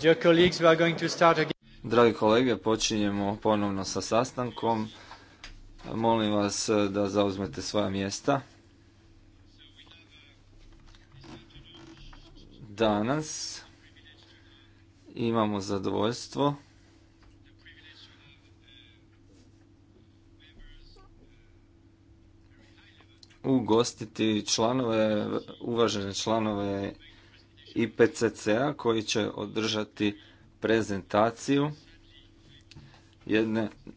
Dear colleagues, going to start again. Dragi kolege, počinjemo ponovno sa sastankom. Molim vas eh, da zauzmete svoja mjesta. Danas imamo zadovoljstvo ugostiti članove, uvažene članove IPCC-a koji će održati prezentaciju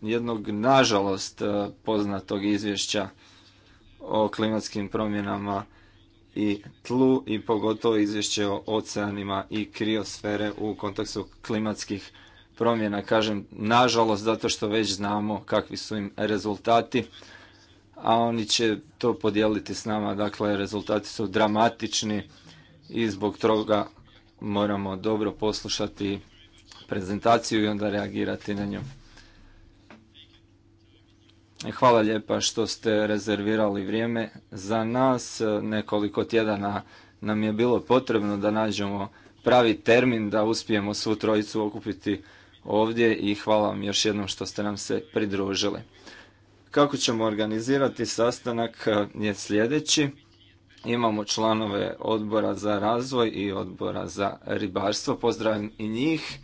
jednog nažalost e, poznatog izvješća o klimatskim promjenama i tlu i pogotovo izvješće o oceanima i kriosfere u kontekstu klimatskih promjena. Kažem, nažalost, zato što već znamo kakvi su im rezultati a oni će to podijeliti s nama. Dakle, rezultati su dramatični i zbog toga moramo dobro poslušati prezentaciju i onda reagirati na nju. Hvala lijepa što ste rezervirali vrijeme. Za nas nekoliko tjedana nam je bilo potrebno da nađemo pravi termin da uspijemo svu trojicu okupiti ovdje i hvala vam još jednom što ste nam se pridružili. Kako ćemo organizirati sastanak e, je sljedeći. Imamo članove odbora za razvoj i odbora za ribarstvo. Pozdravim i njih.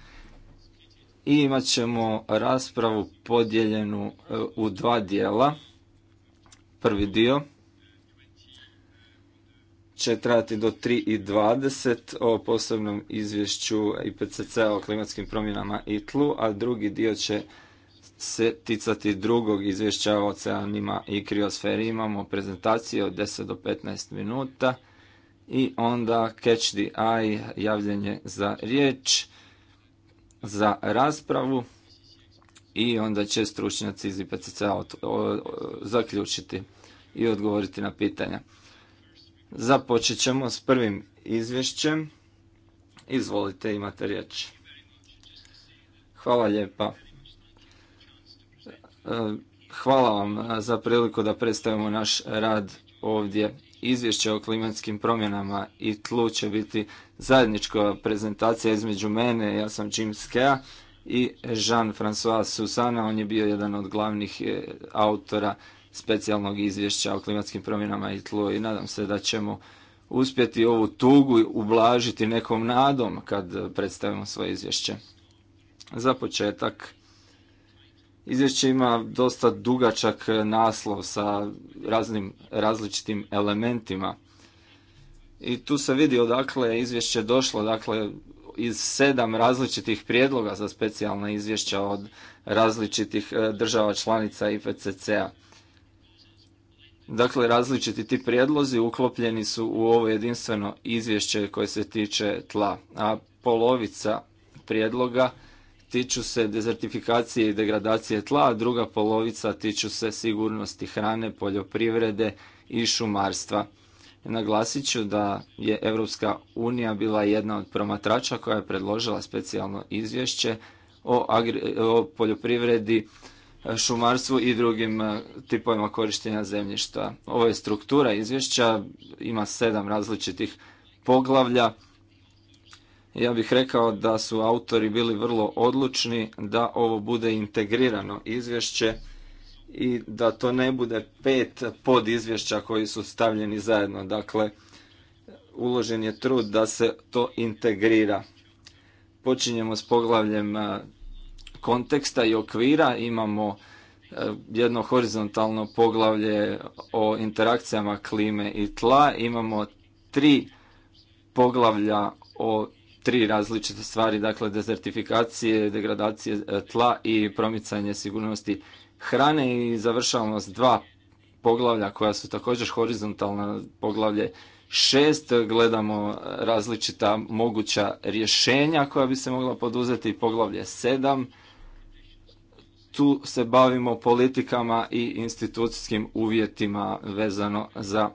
I imat ćemo raspravu podijeljenu e, u dva dijela. Prvi dio će trajati do 3.20 o posebnom izvješću IPCC o klimatskim promjenama i tlu, a drugi dio će se ticati drugog izvješća o oceanima i kriosferi. Imamo prezentaciju od 10 do 15 minuta i onda catch the eye, javljanje za riječ, za raspravu i onda će stručnjaci iz ipcc zaključiti i odgovoriti na pitanja. Započet ćemo s prvim izvješćem. Izvolite, imate riječ. Hvala lijepa. Hvala vam za priliku da predstavimo naš rad ovdje. Izvješće o klimatskim promjenama i tlu će biti zajednička prezentacija između mene, ja sam Jim Skea i Jean-François Susana, on je bio jedan od glavnih e, autora specijalnog izvješća o klimatskim promjenama i tlu i nadam se da ćemo uspjeti ovu tugu ublažiti nekom nadom kad e, predstavimo svoje izvješće. Za početak Izvješće ima dosta dugačak naslov sa raznim različitim elementima. I tu se vidi odakle je izvješće došlo, dakle iz sedam različitih prijedloga za specijalna izvješća od različitih e, država članica IPCC-a. Dakle, različiti ti prijedlozi uklopljeni su u ovo jedinstveno izvješće koje se tiče tla, a polovica prijedloga tiču se dezertifikacije i degradacije tla, druga polovica tiču se sigurnosti hrane, poljoprivrede i šumarstva. Naglasit ću da je Europska unija bila jedna od promatrača koja je predložila specijalno izvješće o, o poljoprivredi, šumarstvu i drugim e, tipovima korištenja zemljišta. Ovo je struktura izvješća, ima sedam različitih poglavlja ja bih rekao da su autori bili vrlo odlučni da ovo bude integrirano izvješće i da to ne bude pet podizvješća koji su stavljeni zajedno. Dakle, uložen je trud da se to integrira. Počinjemo s poglavljem e, konteksta i okvira. Imamo e, jedno horizontalno poglavlje o interakcijama klime i tla. Imamo tri poglavlja o tri različite stvari, dakle dezertifikacije, degradacije e, tla i promicanje sigurnosti hrane i završavamo s dva poglavlja koja su također horizontalna poglavlje šest, gledamo različita moguća rješenja koja bi se mogla poduzeti, poglavlje sedam, tu se bavimo politikama i institucijskim uvjetima vezano za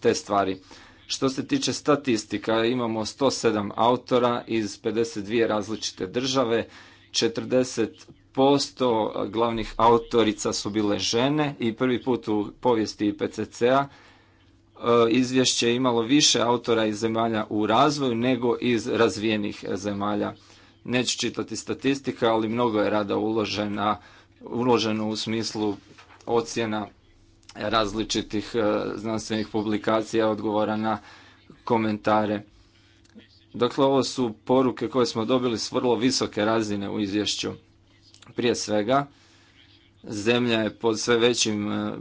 te stvari. Što se tiče statistika, imamo 107 autora iz 52 različite države, 40% glavnih autorica su bile žene i prvi put u povijesti IPCC-a e, izvješće je imalo više autora iz zemalja u razvoju nego iz razvijenih zemalja. Neću čitati statistika, ali mnogo je rada uložena, uloženo u smislu ocjena različitih e, znanstvenih publikacija, odgovora na komentare. Dakle, ovo su poruke koje smo dobili s vrlo visoke razine u izvješću. Prije svega, zemlja je pod sve većim e,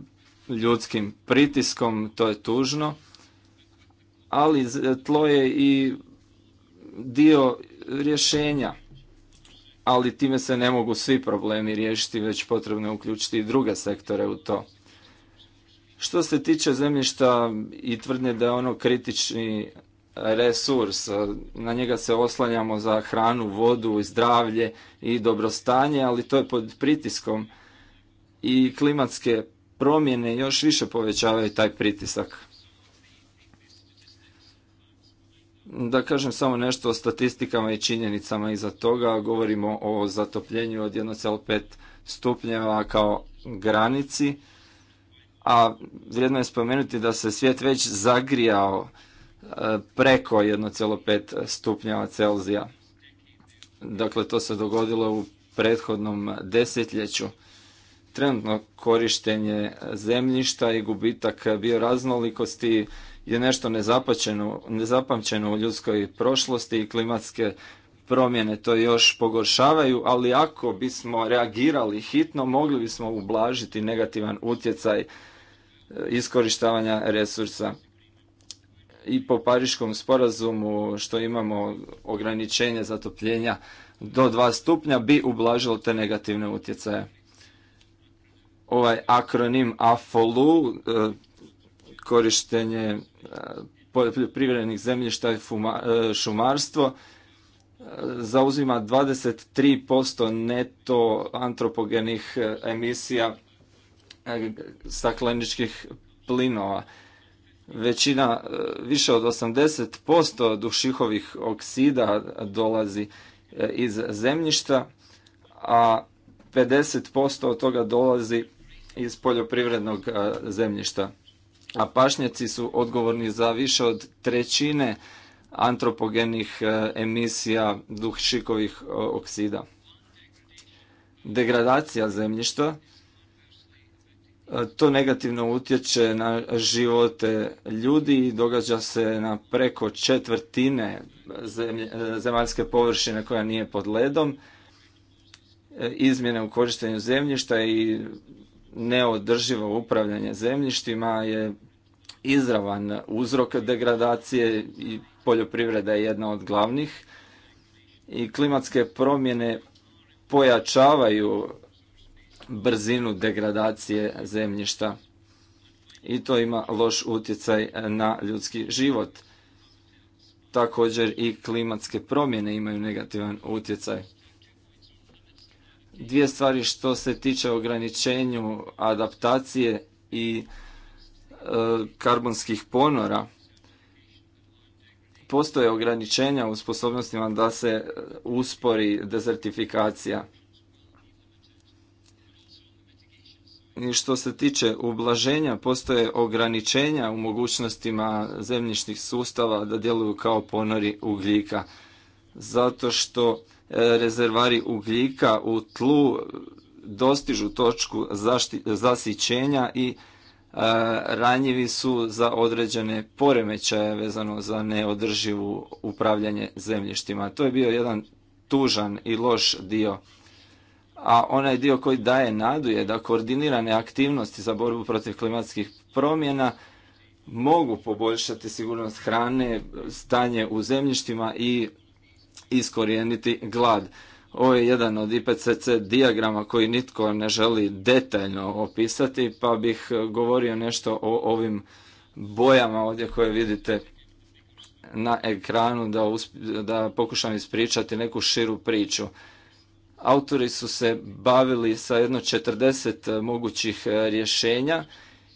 ljudskim pritiskom, to je tužno, ali tlo je i dio rješenja, ali time se ne mogu svi problemi riješiti, već potrebno je uključiti i druge sektore u to. Što se tiče zemljišta i tvrdnje da je ono kritični resurs, na njega se oslanjamo za hranu, vodu, zdravlje i dobrostanje, ali to je pod pritiskom i klimatske promjene još više povećavaju taj pritisak. Da kažem samo nešto o statistikama i činjenicama iza toga. Govorimo o zatopljenju od 1,5 stupnjeva kao granici a vrijedno je spomenuti da se svijet već zagrijao e, preko 1,5 stupnjeva Celzija. Dakle, to se dogodilo u prethodnom desetljeću. Trenutno korištenje zemljišta i gubitak bioraznolikosti je nešto nezapamćeno u ljudskoj prošlosti i klimatske promjene to još pogoršavaju, ali ako bismo reagirali hitno, mogli bismo ublažiti negativan utjecaj iskorištavanja resursa. I po Pariškom sporazumu što imamo ograničenje zatopljenja do dva stupnja bi ublažilo te negativne utjecaje. Ovaj akronim AFOLU, e, korištenje e, poljoprivrednih zemljišta i e, šumarstvo, zauzima 23% neto antropogenih emisija stakleničkih plinova. Većina, e, više od 80% dušihovih oksida dolazi e, iz zemljišta, a 50% od toga dolazi iz poljoprivrednog e, zemljišta. A pašnjaci su odgovorni za više od trećine antropogenih emisija dušikovih oksida. Degradacija zemljišta E, to negativno utječe na živote ljudi i događa se na preko četvrtine e, zemaljske površine koja nije pod ledom. E, izmjene u korištenju zemljišta i neodrživo upravljanje zemljištima je izravan uzrok degradacije i poljoprivreda je jedna od glavnih. I klimatske promjene pojačavaju brzinu degradacije zemljišta i to ima loš utjecaj na ljudski život. Također i klimatske promjene imaju negativan utjecaj. Dvije stvari što se tiče ograničenju adaptacije i e, karbonskih ponora. Postoje ograničenja u sposobnostima da se e, uspori dezertifikacija. što se tiče ublaženja, postoje ograničenja u mogućnostima zemljišnih sustava da djeluju kao ponori ugljika. Zato što e, rezervari ugljika u tlu dostižu točku zasićenja i e, ranjivi su za određene poremećaje vezano za neodrživu upravljanje zemljištima. To je bio jedan tužan i loš dio a onaj dio koji daje nadu je da koordinirane aktivnosti za borbu protiv klimatskih promjena mogu poboljšati sigurnost hrane, stanje u zemljištima i iskorijeniti glad. Ovo je jedan od IPCC dijagrama koji nitko ne želi detaljno opisati, pa bih govorio nešto o ovim bojama ovdje koje vidite na ekranu da, da pokušam ispričati neku širu priču. Autori su se bavili sa jedno 40 e, mogućih e, rješenja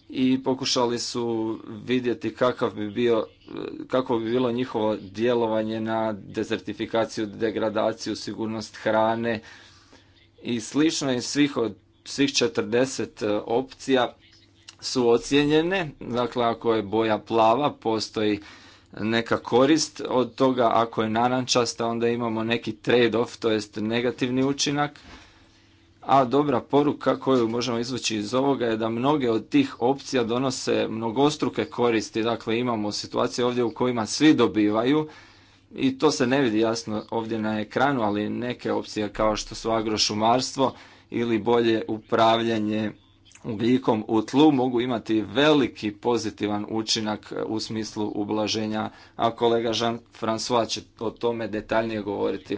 i pokušali su vidjeti kakav bi bio, e, kako bi bilo njihovo djelovanje na dezertifikaciju, degradaciju, sigurnost hrane i slično i svih od svih 40 opcija su ocijenjene. Dakle, ako je boja plava, postoji neka korist od toga, ako je narančasta onda imamo neki trade-off, to jest negativni učinak. A dobra poruka koju možemo izvući iz ovoga je da mnoge od tih opcija donose mnogostruke koristi. Dakle, imamo situacije ovdje u kojima svi dobivaju i to se ne vidi jasno ovdje na ekranu, ali neke opcije kao što su agrošumarstvo ili bolje upravljanje ugljikom u tlu mogu imati veliki pozitivan učinak e, u smislu ublaženja, a kolega Jean-François će o tome detaljnije govoriti.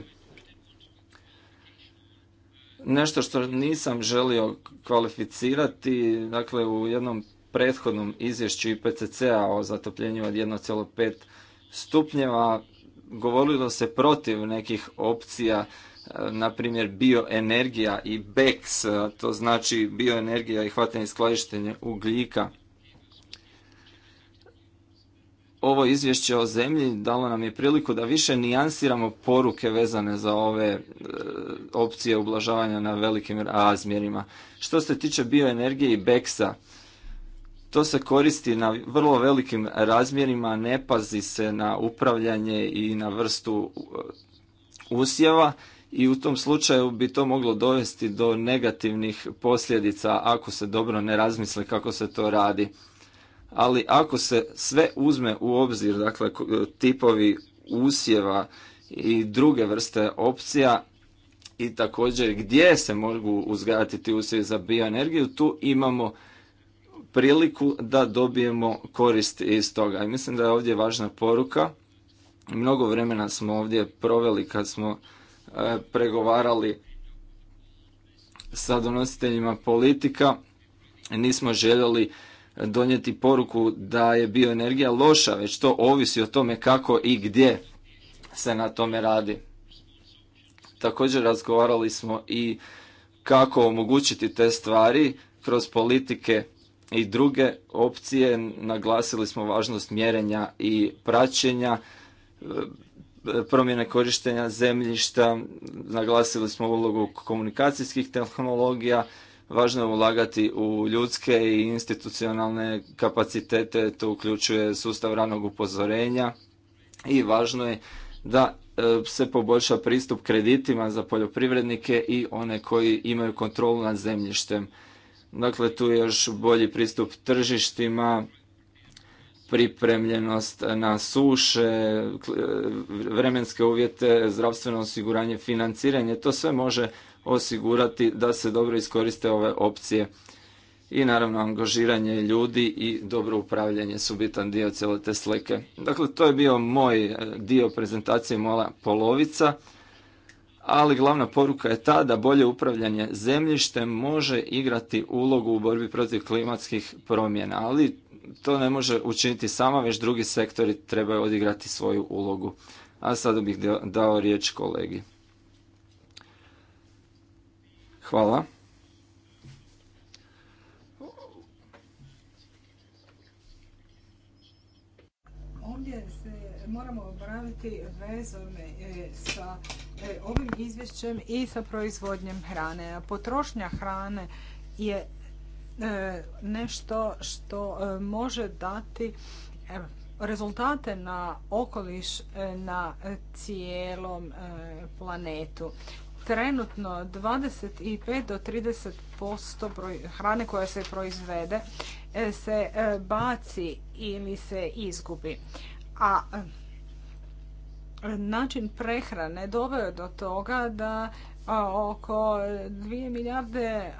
Nešto što nisam želio kvalificirati, dakle u jednom prethodnom izvješću IPCC-a o zatopljenju od 1,5 stupnjeva govorilo se protiv nekih opcija na primjer bioenergija i BEX, to znači bioenergija i hvatanje skladištenje ugljika. Ovo izvješće o zemlji dalo nam je priliku da više nijansiramo poruke vezane za ove e, opcije ublažavanja na velikim razmjerima. Što se tiče bioenergije i BEX-a, to se koristi na vrlo velikim razmjerima, ne pazi se na upravljanje i na vrstu e, usjeva i u tom slučaju bi to moglo dovesti do negativnih posljedica ako se dobro ne razmisli kako se to radi. Ali ako se sve uzme u obzir, dakle e, tipovi usjeva i druge vrste opcija i također gdje se mogu uzgajati ti usjevi za bioenergiju, tu imamo priliku da dobijemo korist iz toga. I mislim da je ovdje važna poruka. Mnogo vremena smo ovdje proveli kad smo pregovarali sa donositeljima politika, nismo željeli donijeti poruku da je bioenergija loša, već to ovisi o tome kako i gdje se na tome radi. Također razgovarali smo i kako omogućiti te stvari kroz politike i druge opcije. Naglasili smo važnost mjerenja i praćenja promjene korištenja zemljišta, naglasili smo ulogu komunikacijskih tehnologija, važno je ulagati u ljudske i institucionalne kapacitete, to uključuje sustav ranog upozorenja i važno je da e, se poboljša pristup kreditima za poljoprivrednike i one koji imaju kontrolu nad zemljištem. Dakle, tu je još bolji pristup tržištima, pripremljenost na suše, vremenske uvjete, zdravstveno osiguranje, financiranje, to sve može osigurati da se dobro iskoriste ove opcije i naravno angažiranje ljudi i dobro upravljanje su bitan dio cijele te slike. Dakle, to je bio moj e, dio prezentacije, moja polovica, ali glavna poruka je ta da bolje upravljanje zemljištem može igrati ulogu u borbi protiv klimatskih promjena, ali to ne može učiniti sama, već drugi sektori trebaju odigrati svoju ulogu. A sada bih dao riječ kolegi. Hvala. Ovdje se moramo obraviti vezom e, sa e, ovim izvješćem i sa proizvodnjem hrane. Potrošnja hrane je E, nešto što e, može dati e, rezultate na okoliš na cijelom planetu. Trenutno 25 do 30% hrane koja se proizvede se baci ili se izgubi. A način prehrane doveo do toga da oko 2 milijarde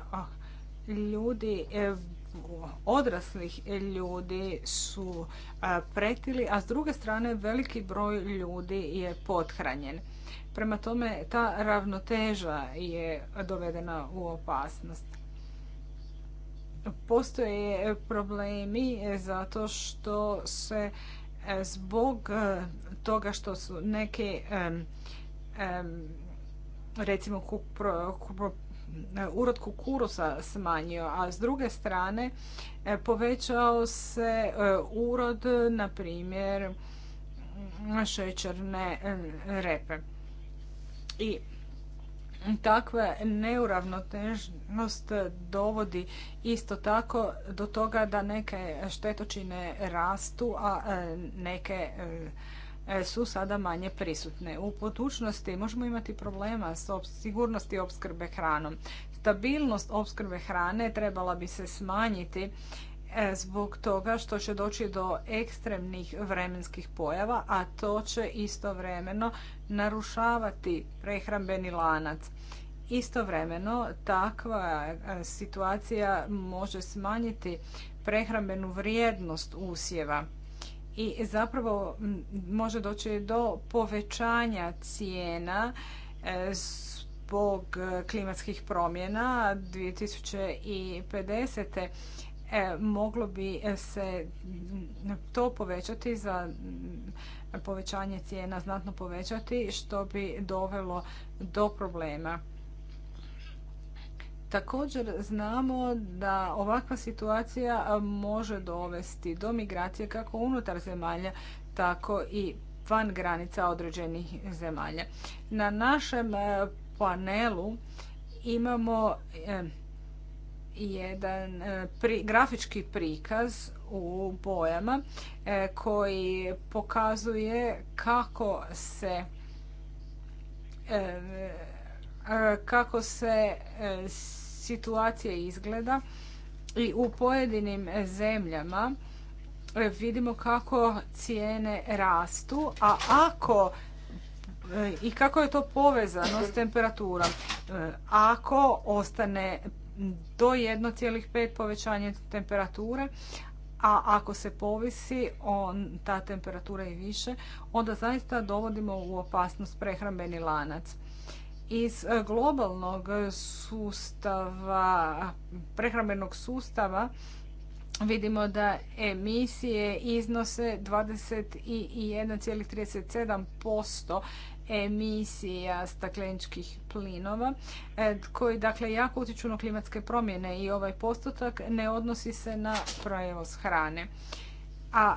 ljudi e, odraslih ljudi su e, pretili, a s druge strane veliki broj ljudi je pothranjen. Prema tome ta ravnoteža je dovedena u opasnost. Postoje problemi e, zato što se zbog toga što su neki recimo urod kukurusa smanjio, a s druge strane e, povećao se e, urod, na primjer, šećerne e, repe. I takva neuravnotežnost dovodi isto tako do toga da neke štetočine rastu, a neke E, su sada manje prisutne. U potučnosti možemo imati problema s sigurnosti opskrbe hranom. Stabilnost opskrbe hrane trebala bi se smanjiti e, zbog toga što će doći do ekstremnih vremenskih pojava, a to će istovremeno narušavati prehrambeni lanac. Istovremeno takva e, situacija može smanjiti prehrambenu vrijednost usjeva i zapravo može doći do povećanja cijena e, zbog klimatskih promjena 2050. E, moglo bi se to povećati za povećanje cijena znatno povećati što bi dovelo do problema. Također znamo da ovakva situacija može dovesti do migracije kako unutar zemalja, tako i van granica određenih zemalja. Na našem e, panelu imamo e, jedan e, grafički prikaz u bojama koji pokazuje kako se kako se situacija izgleda i u pojedinim zemljama e, vidimo kako cijene rastu, a ako e, i kako je to povezano s temperaturom. E, ako ostane do 1,5 povećanje temperature, a ako se povisi on, ta temperatura i više, onda zaista dovodimo u opasnost prehrambeni lanac iz e, globalnog sustava, prehrambenog sustava, vidimo da emisije iznose 21,37% emisija stakleničkih plinova e, koji dakle jako utječu na klimatske promjene i ovaj postotak ne odnosi se na prevoz hrane. A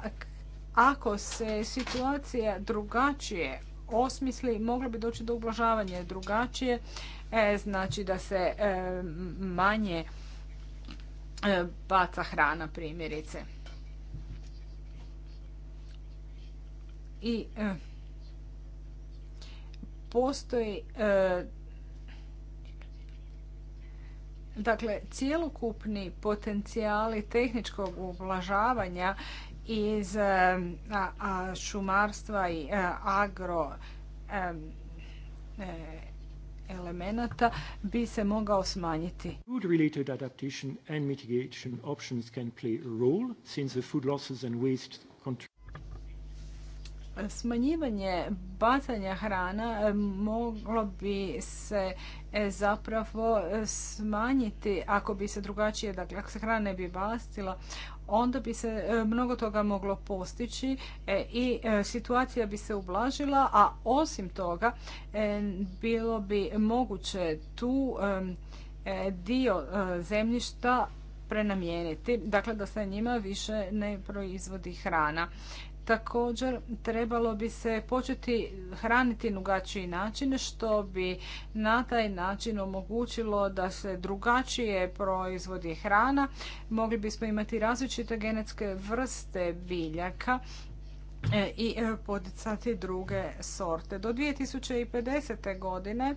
ako se situacija drugačije osmisli, moglo bi doći do ublažavanja drugačije, e, znači da se e, manje e, baca hrana primjerice. I postoji dakle cjelokupni potencijali tehničkog ublažavanja iz eh, šumarstva i eh, agro eh, elemenata bi se mogao smanjiti. Food related adaptation and mitigation options can play a role since the food losses and waste Smanjivanje bacanja hrana moglo bi se zapravo smanjiti ako bi se drugačije, dakle ako se hrana ne bi bacila onda bi se e, mnogo toga moglo postići e, i e, situacija bi se ublažila, a osim toga bilo bi moguće tu dio zemljišta prenamijeniti, dakle da se njima više ne proizvodi hrana. Također trebalo bi se početi hraniti drugačiji način što bi na taj način omogućilo da se drugačije proizvodi hrana. Mogli bismo imati različite genetske vrste biljaka E, i e, poticati druge sorte. Do 2050. godine e,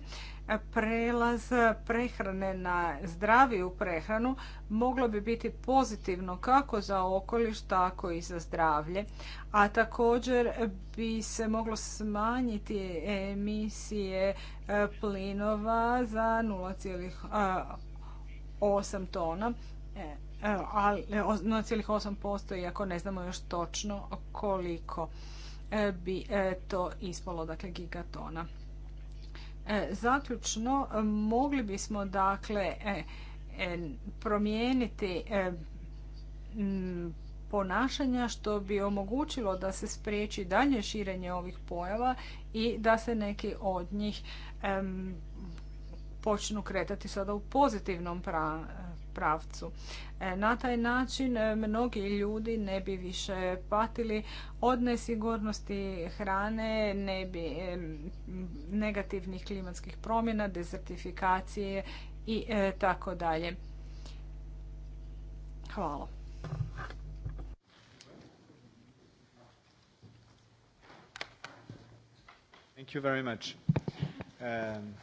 prelaz prehrane na zdraviju prehranu moglo bi biti pozitivno kako za okoliš, tako i za zdravlje, a također bi se moglo smanjiti emisije plinova za 0,8 tona 0,8% e, iako ne znamo još točno koliko e, bi e, to ispalo, dakle gigatona. Zaključno, mogli bismo dakle promijeniti ponašanja što bi omogućilo da se spriječi dalje širenje ovih pojava i da se neki od njih počnu kretati sada u pozitivnom pravcu. E, na taj način e, mnogi ljudi ne bi više patili od nesigurnosti hrane, ne bi e, negativnih klimatskih promjena, dezertifikacije i tako dalje. Hvala. Thank you very much. Um,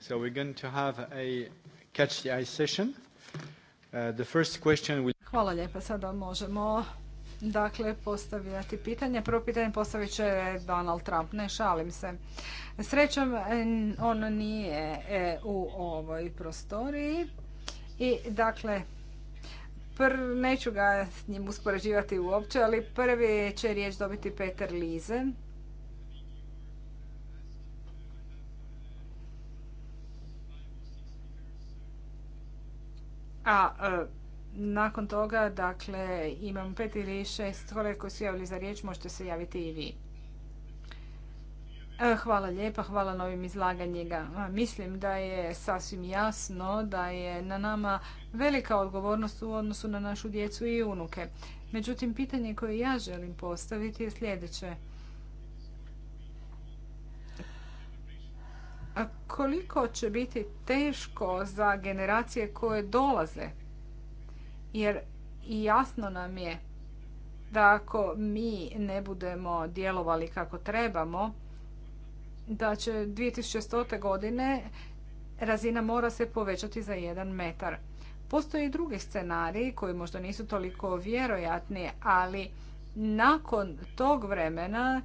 so we're going to have a catch uh, Hvala lijepa. Sada možemo dakle postavljati pitanje. Prvo pitanje postavit će Donald Trump. Ne šalim se. Srećom, on nije e, u ovoj prostoriji. I dakle, neću ga s njim uspoređivati uopće, ali prvi će riječ dobiti Peter Lize. A e, nakon toga, dakle, imam pet ili šest kolega koji su javili za riječ, možete se javiti i vi. E, hvala lijepa, hvala na ovim izlaganjima. Mislim da je sasvim jasno da je na nama velika odgovornost u odnosu na našu djecu i unuke. Međutim, pitanje koje ja želim postaviti je sljedeće. koliko će biti teško za generacije koje dolaze. Jer i jasno nam je da ako mi ne budemo djelovali kako trebamo, da će 2100. godine razina mora se povećati za jedan metar. Postoje i drugi scenariji koji možda nisu toliko vjerojatni, ali nakon tog vremena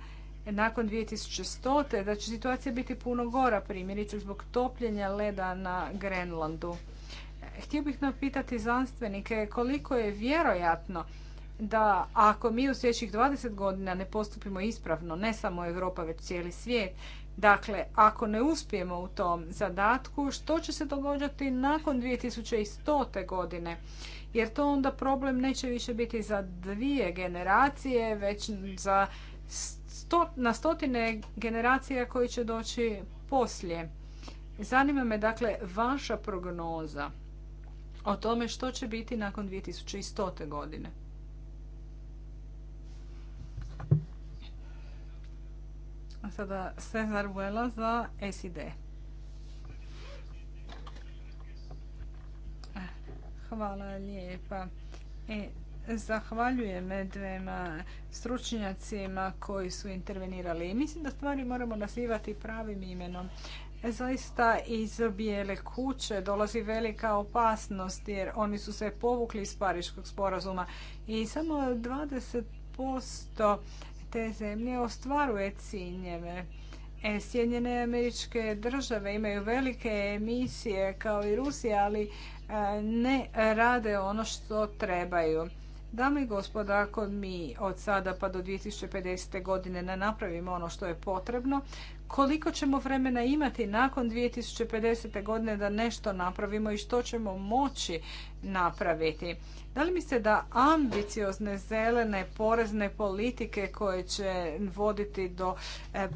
nakon 2100. da će situacija biti puno gora, primjerice zbog topljenja leda na Grenlandu. Htio bih napitati znanstvenike koliko je vjerojatno da ako mi u sljedećih 20 godina ne postupimo ispravno, ne samo Europa, već cijeli svijet, dakle, ako ne uspijemo u tom zadatku, što će se događati nakon 2100. godine? Jer to onda problem neće više biti za dvije generacije, već za sto, na stotine generacija koji će doći poslije. Zanima me dakle vaša prognoza o tome što će biti nakon 2100. godine. A sada se Vuela za SID. Hvala lijepa. E, Zahvaljujem dvema stručnjacima koji su intervenirali. Mislim da stvari moramo nazivati pravim imenom. E, zaista iz bijele kuće dolazi velika opasnost jer oni su se povukli iz Pariškog sporazuma i samo 20% te zemlje ostvaruje ciljeve. E, Sjedinjene američke države imaju velike emisije kao i Rusija, ali e, ne rade ono što trebaju. Dame i gospodo, ako mi od sada pa do 2050. godine ne napravimo ono što je potrebno, koliko ćemo vremena imati nakon 2050. godine da nešto napravimo i što ćemo moći napraviti? Da li mislite da ambiciozne zelene porezne politike koje će voditi do e,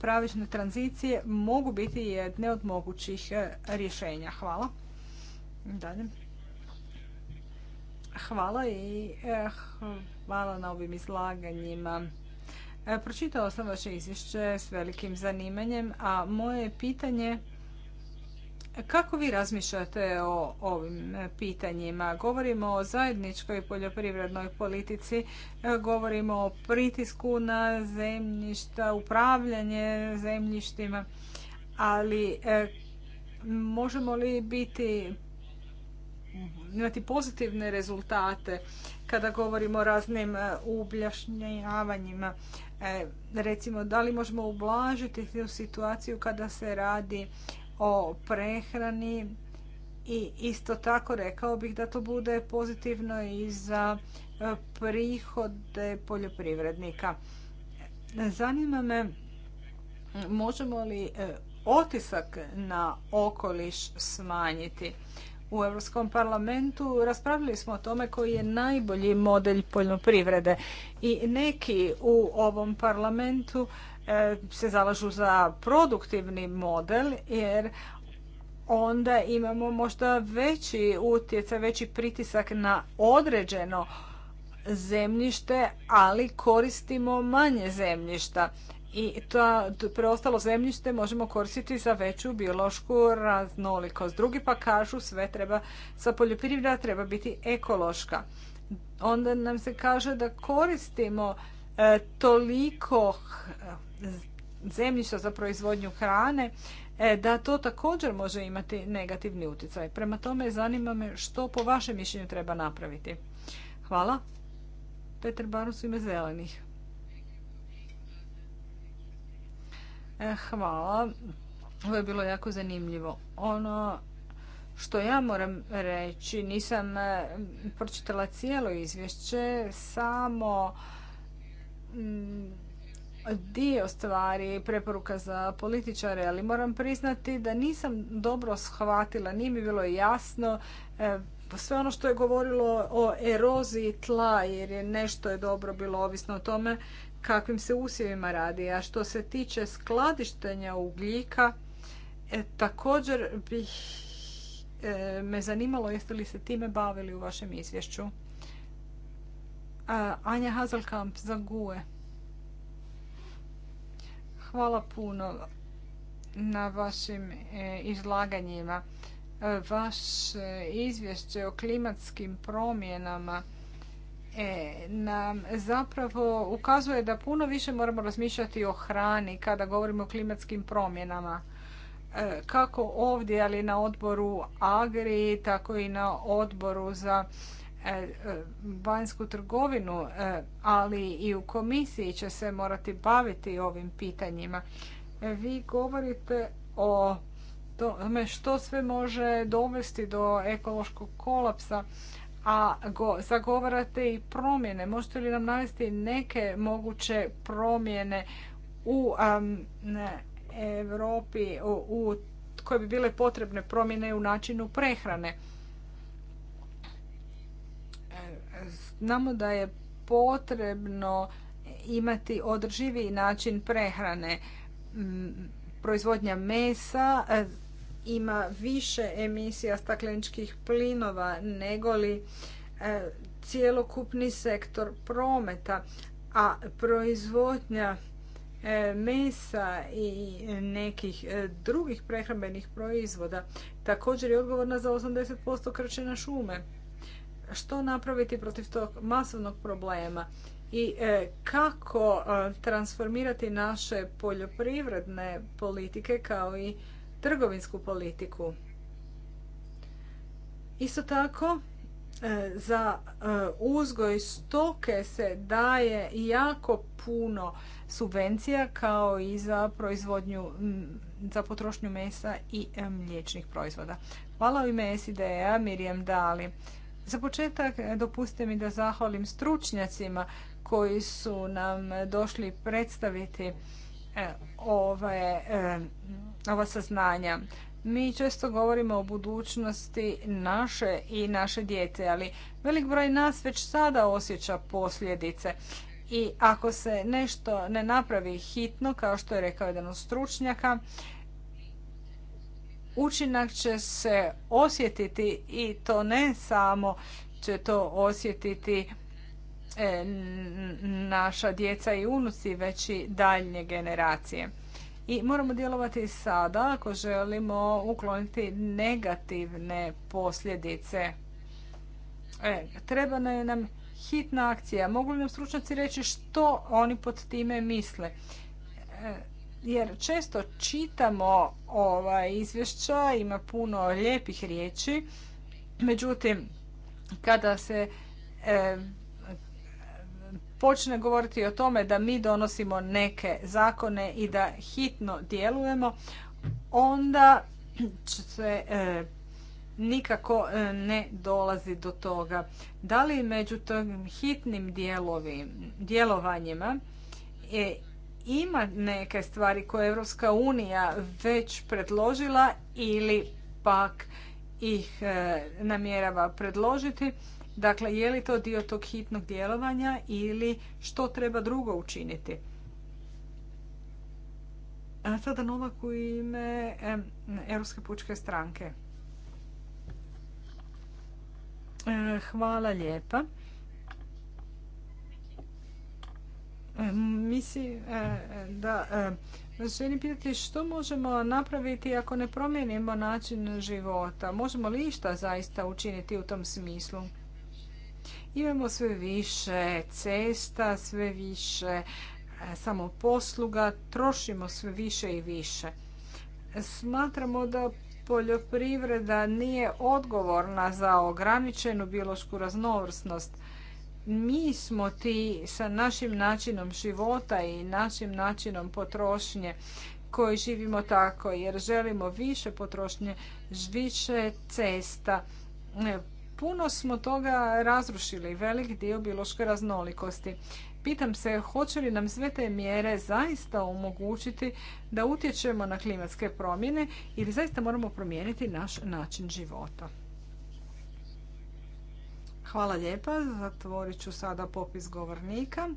pravične tranzicije mogu biti jedne od mogućih e, rješenja? Hvala. Dalje. Hvala i eh, hvala na ovim izlaganjima. Eh, Pročitao sam vaše izvješće s velikim zanimanjem, a moje pitanje kako vi razmišljate o ovim eh, pitanjima? Govorimo o zajedničkoj poljoprivrednoj politici, govorimo o pritisku na zemljišta, upravljanje zemljištima, ali možemo li biti Mhm. imati pozitivne rezultate kada govorimo o raznim ubljašnjavanjima. E, e, recimo, da li možemo ublažiti tu situaciju kada se radi o prehrani i isto tako rekao bih da to bude pozitivno i za e, prihode poljoprivrednika. Zanima me možemo li otisak na okoliš smanjiti u Europskom parlamentu raspravili smo o tome koji je najbolji model poljoprivrede i neki u ovom parlamentu e, se zalažu za produktivni model jer onda imamo možda veći utjecaj, veći pritisak na određeno zemljište, ali koristimo manje zemljišta i to preostalo zemljište možemo koristiti za veću biološku raznolikost. Drugi pa kažu sve treba, sa poljoprivreda treba biti ekološka. Onda nam se kaže da koristimo e, toliko zemljišta za proizvodnju hrane e, da to također može imati negativni utjecaj. Prema tome zanima me što po vašem mišljenju treba napraviti. Hvala. Petar Barus u ime zelenih. E, hvala. Ovo je bilo jako zanimljivo. Ono što ja moram reći, nisam e, pročitala cijelo izvješće, samo mm, dio stvari preporuka za političare, ali moram priznati da nisam dobro shvatila, nije mi bilo jasno e, sve ono što je govorilo o eroziji tla, jer je nešto je dobro bilo ovisno o tome kakvim se usjevima radi. A što se tiče skladištenja ugljika, e, također bih e, me zanimalo jeste li se time bavili u vašem izvješću. A, e, Anja Hazelkamp za GUE. Hvala puno na vašim e, izlaganjima. Vaše izvješće o klimatskim promjenama E, nam zapravo ukazuje da puno više moramo razmišljati o hrani kada govorimo o klimatskim promjenama. E, kako ovdje, ali na odboru Agri, tako i na odboru za e, vanjsku trgovinu, ali i u komisiji će se morati baviti ovim pitanjima. Vi govorite o tome što sve može dovesti do ekološkog kolapsa, a go, zagovarate i promjene. Možete li nam navesti neke moguće promjene u um, Europi u, koje bi bile potrebne promjene u načinu prehrane? Znamo da je potrebno imati održivi način prehrane. Proizvodnja mesa ima više emisija stakleničkih plinova nego li e, cjelokupni sektor prometa, a proizvodnja e, mesa i nekih e, drugih prehrambenih proizvoda također je odgovorna za 80% krčenja šume. Što napraviti protiv tog masovnog problema i kako transformirati naše poljoprivredne politike kao i trgovinsku politiku. Isto tako, e, za e, uzgoj stoke se daje jako puno subvencija kao i za proizvodnju za potrošnju mesa i e, mliječnih proizvoda. Hvala u ime SIDE-a Mirjam Dali. Za početak dopustite mi da zahvalim stručnjacima koji su nam došli predstaviti E, ove, e, ova saznanja. Mi često govorimo o budućnosti naše i naše djece, ali velik broj nas već sada osjeća posljedice. I ako se nešto ne napravi hitno, kao što je rekao jedan od stručnjaka, učinak će se osjetiti i to ne samo će to osjetiti E, naša djeca i unuci, već i daljnje generacije. I moramo djelovati sada ako želimo ukloniti negativne posljedice. E, treba nam hitna akcija. Mogu li nam stručnjaci reći što oni pod time misle? E, jer često čitamo ova izvješća, ima puno lijepih riječi, međutim, kada se e, počne govoriti o tome da mi donosimo neke zakone i da hitno djelujemo, onda se e, nikako e, ne dolazi do toga. Da li među tim hitnim djelovi, djelovanjima e, ima neke stvari koje je Europska unija već predložila ili pak ih namjerava predložiti, Dakle, je li to dio tog hitnog djelovanja ili što treba drugo učiniti? A sada Novak u ime Europske pučke stranke. E, hvala lijepa. E, Mislim e, da želim pitati što možemo napraviti ako ne promijenimo način života. Možemo li išta zaista učiniti u tom smislu? Imamo sve više cesta, sve više e, samoposluga, trošimo sve više i više. Smatramo da poljoprivreda nije odgovorna za ograničenu biološku raznovrsnost. Mi smo ti sa našim načinom života i našim načinom potrošnje koji živimo tako jer želimo više potrošnje, više cesta, Puno smo toga razrušili, velik dio biološke raznolikosti. Pitam se hoće li nam sve te mjere zaista omogućiti da utječemo na klimatske promjene ili zaista moramo promijeniti naš način života. Hvala lijepa. Zatvorit ću sada popis govornika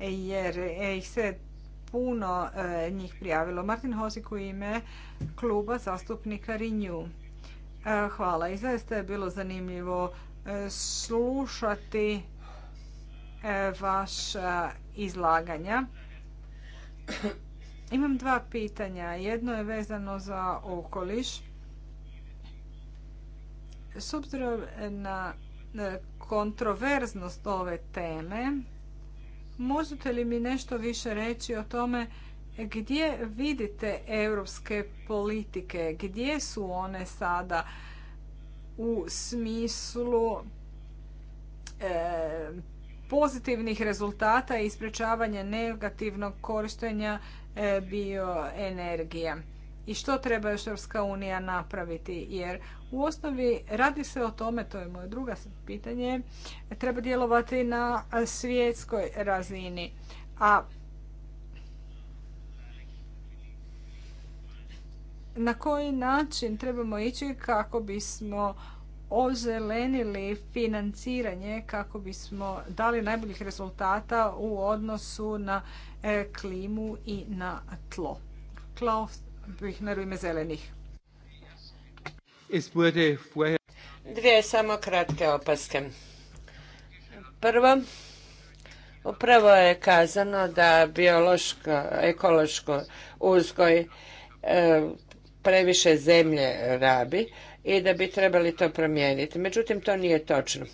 jer e, ih se puno e, njih prijavilo. Martin Hozik u ime kluba zastupnika Renew. E, hvala i zaista je bilo zanimljivo e, slušati e, vaša izlaganja. Imam dva pitanja. Jedno je vezano za okoliš. S obzirom na kontroverznost ove teme, možete li mi nešto više reći o tome gdje vidite europske politike? Gdje su one sada u smislu e, pozitivnih rezultata i sprečavanja negativnog korištenja e, bioenergije? I što treba još Europska unija napraviti? Jer u osnovi radi se o tome, to je moje druga pitanje, treba djelovati na svjetskoj razini. A na koji način trebamo ići kako bismo ozelenili financiranje kako bismo dali najboljih rezultata u odnosu na e, klimu i na tlo. Klaus ime zelenih. Dvije samo kratke opaske. Prvo, upravo je kazano da biološko, ekološko uzgoj e, previše zemlje rabi i da bi trebali to promijeniti. Međutim, to nije točno.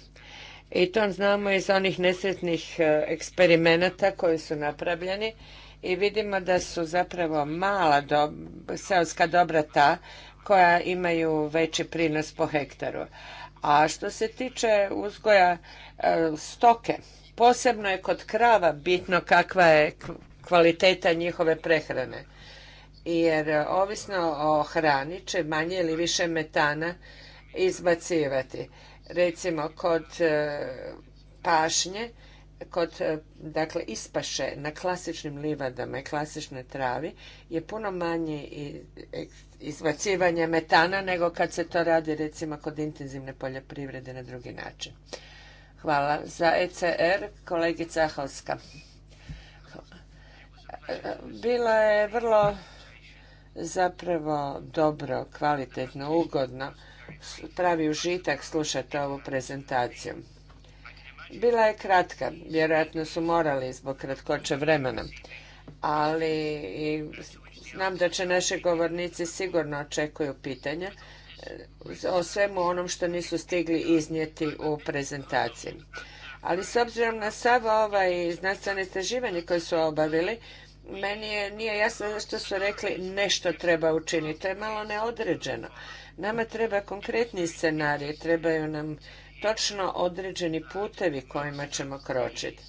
I to znamo iz onih nesretnih e, eksperimenata koji su napravljeni i vidimo da su zapravo mala do, seoska dobra ta koja imaju veći prinos po hektaru. A što se tiče uzgoja e, stoke, posebno je kod krava bitno kakva je kvaliteta njihove prehrane jer e, ovisno o hrani će manje ili više metana izbacivati. Recimo kod e, pašnje, kod e, dakle ispaše na klasičnim livadama i klasičnoj travi je puno manje izbacivanje metana nego kad se to radi recimo kod intenzivne poljoprivrede na drugi način. Hvala. Za ECR kolegica Ahalska. Bila je vrlo zapravo dobro, kvalitetno, ugodno pravi užitak slušati ovu prezentaciju. Bila je kratka, vjerojatno su morali zbog kratkoće vremena, ali znam da će naši govornici sigurno očekuju pitanja e, o svemu onom što nisu stigli iznijeti u prezentaciji. Ali s obzirom na sav ovaj znanstveno istraživanje koje su obavili, meni je, nije jasno što su rekli nešto treba učiniti. To je malo neodređeno. Nama treba konkretni scenarij, trebaju nam točno određeni putevi kojima ćemo kročiti.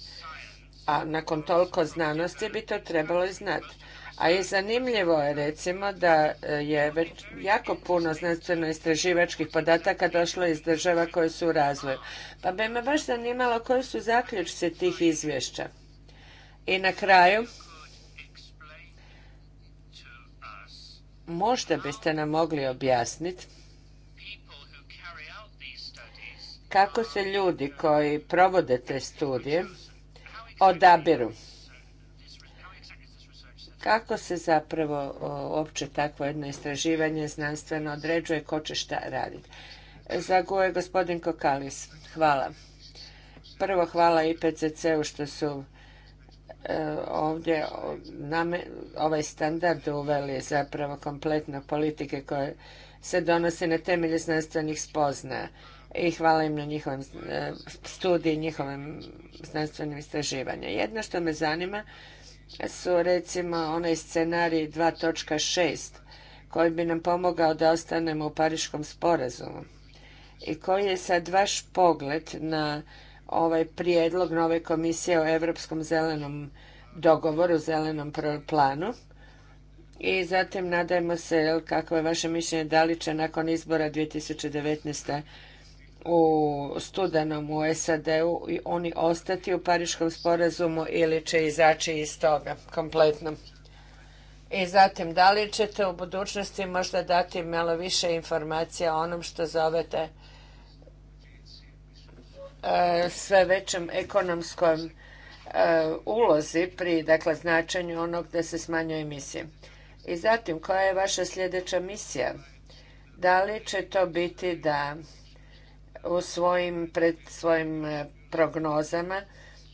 A nakon toliko znanosti bi to trebalo i znati. A i zanimljivo je recimo da e, je već jako puno znanstveno-istraživačkih podataka došlo iz država koje su u razvoju. Pa bi me baš zanimalo koji su zaključci tih izvješća. I na kraju, Možda biste nam mogli objasniti kako se ljudi koji provode te studije odabiru. Kako se zapravo uopće takvo jedno istraživanje znanstveno određuje ko će šta raditi? Zaguje gospodin Kokalis. Hvala. Prvo hvala IPCC-u što su E, ovdje ovaj standard uveli zapravo kompletno politike koje se donose na temelju znanstvenih spoznaja i hvala im na njihovom e, studiju, njihovim znanstvenim istraživanjem. Jedno što me zanima su recimo onaj scenarij 2.6 koji bi nam pomogao da ostanemo u Pariškom sporazumu i koji je sad vaš pogled na ovaj prijedlog nove komisije o Europskom zelenom dogovoru, zelenom planu. I zatim nadajmo se, jel, kako je vaše mišljenje, da li će nakon izbora 2019. u studenom u SAD-u i oni ostati u Pariškom sporazumu ili će izaći iz toga kompletno. I zatim, da li ćete u budućnosti možda dati malo više informacija o onom što zovete E, sve većem ekonomskom e, ulozi pri dakle, značenju onog da se smanjuje emisije. I zatim, koja je vaša sljedeća misija? Da li će to biti da u svojim, pred svojim e, prognozama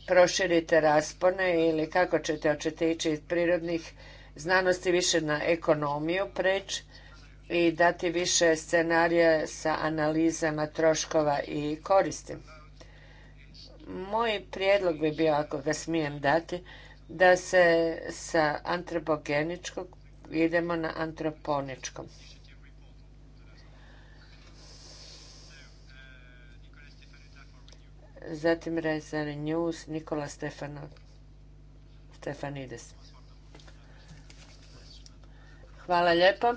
proširite raspone ili kako ćete, hoćete ići iz prirodnih znanosti više na ekonomiju preći i dati više scenarija sa analizama troškova i koristi? Moj prijedlog bi bio, ako ga smijem dati, da se sa antropogeničkog idemo na antroponičkom. Zatim Rezan News, Nikola Stefano, Stefanides. Hvala lijepo.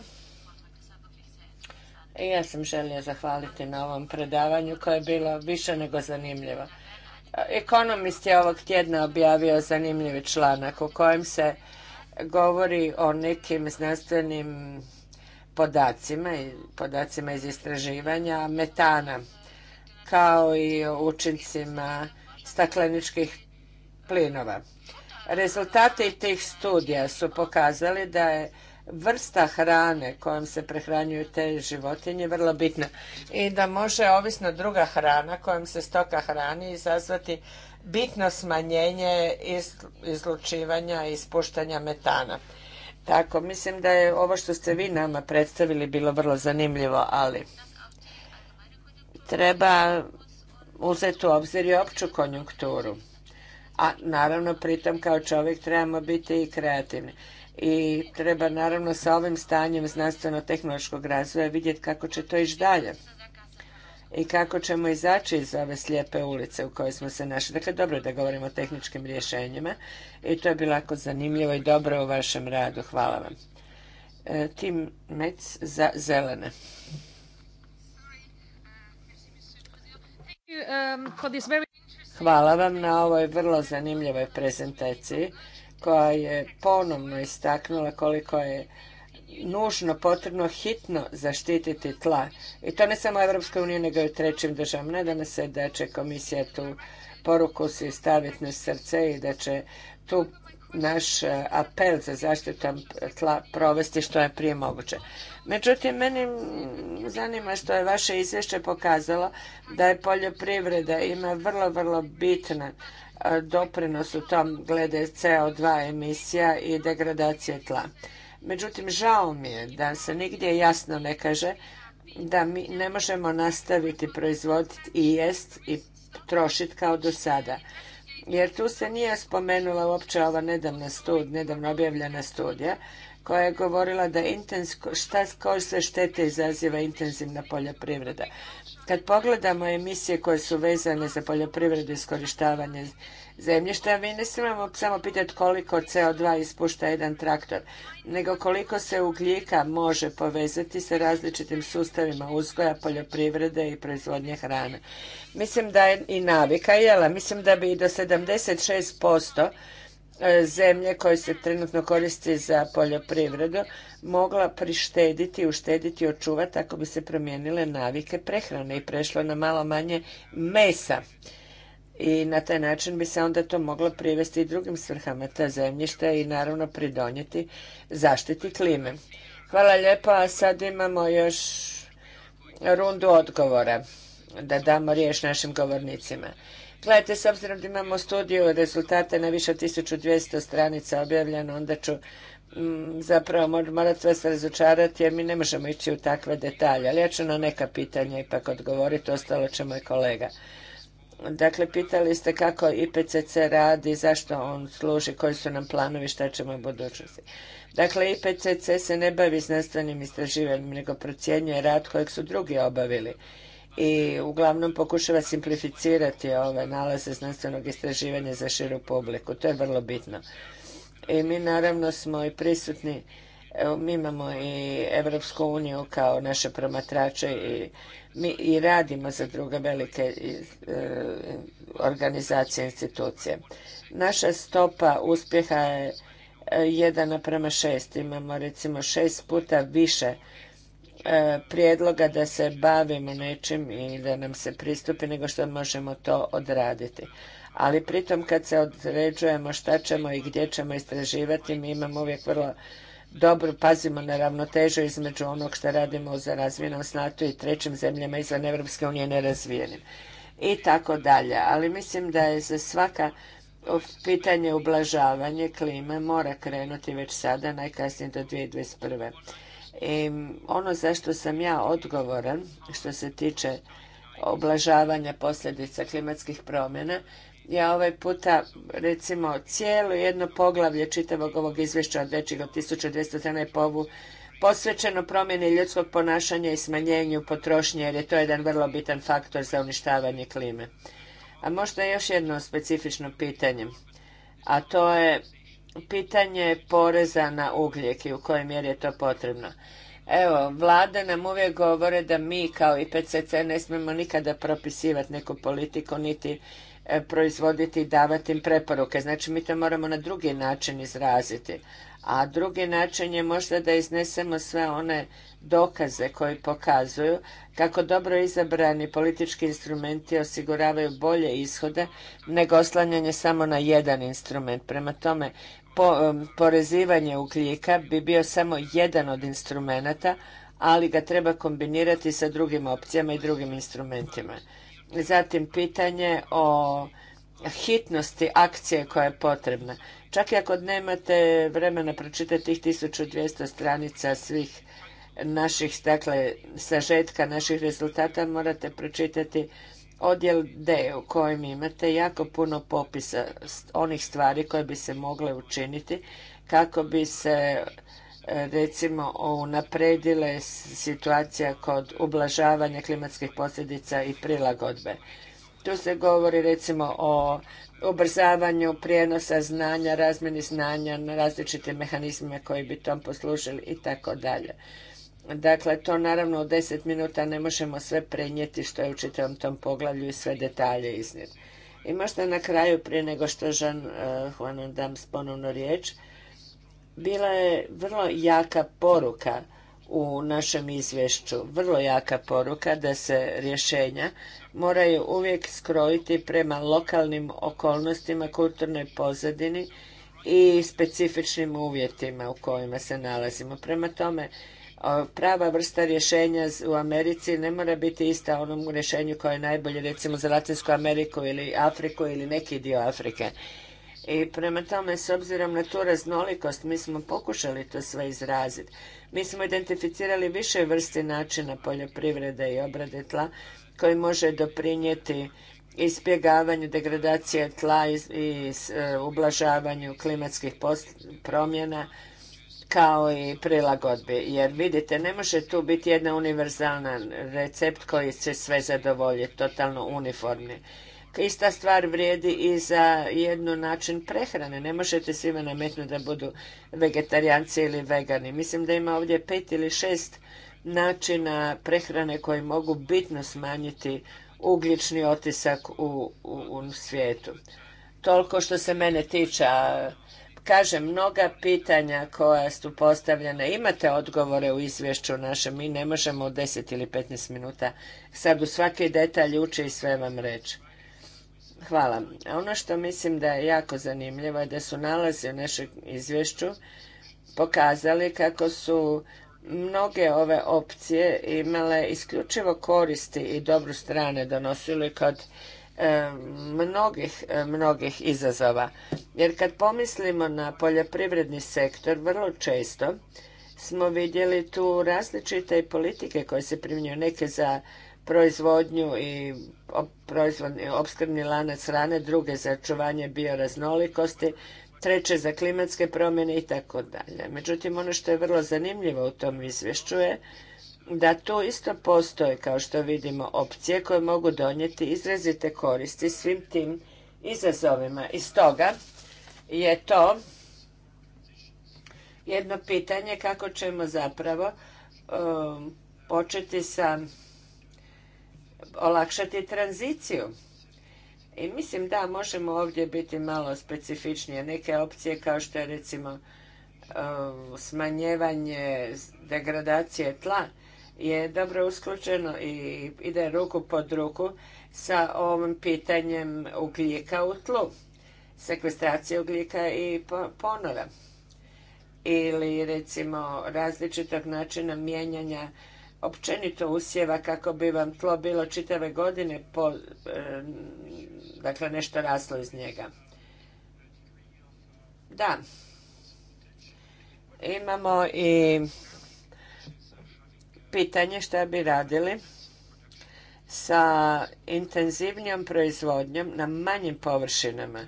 I ja sam želio zahvaliti na ovom predavanju koje je bilo više nego zanimljivo. Ekonomist je ovog tjedna objavio zanimljivi članak u kojem se govori o nekim znanstvenim podacima i podacima iz istraživanja metana kao i o učincima stakleničkih plinova. Rezultati tih studija su pokazali da je vrsta hrane kojom se prehranjuju te životinje vrlo bitna i da može ovisno druga hrana kojom se stoka hrani izazvati bitno smanjenje izlučivanja i ispuštanja metana. Tako, mislim da je ovo što ste vi nama predstavili bilo vrlo zanimljivo, ali treba uzeti u obzir i opću konjunkturu. A naravno, pritom kao čovjek trebamo biti i kreativni i treba naravno sa ovim stanjem znanstveno-tehnološkog razvoja vidjeti kako će to ići dalje i kako ćemo izaći iz ove slijepe ulice u kojoj smo se našli. Dakle, dobro da govorimo o tehničkim rješenjima i to je bilo jako zanimljivo i dobro u vašem radu. Hvala vam. E, Tim Mec za zelene. Um, Hvala vam na ovoj vrlo zanimljivoj prezentaciji koja je ponovno istaknula koliko je nužno potrebno hitno zaštititi tla. I to ne samo Europskoj uniji, nego i trećim državama. Nadam se da će komisija tu poruku si staviti na srce i da će tu naš e, apel za zaštitu tla provesti što je prije moguće. Međutim, meni zanima što je vaše izvješće pokazalo da je poljoprivreda ima vrlo, vrlo bitna doprinos u tom glede CO2 emisija i degradacije tla. Međutim, žao mi je da se nigdje jasno ne kaže da mi ne možemo nastaviti proizvoditi i jest i trošiti kao do sada. Jer tu se nije spomenula uopće ova nedavna stud, nedavno objavljena studija koja je govorila da se štete izaziva intenzivna poljoprivreda. Kad pogledamo emisije koje su vezane za poljoprivredu i iskorištavanje zemljišta, mi ne smijemo samo pitati koliko CO2 ispušta jedan traktor, nego koliko se ugljika može povezati sa različitim sustavima uzgoja, poljoprivrede i proizvodnje hrane. Mislim da je i navika jela, mislim da bi i do 76% E, zemlje koje se trenutno koristi za poljoprivredu mogla prištediti, uštediti i očuvati ako bi se promijenile navike prehrane i prešlo na malo manje mesa. I na taj način bi se onda to moglo privesti i drugim svrhama ta zemljišta i naravno pridonijeti zaštiti klime. Hvala lijepo, a sad imamo još rundu odgovora da damo riječ našim govornicima. Gledajte, s obzirom da imamo studiju rezultate na više od 1200 stranica objavljeno, onda ću mm, zapravo morat vas razočarati jer mi ne možemo ići u takve detalje. Ali ja ću na neka pitanja ipak odgovoriti, ostalo će moj kolega. Dakle, pitali ste kako IPCC radi, zašto on služi, koji su nam planovi, šta ćemo u budućnosti. Dakle, IPCC se ne bavi znanstvenim istraživanjem, nego procjenjuje rad kojeg su drugi obavili i uglavnom pokušava simplificirati ove nalaze znanstvenog istraživanja za širu publiku. To je vrlo bitno. I mi naravno smo i prisutni, mi imamo i Evropsku uniju kao naše promatrače i mi i radimo za druge velike e, organizacije i institucije. Naša stopa uspjeha je 1 e, naprema 6. Imamo recimo šest puta više E, prijedloga da se bavimo nečim i da nam se pristupi nego što možemo to odraditi. Ali pritom kad se određujemo šta ćemo i gdje ćemo istraživati, mi imamo uvijek vrlo dobro pazimo na ravnotežu između onog što radimo za razvijenost snatu i trećim zemljama izvan Europske unije nerazvijenim i tako dalje. Ali mislim da je za svaka pitanje ublažavanje klime mora krenuti već sada, najkasnije do 2021. I ono za što sam ja odgovoran, što se tiče oblažavanja posljedica klimatskih promjena, ja ovaj puta recimo cijelo jedno poglavlje čitavog ovog izvješća od većeg od 1200 povu posvećeno promjeni ljudskog ponašanja i smanjenju potrošnje jer je to jedan vrlo bitan faktor za uništavanje klime. A možda još jedno specifično pitanje, a to je pitanje poreza na ugljek i u kojoj mjeri je to potrebno. Evo, vlada nam uvijek govore da mi kao IPCC ne smemo nikada propisivati neku politiku, niti e, proizvoditi i davati im preporuke. Znači, mi to moramo na drugi način izraziti. A drugi način je možda da iznesemo sve one dokaze koji pokazuju kako dobro izabrani politički instrumenti osiguravaju bolje ishode nego oslanjanje samo na jedan instrument. Prema tome, porezivanje ugljika bi bio samo jedan od instrumenata, ali ga treba kombinirati sa drugim opcijama i drugim instrumentima. Zatim pitanje o hitnosti akcije koja je potrebna. Čak i ako nemate vremena pročitati tih 1200 stranica svih naših, dakle, sažetka naših rezultata, morate pročitati odjel D u kojem imate jako puno popisa onih stvari koje bi se mogle učiniti kako bi se e, recimo unapredile situacija kod ublažavanja klimatskih posljedica i prilagodbe. Tu se govori recimo o ubrzavanju prijenosa znanja, razmjeni znanja na različite mehanizme koji bi tom poslužili i tako dalje. Dakle, to naravno u deset minuta ne možemo sve prenijeti što je u čitavom tom poglavlju i sve detalje iznijeti. I možda na kraju, prije nego što Žan eh, Juanom dam ponovno riječ, bila je vrlo jaka poruka u našem izvješću, vrlo jaka poruka da se rješenja moraju uvijek skrojiti prema lokalnim okolnostima, kulturnoj pozadini i specifičnim uvjetima u kojima se nalazimo. Prema tome, prava vrsta rješenja u Americi ne mora biti ista onom rješenju koje je najbolje recimo za Latinsku Ameriku ili Afriku ili neki dio Afrike. I prema tome, s obzirom na tu raznolikost, mi smo pokušali to sve izraziti. Mi smo identificirali više vrsti načina poljoprivrede i obrade tla koji može doprinijeti ispjegavanju degradacije tla i e, ublažavanju klimatskih promjena, kao i prilagodbi. Jer vidite, ne može tu biti jedna univerzalna recept koji će sve zadovoljiti, totalno uniformni. Ista stvar vrijedi i za jednu način prehrane. Ne možete svima nametnuti da budu vegetarijanci ili vegani. Mislim da ima ovdje pet ili šest načina prehrane koji mogu bitno smanjiti ugljični otisak u, svijetu. Toliko što se mene tiče, a Kažem, mnoga pitanja koja su postavljena, imate odgovore u izvješću našem, mi ne možemo u 10 ili 15 minuta sad u svaki detalj ući i sve vam reći. Hvala. ono što mislim da je jako zanimljivo je da su nalazi u našem izvješću pokazali kako su mnoge ove opcije imale isključivo koristi i dobru strane donosili kod E, mnogih, e, mnogih izazova. Jer kad pomislimo na poljoprivredni sektor, vrlo često smo vidjeli tu različite politike koje se primjenjuju neke za proizvodnju i opskrbni lanac hrane, druge za očuvanje bioraznolikosti, treće za klimatske promjene i tako dalje. Međutim, ono što je vrlo zanimljivo u tom izvješću je da tu isto postoje, kao što vidimo, opcije koje mogu donijeti izrazite koristi svim tim izazovima. I stoga je to jedno pitanje kako ćemo zapravo um, početi sa olakšati tranziciju. I mislim da možemo ovdje biti malo specifičnije. Neke opcije kao što je recimo um, smanjevanje degradacije tla, je dobro usključeno i ide ruku pod ruku sa ovim pitanjem ugljika u tlu, sekvestracije ugljika i ponora ili recimo različitog načina mijenjanja općenito usjeva kako bi vam tlo bilo čitave godine e, dakle nešto raslo iz njega. Da, imamo i pitanje šta bi radili sa intenzivnijom proizvodnjom na manjim površinama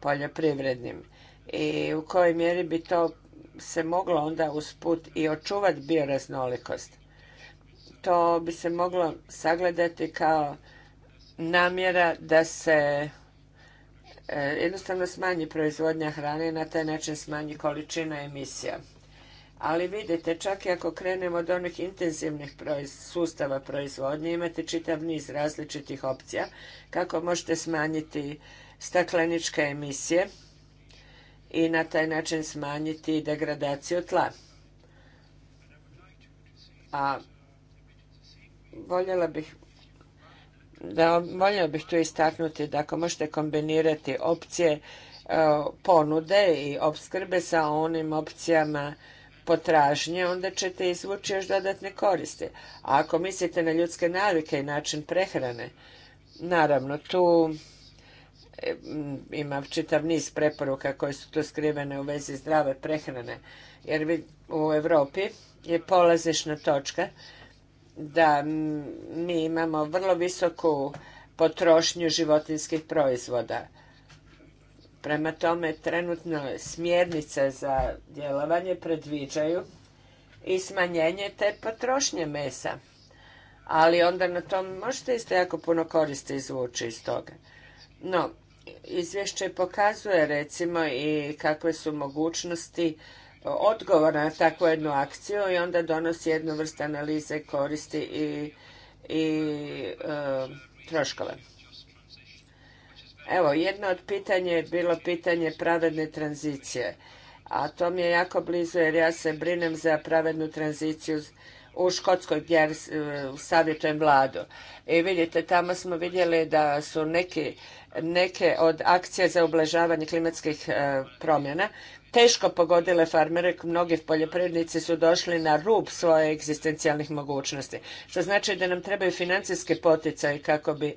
poljoprivrednim i u kojoj mjeri bi to se moglo onda usput i očuvati bioraznolikost. To bi se moglo sagledati kao namjera da se e, jednostavno smanji proizvodnja hrane i na taj način smanji količina emisija. Ali vidite, čak i ako krenemo od onih intenzivnih sustava proizvodnje, imate čitav niz različitih opcija kako možete smanjiti stakleničke emisije i na taj način smanjiti degradaciju tla. A voljela bih da voljela bih tu istaknuti da ako možete kombinirati opcije e, ponude i opskrbe sa onim opcijama potražnje, onda ćete izvući još dodatne koristi. A ako mislite na ljudske navike i način prehrane, naravno tu e, ima čitav niz preporuka koje su tu skrivene u vezi zdrave prehrane. Jer u Europi je polazišna točka da mi imamo vrlo visoku potrošnju životinskih proizvoda Prema tome, trenutno smjernice za djelovanje predviđaju i smanjenje te potrošnje mesa. Ali onda na tom možete isto jako puno koriste izvući iz toga. No, izvješće pokazuje recimo i kakve su mogućnosti odgovora na takvu jednu akciju i onda donosi jednu vrstu analize koristi i, i e, Evo, jedno od pitanja je bilo pitanje pravedne tranzicije, a to mi je jako blizu jer ja se brinem za pravednu tranziciju u Škotskoj gdje e, savjetujem vladu. I vidite, tamo smo vidjeli da su neke od akcija za ublažavanje klimatskih e, promjena teško pogodile farmere, mnogi poljoprivrednici su došli na rub svoje egzistencijalnih mogućnosti, što znači da nam trebaju financijski poticaj kako bi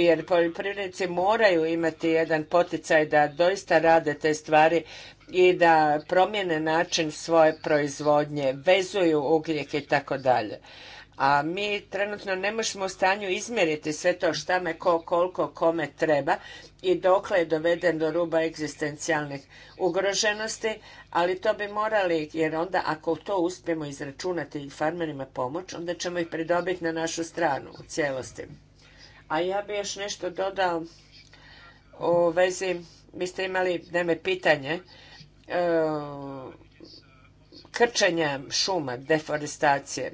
jer poljoprivrednici moraju imati jedan poticaj da doista rade te stvari i da promijene način svoje proizvodnje, vezuju ugljik i tako dalje. A mi trenutno ne možemo u stanju izmjeriti sve to šta me ko, koliko, kome treba i dokle je doveden do ruba egzistencijalnih ugroženosti, ali to bi morali, jer onda ako to uspijemo izračunati i farmerima pomoć, onda ćemo ih pridobiti na našu stranu u cijelosti. A ja bi još nešto dodao u vezi, vi ste imali, neme pitanje e, krčenja šuma, deforestacije.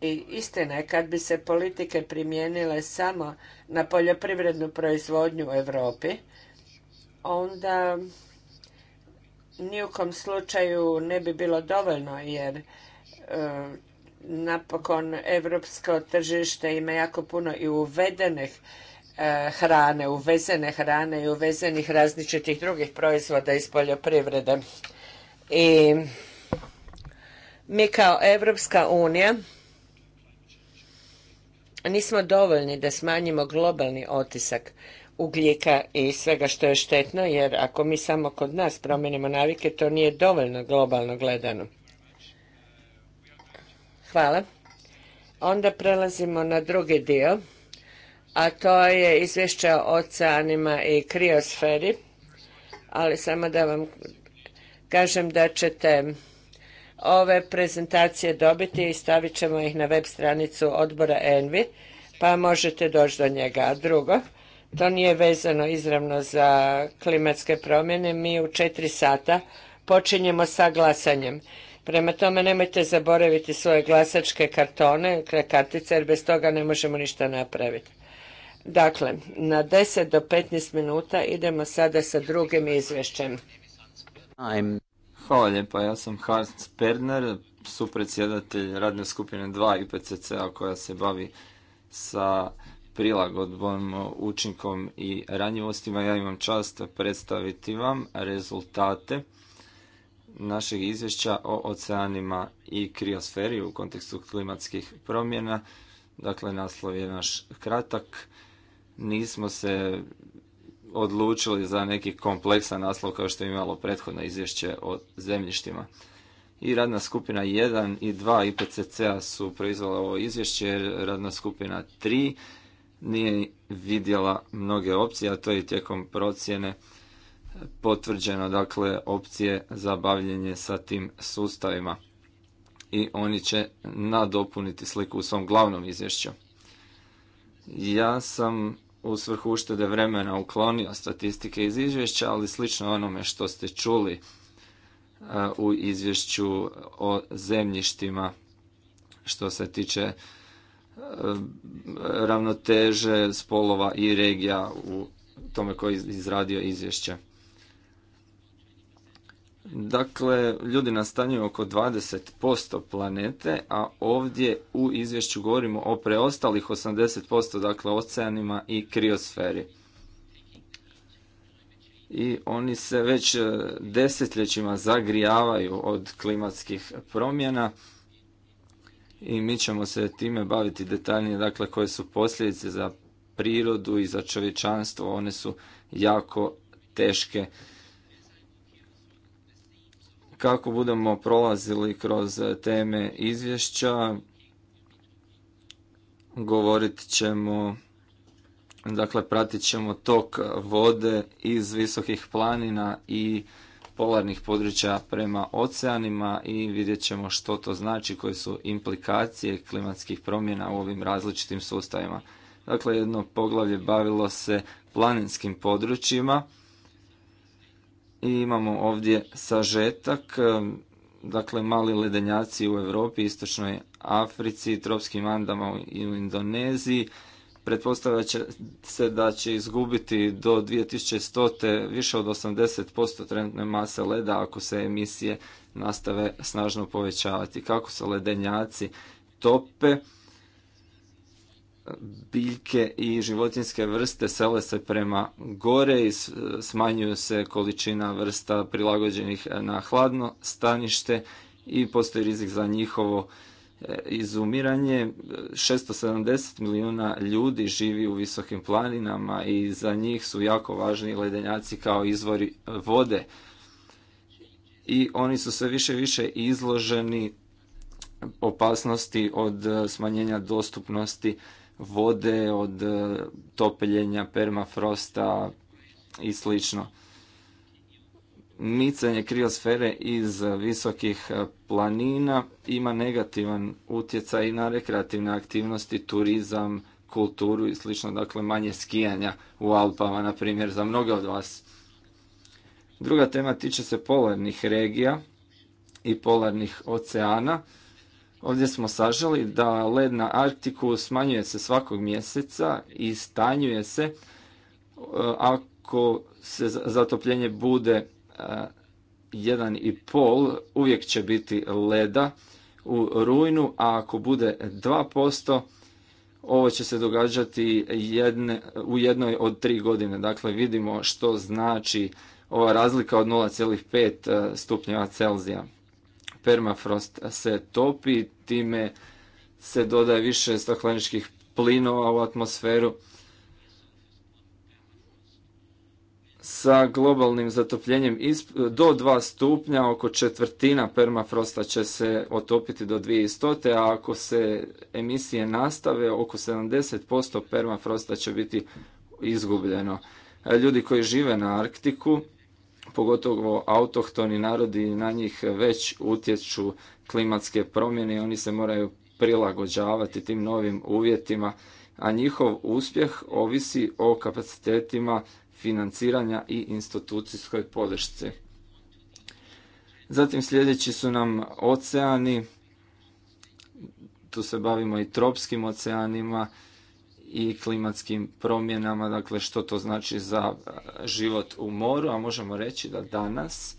I istina je, kad bi se politike primijenile samo na poljoprivrednu proizvodnju u Europi, onda nijukom slučaju ne bi bilo dovoljno, jer e, napokon evropsko tržište ima jako puno i uvedenih e, hrane, uvezene hrane i uvezenih različitih drugih proizvoda iz poljoprivrede. I mi kao Evropska unija nismo dovoljni da smanjimo globalni otisak ugljika i svega što je štetno, jer ako mi samo kod nas promijenimo navike, to nije dovoljno globalno gledano. Hvala. Onda prelazimo na drugi dio, a to je izvješća o oceanima i kriosferi, ali samo da vam kažem da ćete ove prezentacije dobiti i stavit ćemo ih na web stranicu odbora Envi, pa možete doći do njega. drugo, to nije vezano izravno za klimatske promjene. Mi u četiri sata počinjemo sa glasanjem. Prema tome nemojte zaboraviti svoje glasačke kartone, kartice, jer bez toga ne možemo ništa napraviti. Dakle, na 10 do 15 minuta idemo sada sa drugim izvješćem. Hvala lijepa, ja sam Hans Perner, supredsjedatelj radne skupine 2 IPCC-a koja se bavi sa prilagodbom, učinkom i ranjivostima. Ja imam čast predstaviti vam rezultate našeg izvješća o oceanima i kriosferi u kontekstu klimatskih promjena. Dakle, naslov je naš kratak. Nismo se odlučili za neki kompleksan naslov kao što je imalo prethodno izvješće o zemljištima. I radna skupina 1 i 2 IPCC-a su proizvela ovo izvješće, radna skupina 3 nije vidjela mnoge opcije, a to je tijekom procjene potvrđeno dakle opcije za bavljenje sa tim sustavima i oni će nadopuniti sliku u svom glavnom izvješću. Ja sam u svrhu uštede vremena uklonio statistike iz izvješća, ali slično onome što ste čuli e, u izvješću o zemljištima što se tiče e, ravnoteže spolova i regija u tome koji je izradio izvješće. Dakle, ljudi nastanjuju oko 20% planete, a ovdje u izvješću govorimo o preostalih 80%, dakle oceanima i kriosferi. I oni se već e, desetljećima zagrijavaju od klimatskih promjena i mi ćemo se time baviti detaljnije, dakle koje su posljedice za prirodu i za čovječanstvo, one su jako teške kako budemo prolazili kroz teme izvješća, govorit ćemo, dakle pratit ćemo tok vode iz visokih planina i polarnih područja prema oceanima i vidjet ćemo što to znači, koje su implikacije klimatskih promjena u ovim različitim sustavima. Dakle, jedno poglavlje bavilo se planinskim područjima, imamo ovdje sažetak, dakle mali ledenjaci u Europi, istočnoj Africi, tropskim Andama i u Indoneziji. Pretpostavlja će se da će izgubiti do 2100. više od 80% trenutne mase leda ako se emisije nastave snažno povećavati. Kako se ledenjaci tope, biljke i životinske vrste sele se prema gore i smanjuju se količina vrsta prilagođenih na hladno stanište i postoji rizik za njihovo e, izumiranje. 670 milijuna ljudi živi u visokim planinama i za njih su jako važni ledenjaci kao izvori e, vode. I oni su sve više i više izloženi opasnosti od e, smanjenja dostupnosti vode, od e, topeljenja, permafrosta i slično. Micanje kriosfere iz visokih e, planina ima negativan utjecaj na rekreativne aktivnosti, turizam, kulturu i slično, dakle manje skijanja u Alpama, na primjer, za mnoge od vas. Druga tema tiče se polarnih regija i polarnih oceana. Ovdje smo saželi da led na Arktiku smanjuje se svakog mjeseca i stanjuje se e, ako se zatopljenje bude 1,5 e, uvijek će biti leda u rujnu, a ako bude 2% ovo će se događati jedne, u jednoj od tri godine. Dakle, vidimo što znači ova razlika od 0,5 e, stupnjeva Celzija permafrost se topi, time se dodaje više stakleničkih plinova u atmosferu. Sa globalnim zatopljenjem do 2 stupnja oko četvrtina permafrosta će se otopiti do 2100, a ako se emisije nastave oko 70% permafrosta će biti izgubljeno. Ljudi koji žive na Arktiku pogotovo autohtoni narodi na njih već utječu klimatske promjene i oni se moraju prilagođavati tim novim uvjetima, a njihov uspjeh ovisi o kapacitetima financiranja i institucijskoj podršci. Zatim sljedeći su nam oceani, tu se bavimo i tropskim oceanima, i klimatskim promjenama, dakle što to znači za e, život u moru, a možemo reći da danas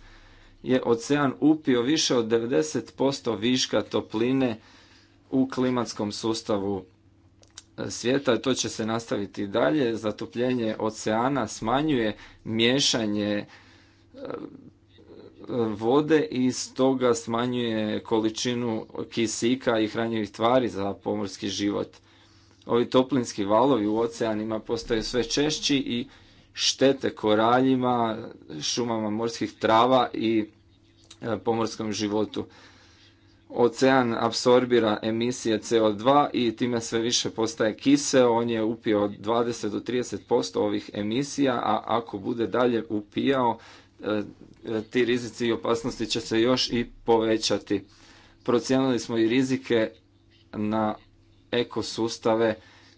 je ocean upio više od 90% viška topline u klimatskom sustavu e, svijeta i to će se nastaviti dalje. Zatopljenje oceana smanjuje miješanje e, vode i stoga smanjuje količinu kisika i hranjivih tvari za pomorski život ovi toplinski valovi u oceanima postaju sve češći i štete koraljima, šumama morskih trava i e, pomorskom životu. Ocean apsorbira emisije CO2 i time sve više postaje kiseo, on je upio 20 do 30% ovih emisija, a ako bude dalje upijao, e, e, ti rizici i opasnosti će se još i povećati. Procijenili smo i rizike na ekosustave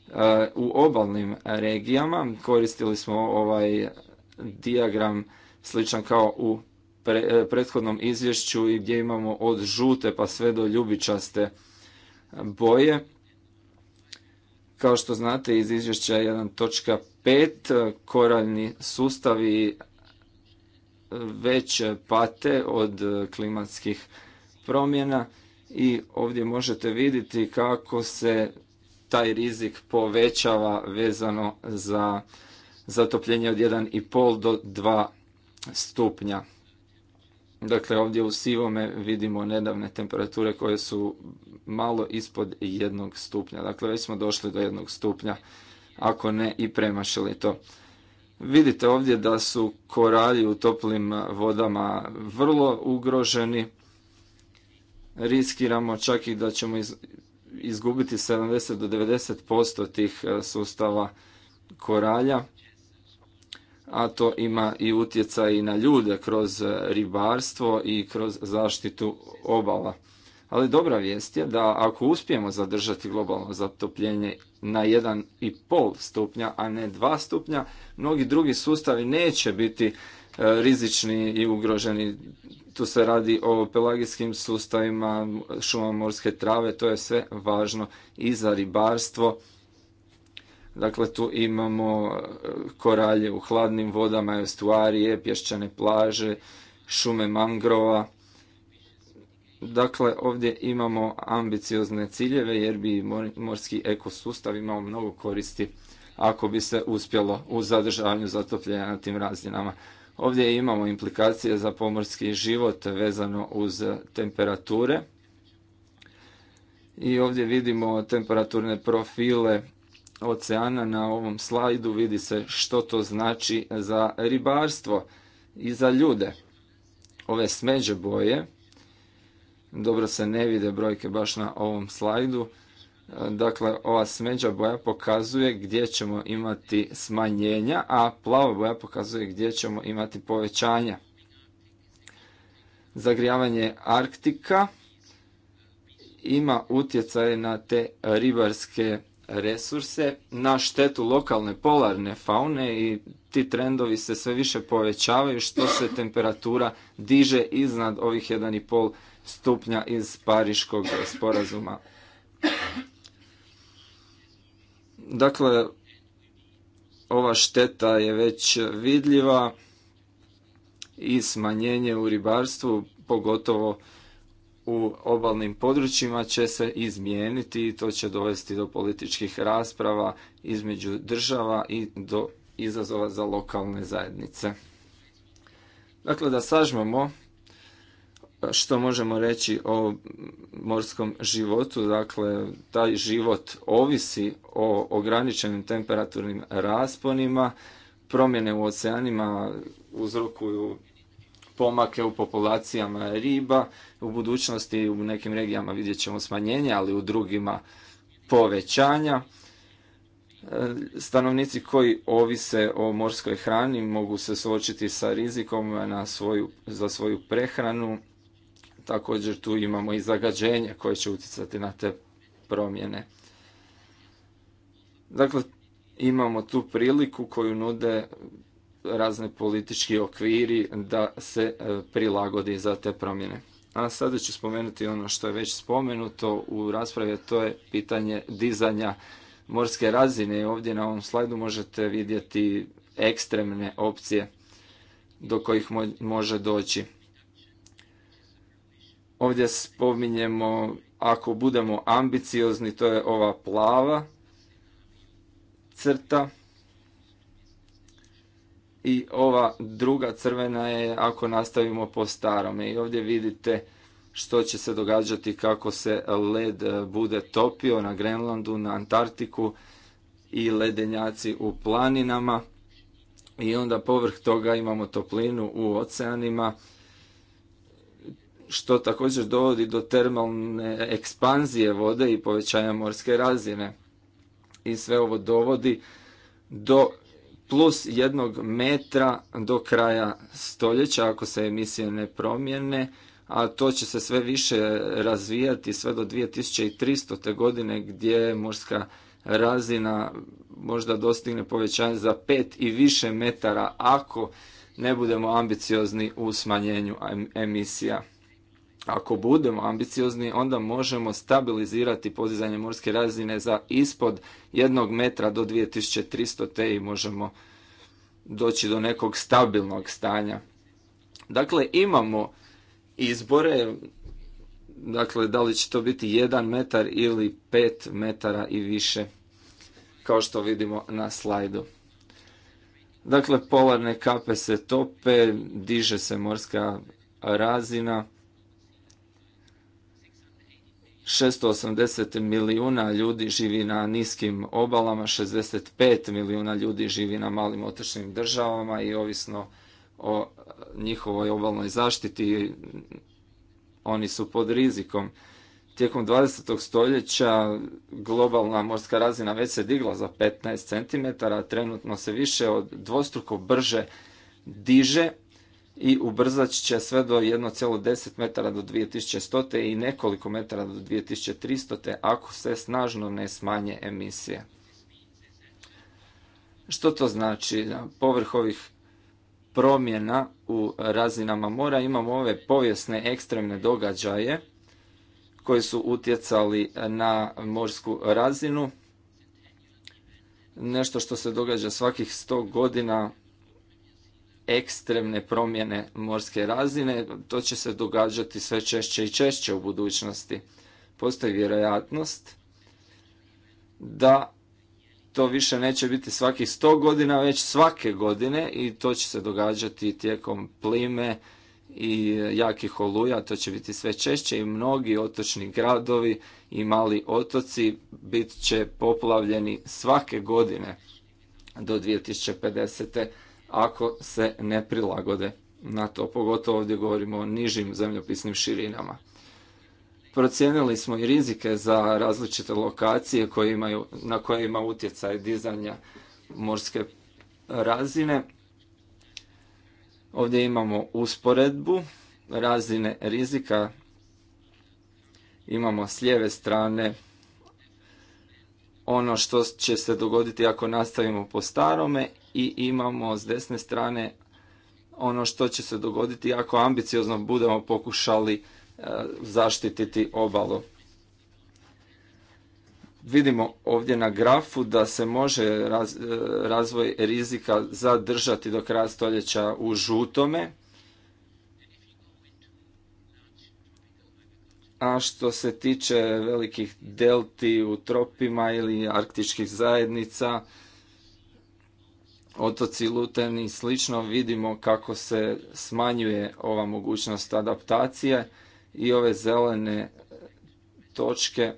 uh, u obalnim regijama. Koristili smo ovaj dijagram sličan kao u uh, prethodnom izvješću i gdje imamo od žute pa sve do ljubičaste boje. Kao što znate iz izvješća 1.5 uh, koraljni sustavi već pate od klimatskih promjena i ovdje možete vidjeti kako se taj rizik povećava vezano za zatopljenje od 1,5 do 2 stupnja. Dakle, ovdje u sivome vidimo nedavne temperature koje su malo ispod jednog stupnja. Dakle, već smo došli do jednog stupnja, ako ne i premašili to. Vidite ovdje da su koralji u toplim vodama vrlo ugroženi riskiramo čak i da ćemo izgubiti 70 do 90% tih e, sustava koralja, a to ima i utjecaj i na ljude kroz e, ribarstvo i kroz zaštitu obala. Ali dobra vijest je da ako uspijemo zadržati globalno zatopljenje na 1,5 stupnja, a ne 2 stupnja, mnogi drugi sustavi neće biti E, rizični i ugroženi. Tu se radi o pelagijskim sustavima, šuma morske trave, to je sve važno i za ribarstvo. Dakle, tu imamo e, koralje u hladnim vodama, estuarije, pješčane plaže, šume mangrova. Dakle, ovdje imamo ambiciozne ciljeve jer bi morski ekosustav imao mnogo koristi ako bi se uspjelo u zadržavanju zatopljenja na tim razinama. Ovdje imamo implikacije za pomorski život vezano uz temperature. I ovdje vidimo temperaturne profile oceana na ovom slajdu. Vidi se što to znači za ribarstvo i za ljude. Ove smeđe boje, dobro se ne vide brojke baš na ovom slajdu, Dakle, ova smeđa boja pokazuje gdje ćemo imati smanjenja, a plava boja pokazuje gdje ćemo imati povećanja. Zagrijavanje Arktika ima utjecaj na te ribarske resurse na štetu lokalne polarne faune i ti trendovi se sve više povećavaju što se temperatura diže iznad ovih 1,5 stupnja iz Pariškog sporazuma. Dakle, ova šteta je već vidljiva i smanjenje u ribarstvu, pogotovo u obalnim područjima će se izmijeniti i to će dovesti do političkih rasprava između država i do izazova za lokalne zajednice. Dakle, da sažmemo, što možemo reći o morskom životu, dakle taj život ovisi o ograničenim temperaturnim rasponima, promjene u oceanima uzrokuju pomake u populacijama riba, u budućnosti u nekim regijama vidjet ćemo smanjenje, ali u drugima povećanja. E, stanovnici koji ovise o morskoj hrani mogu se suočiti sa rizikom za svoju prehranu Također tu imamo i zagađenje koje će utjecati na te promjene. Dakle, imamo tu priliku koju nude razne politički okviri da se e, prilagodi za te promjene. A sada ću spomenuti ono što je već spomenuto u raspravi, to je pitanje dizanja morske razine. Ovdje na ovom slajdu možete vidjeti ekstremne opcije do kojih može doći. Ovdje spominjemo, ako budemo ambiciozni, to je ova plava crta. I ova druga crvena je ako nastavimo po starome. I ovdje vidite što će se događati kako se led e, bude topio na Grenlandu, na Antarktiku i ledenjaci u planinama. I onda povrh toga imamo toplinu u oceanima što također dovodi do termalne ekspanzije vode i povećanja morske razine. I sve ovo dovodi do plus jednog metra do kraja stoljeća ako se emisije ne promijene, a to će se sve više razvijati sve do 2300. godine gdje morska razina možda dostigne povećanje za pet i više metara ako ne budemo ambiciozni u smanjenju emisija ako budemo ambiciozni, onda možemo stabilizirati podizanje morske razine za ispod jednog metra do 2300 te i možemo doći do nekog stabilnog stanja. Dakle, imamo izbore, dakle, da li će to biti jedan metar ili pet metara i više, kao što vidimo na slajdu. Dakle, polarne kape se tope, diže se morska razina, 680 milijuna ljudi živi na niskim obalama, 65 milijuna ljudi živi na malim otočnim državama i ovisno o e, njihovoj obalnoj zaštiti oni su pod rizikom. Tijekom 20. stoljeća globalna morska razina već se digla za 15 cm, trenutno se više od dvostruko brže diže i ubrzat će sve do 1,10 metara do 2100. i nekoliko metara do 2300. ako se snažno ne smanje emisije. Što to znači? Povrh ovih promjena u razinama mora imamo ove povijesne ekstremne događaje koji su utjecali na morsku razinu. Nešto što se događa svakih 100 godina ekstremne promjene morske razine, to će se događati sve češće i češće u budućnosti. Postoji vjerojatnost da to više neće biti svakih 100 godina, već svake godine i to će se događati tijekom plime i jakih oluja, to će biti sve češće i mnogi otočni gradovi i mali otoci bit će poplavljeni svake godine do 2050 ako se ne prilagode na to, pogotovo ovdje govorimo o nižim zemljopisnim širinama. Procijenili smo i rizike za različite lokacije na koje ima utjecaj dizanja morske razine. Ovdje imamo usporedbu razine rizika. Imamo s lijeve strane ono što će se dogoditi ako nastavimo po starome i imamo s desne strane ono što će se dogoditi ako ambiciozno budemo pokušali e, zaštititi obalu. Vidimo ovdje na grafu da se može e, razvoj rizika zadržati do kraja stoljeća u žutome, A što se tiče velikih delti u tropima ili arktičkih zajednica, otoci Luten i slično, vidimo kako se smanjuje ova mogućnost adaptacije i ove zelene točke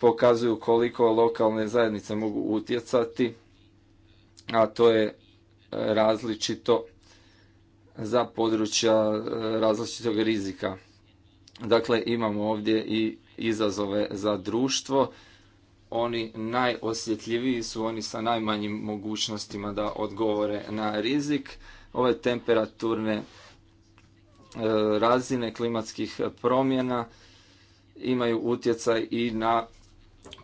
pokazuju koliko lokalne zajednice mogu utjecati, a to je e, različito za područja e, različitog rizika. Dakle, imamo ovdje i izazove za društvo. Oni najosjetljiviji su oni sa najmanjim mogućnostima da odgovore na rizik. Ove temperaturne e, razine klimatskih promjena imaju utjecaj i na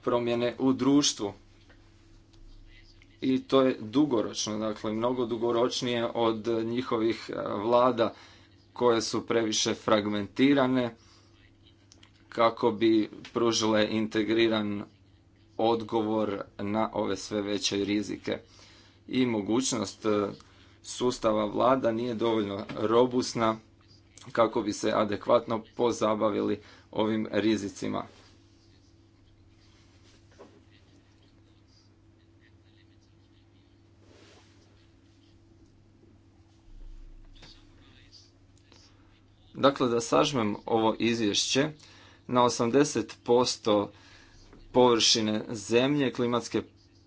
promjene u društvu. I to je dugoročno, dakle mnogo dugoročnije od njihovih e, vlada koje su previše fragmentirane kako bi pružile integriran odgovor na ove sve veće rizike. I mogućnost e, sustava vlada nije dovoljno robustna kako bi se adekvatno pozabavili ovim rizicima. Dakle, da sažmem ovo izvješće, na 80% površine zemlje klimatske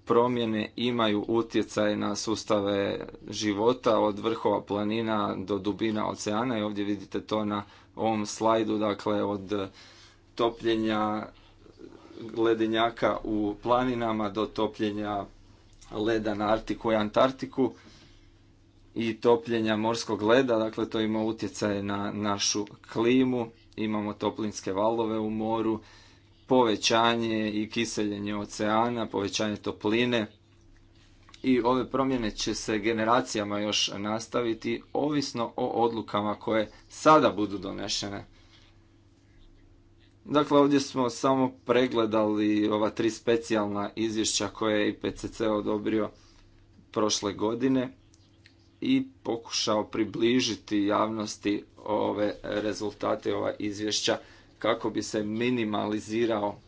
promjene imaju utjecaj na sustave života od vrhova planina do dubina oceana i ovdje vidite to na ovom slajdu, dakle od topljenja ledenjaka u planinama do topljenja leda na Artiku i Antartiku i topljenja morskog leda, dakle to ima utjecaj na našu klimu, imamo toplinske valove u moru, povećanje i kiseljenje oceana, povećanje topline i ove promjene će se generacijama još nastaviti ovisno o odlukama koje sada budu donešene. Dakle, ovdje smo samo pregledali ova tri specijalna izvješća koje je IPCC odobrio prošle godine i pokušao približiti javnosti ove rezultate, ova izvješća kako bi se minimalizirao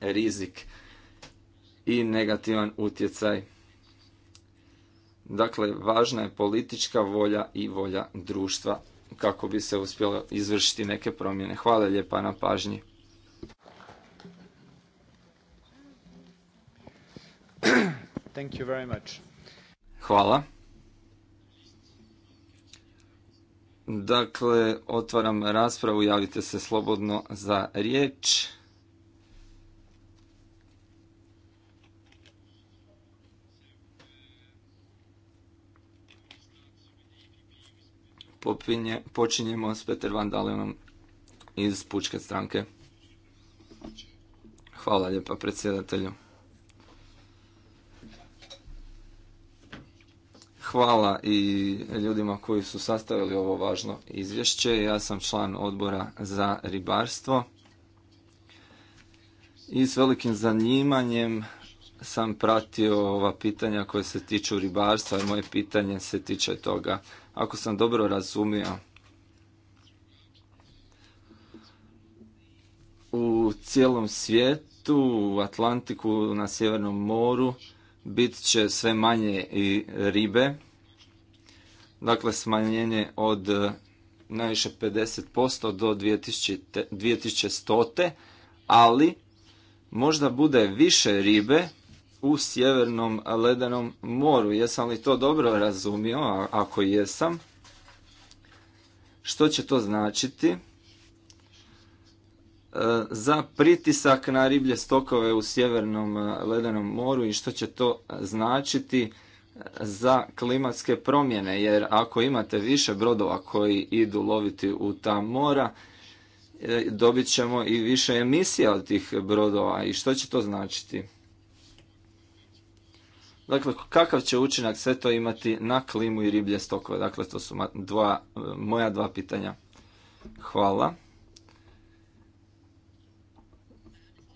rizik i negativan utjecaj. Dakle, važna je politička volja i volja društva kako bi se uspjelo izvršiti neke promjene. Hvala lijepa na pažnji. Thank you very much. Hvala. Dakle, otvaram raspravu, javite se slobodno za riječ. Popinje, počinjemo s Peter Van Dalenom iz Pučke stranke. Hvala lijepa predsjedatelju. hvala i ljudima koji su sastavili ovo važno izvješće. Ja sam član odbora za ribarstvo i s velikim zanimanjem sam pratio ova pitanja koje se tiču ribarstva i moje pitanje se tiče toga. Ako sam dobro razumio, u cijelom svijetu, u Atlantiku, na Sjevernom moru, bit će sve manje i ribe Dakle, smanjenje od e, najviše 50% do 2100. Ali možda bude više ribe u sjevernom ledenom moru. Jesam li to dobro razumio? ako jesam, što će to značiti? E, za pritisak na riblje stokove u sjevernom e, ledenom moru i što će to značiti za klimatske promjene, jer ako imate više brodova koji idu loviti u ta mora, e, dobit ćemo i više emisija od tih brodova i što će to značiti? Dakle, kakav će učinak sve to imati na klimu i riblje stokove? Dakle, to su dva, moja dva pitanja. Hvala.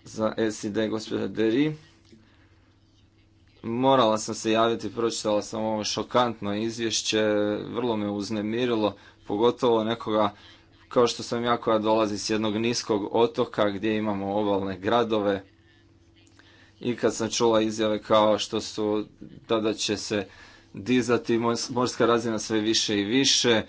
Za SID, gospođa Deri. Morala sam se javiti, pročitala sam ovo šokantno izvješće, vrlo me uznemirilo, pogotovo nekoga kao što sam ja koja dolazi s jednog niskog otoka gdje imamo obalne gradove. I kad sam čula izjave kao što su tada će se dizati morska razina sve više i više,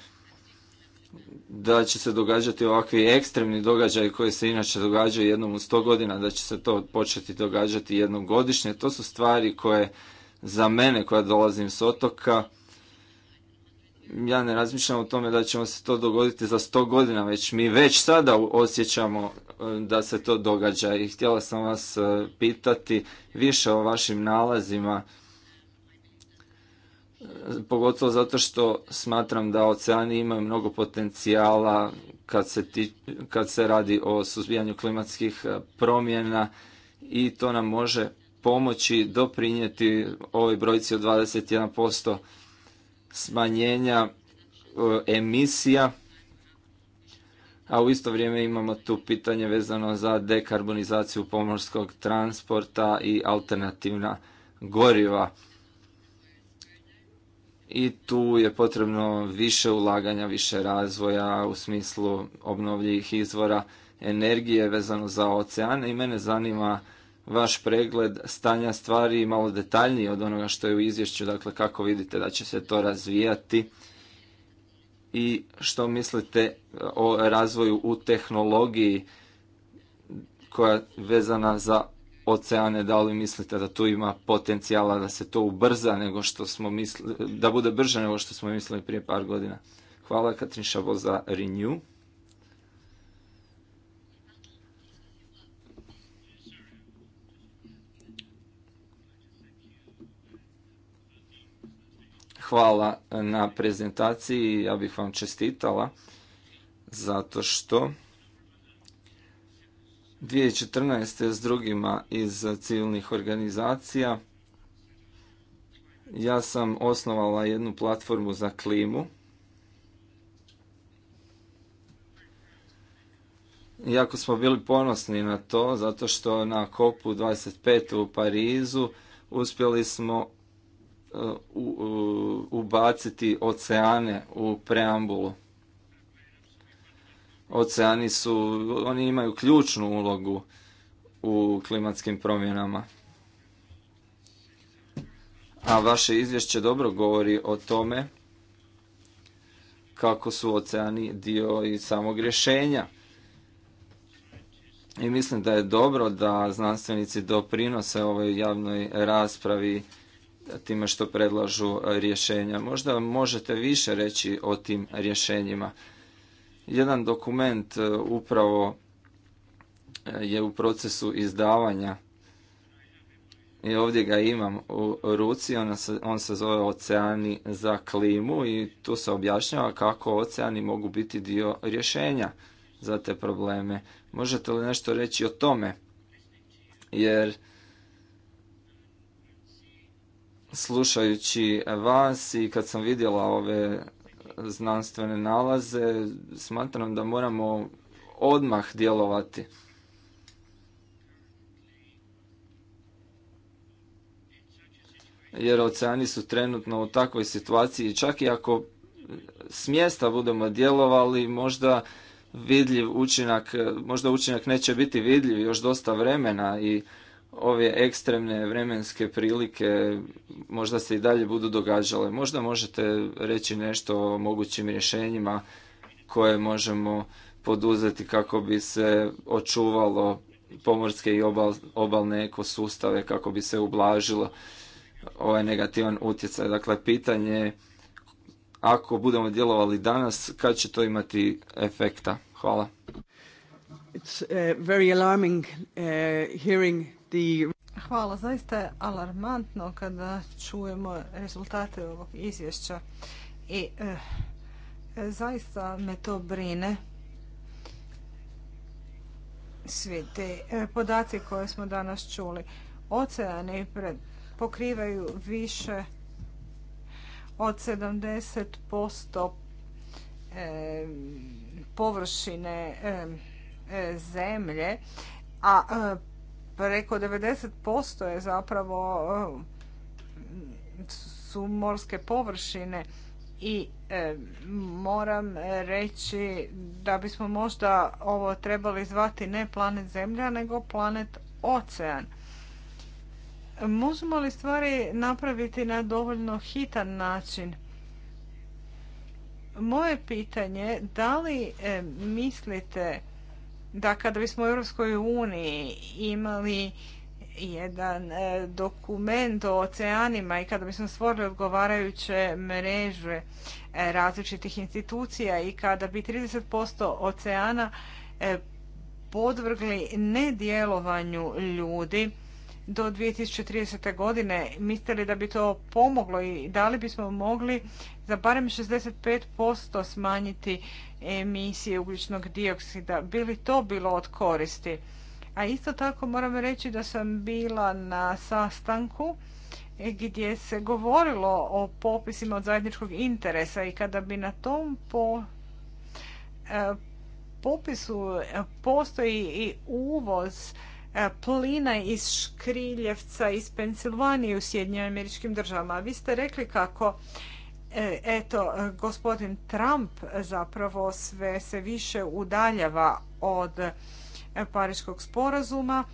da će se događati ovakvi ekstremni događaji koji se inače događaju jednom u sto godina, da će se to početi događati jednom godišnje. To su stvari koje za mene koja dolazim s otoka, ja ne razmišljam o tome da ćemo se to dogoditi za sto godina, već mi već sada osjećamo e, da se to događa i htjela sam vas e, pitati više o vašim nalazima pogotovo zato što smatram da oceani imaju mnogo potencijala kad se, kad se radi o suzbijanju klimatskih e, promjena i to nam može pomoći doprinijeti ovoj brojci od 21% smanjenja e, emisija, a u isto vrijeme imamo tu pitanje vezano za dekarbonizaciju pomorskog transporta i alternativna goriva i tu je potrebno više ulaganja, više razvoja u smislu obnovljivih izvora energije vezano za oceane i mene zanima vaš pregled stanja stvari malo detaljniji od onoga što je u izvješću, dakle kako vidite da će se to razvijati i što mislite o razvoju u tehnologiji koja je vezana za oceane, da li mislite da tu ima potencijala da se to ubrza nego što smo mislili, da bude brže nego što smo mislili prije par godina. Hvala Katrin Šabo za Renew. Hvala na prezentaciji, ja bih vam čestitala zato što 2014. s drugima iz civilnih organizacija ja sam osnovala jednu platformu za klimu. Jako smo bili ponosni na to, zato što na kopu 25 u Parizu uspjeli smo e, ubaciti oceane u preambulu oceani su, oni imaju ključnu ulogu u klimatskim promjenama. A vaše izvješće dobro govori o tome kako su oceani dio i samog rješenja. I mislim da je dobro da znanstvenici doprinose ovoj javnoj raspravi time što predlažu rješenja. Možda možete više reći o tim rješenjima. Jedan dokument e, upravo e, je u procesu izdavanja i ovdje ga imam u ruci, on se, on se zove Oceani za klimu i tu se objašnjava kako oceani mogu biti dio rješenja za te probleme. Možete li nešto reći o tome? Jer slušajući vas i kad sam vidjela ove znanstvene nalaze, smatram da moramo odmah djelovati. Jer oceani su trenutno u takvoj situaciji, čak i ako s mjesta budemo djelovali, možda vidljiv učinak, možda učinak neće biti vidljiv još dosta vremena i ove ekstremne vremenske prilike možda se i dalje budu događale. Možda možete reći nešto o mogućim rješenjima koje možemo poduzeti kako bi se očuvalo pomorske i obal, obalne ekosustave, kako bi se ublažilo ovaj negativan utjecaj. Dakle, pitanje ako budemo djelovali danas, kad će to imati efekta? Hvala. It's a very alarming uh, hearing the... Hvala, zaista je alarmantno kada čujemo rezultate ovog izvješća i eh, zaista me to brine. Svi te eh, podaci koje smo danas čuli. Oceani pokrivaju više od 70% eh, površine zemlje, a preko 90% je zapravo e, su morske površine i e, moram reći da bismo možda ovo trebali zvati ne planet Zemlja nego planet ocean. Možemo li stvari napraviti na dovoljno hitan način? Moje pitanje, da li e, mislite da kada bismo u Europskoj uniji imali jedan e, dokument o oceanima i kada bismo stvorili odgovarajuće mreže e, različitih institucija i kada bi 30% oceana e, podvrgli nedjelovanju ljudi do 2030. godine, mislili da bi to pomoglo i da li bismo mogli za barem 65% smanjiti emisije ugljičnog dioksida. Bili to bilo od koristi? A isto tako moram reći da sam bila na sastanku gdje se govorilo o popisima od zajedničkog interesa i kada bi na tom po, e, popisu e, postoji i uvoz e, plina iz Škriljevca iz Pensilvanije u Sjedinjenim američkim državama. Vi ste rekli kako E, eto, gospodin Trump zapravo sve se više udaljava od Pariškog sporazuma,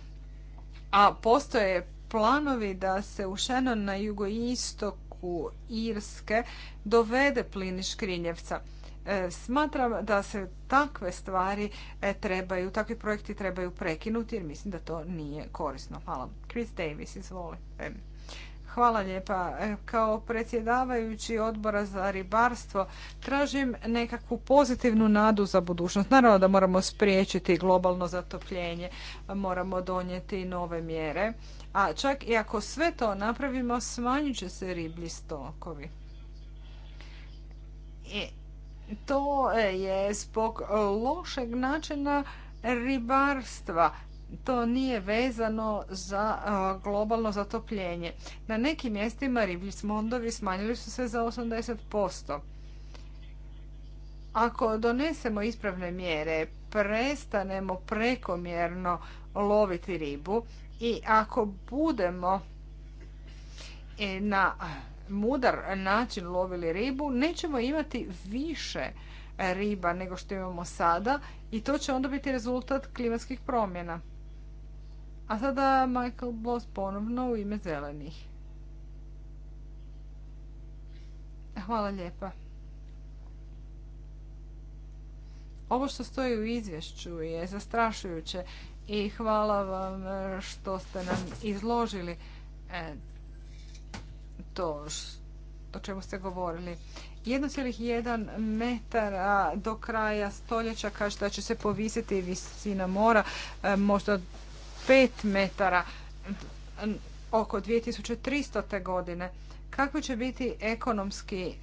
a postoje planovi da se u Šenon na jugoistoku Irske dovede plini Škrinjevca. E, smatram da se takve stvari e, trebaju, takvi projekti trebaju prekinuti jer mislim da to nije korisno. Hvala. Chris Davis, izvolite. Hvala lijepa. E, kao predsjedavajući odbora za ribarstvo tražim nekakvu pozitivnu nadu za budućnost. Naravno da moramo spriječiti globalno zatopljenje, moramo donijeti nove mjere, a čak i ako sve to napravimo smanjit će se riblji stokovi. I to je zbog lošeg načina ribarstva to nije vezano za globalno zatopljenje. Na nekim mjestima riblji smondovi smanjili su se za 80%. Ako donesemo ispravne mjere, prestanemo prekomjerno loviti ribu i ako budemo e, na mudar način lovili ribu, nećemo imati više riba nego što imamo sada i to će onda biti rezultat klimatskih promjena. A sada Michael Boss ponovno u ime zelenih. Hvala lijepa. Ovo što stoji u izvješću je zastrašujuće i hvala vam što ste nam izložili e, to o čemu ste govorili. 1,1 metara do kraja stoljeća kaže da će se povisiti visina mora e, možda 5 metara oko 2300. godine. Kakvi će biti ekonomski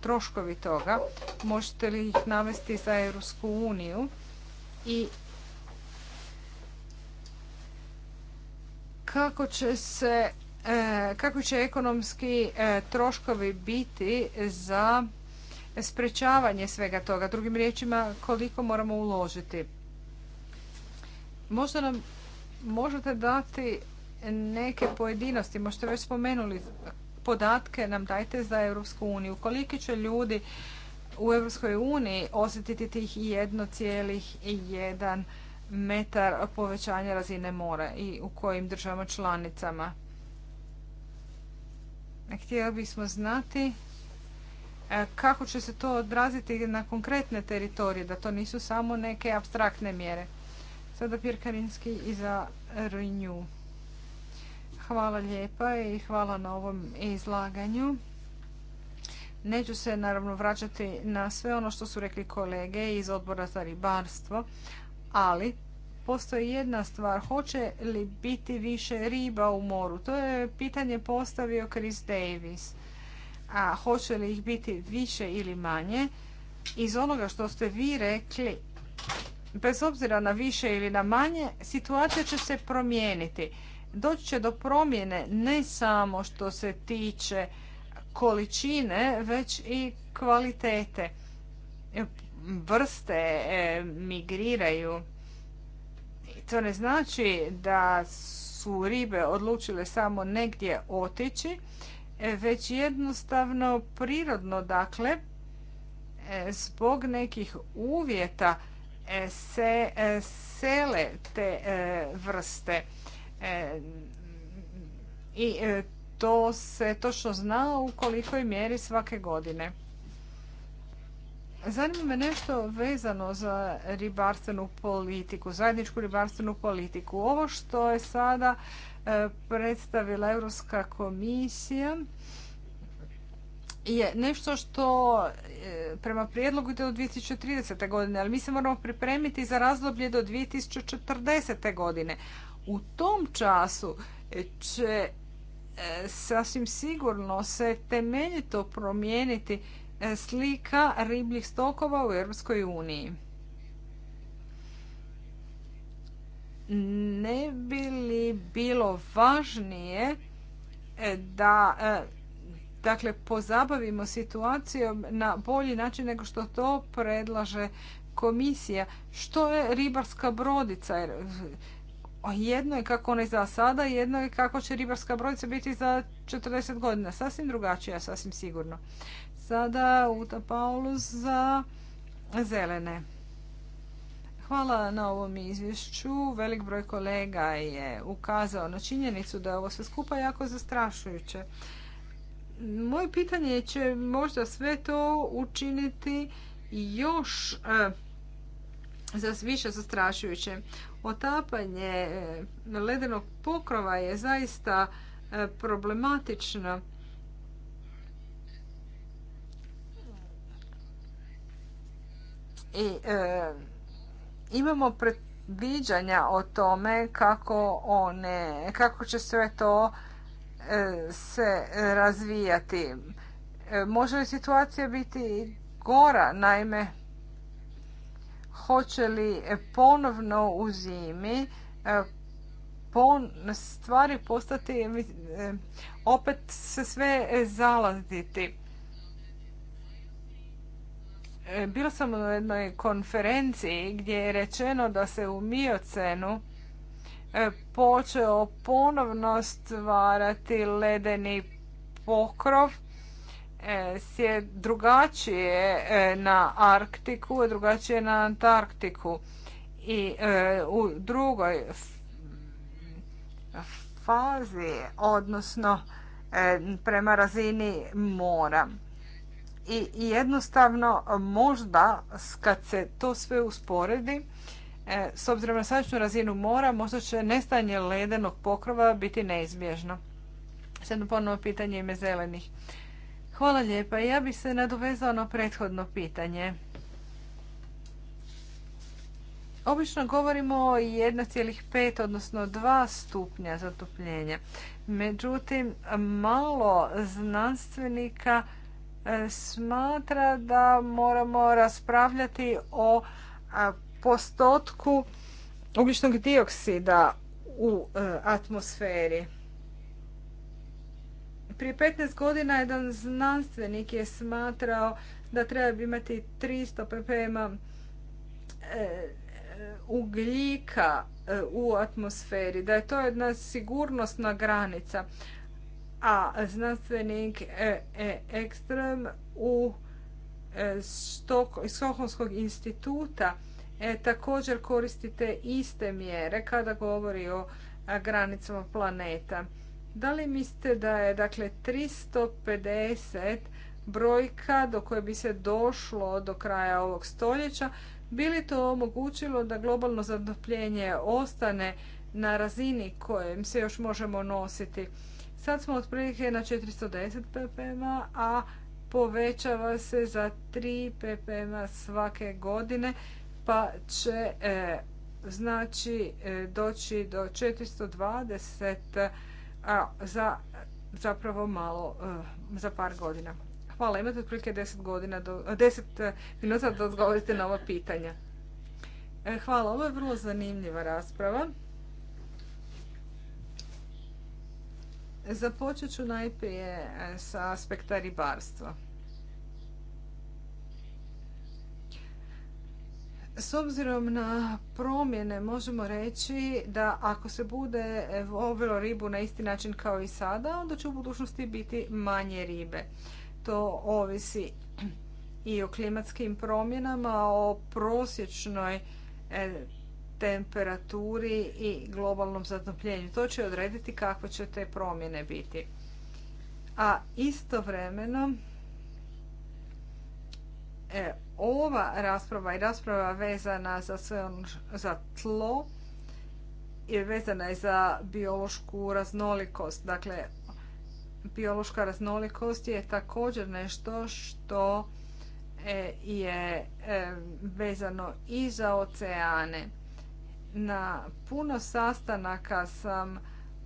troškovi toga? Možete li ih navesti za Europsku uniju? I kako će se e, kako će ekonomski e, troškovi biti za sprečavanje svega toga? Drugim riječima, koliko moramo uložiti? Možda nam možete dati neke pojedinosti, možete već spomenuli podatke nam dajte za Europsku uniju. Koliki će ljudi u Europskoj uniji osjetiti tih 1,1 metar povećanja razine mora i u kojim državama članicama? Htjeli bismo znati e, kako će se to odraziti na konkretne teritorije, da to nisu samo neke abstraktne mjere. Sada Pirkarinski i za Renew. Hvala lijepa i hvala na ovom izlaganju. Neću se naravno vraćati na sve ono što su rekli kolege iz odbora za ribarstvo, ali postoji jedna stvar. Hoće li biti više riba u moru? To je pitanje postavio Chris Davis. A hoće li ih biti više ili manje? Iz onoga što ste vi rekli, bez obzira na više ili na manje, situacija će se promijeniti. Doći će do promjene ne samo što se tiče količine, već i kvalitete. Vrste e, migriraju. To ne znači da su ribe odlučile samo negdje otići, e, već jednostavno prirodno, dakle, e, zbog nekih uvjeta se e, sele te e, vrste. E, I to se točno zna u kolikoj mjeri svake godine. Zanima me nešto vezano za ribarstvenu politiku, zajedničku ribarstvenu politiku. Ovo što je sada predstavila Europska komisija je nešto što e, prema prijedlogu ide do 2030. godine, ali mi se moramo pripremiti za razdoblje do 2040. godine. U tom času e, će e, sasvim sigurno se temeljito promijeniti slika ribljih stokova u Europskoj uniji. Ne bi li bilo važnije da Dakle, pozabavimo situacijom na bolji način nego što to predlaže komisija. Što je ribarska brodica? Jedno je kako ona je za sada, jedno je kako će ribarska brodica biti za 40 godina. Sasvim drugačija, sasvim sigurno. Sada Uta Paulus za zelene. Hvala na ovom izvješću. Velik broj kolega je ukazao na činjenicu da je ovo sve skupa jako zastrašujuće. Moje pitanje će možda sve to učiniti još e, za više zastrašujuće. Otapanje e, ledenog pokrova je zaista e, problematično. I imamo predviđanja o tome kako one, kako će sve to se razvijati. Može li situacija biti gora? Naime, hoće li ponovno u zimi e, stvari postati e, opet se sve zalaziti. E, bila sam u jednoj konferenciji gdje je rečeno da se u Miocenu E, počeo ponovno stvarati ledeni pokrov e, je drugačije e, na Arktiku, drugačije na Antarktiku. I u drugoj fazi, odnosno prema razini mora. I jednostavno možda kad se to sve usporedi, E, s obzirom na sadašnju razinu mora, možda će nestanje ledenog pokrova biti neizbježno. Sad ponovno pitanje ime zelenih. Hvala lijepa. Ja bih se nadovezala na prethodno pitanje. Obično govorimo o 1,5 odnosno 2 stupnja zatopljenja. Međutim, malo znanstvenika e, smatra da moramo raspravljati o postotku ugljičnog dioksida u e, atmosferi. Prije 15 godina jedan znanstvenik je smatrao da treba imati 300 ppm e, ugljika e, u atmosferi, da je to jedna sigurnosna granica. A znanstvenik Ekstrem u Stokholmskog instituta E, također koristite iste mjere kada govori o granicama planeta. Da li mislite da je dakle 350 brojka do koje bi se došlo do kraja ovog stoljeća bili to omogućilo da globalno zatopljenje ostane na razini kojem se još možemo nositi. Sad smo otprilike na 410 ppm, a povećava se za 3 ppm svake godine pa će e, znači e, doći do 420 e, a, za zapravo malo za par godina. Hvala, imate otprilike 10 godina do 10 minuta da odgovorite na ova pitanja. Hvala, ovo je vrlo zanimljiva rasprava. Započet ću najprije sa aspekta ribarstva. S obzirom na promjene možemo reći da ako se bude lovilo ribu na isti način kao i sada, onda će u budućnosti biti manje ribe. To ovisi i o klimatskim promjenama, o prosječnoj e, temperaturi i globalnom zatopljenju. To će odrediti kakve će te promjene biti. A istovremeno E, ova rasprava i rasprava vezana za sve ono za tlo je vezana je za biološku raznolikost. Dakle, biološka raznolikost je također nešto što e, je e, vezano i za oceane. Na puno sastanaka sam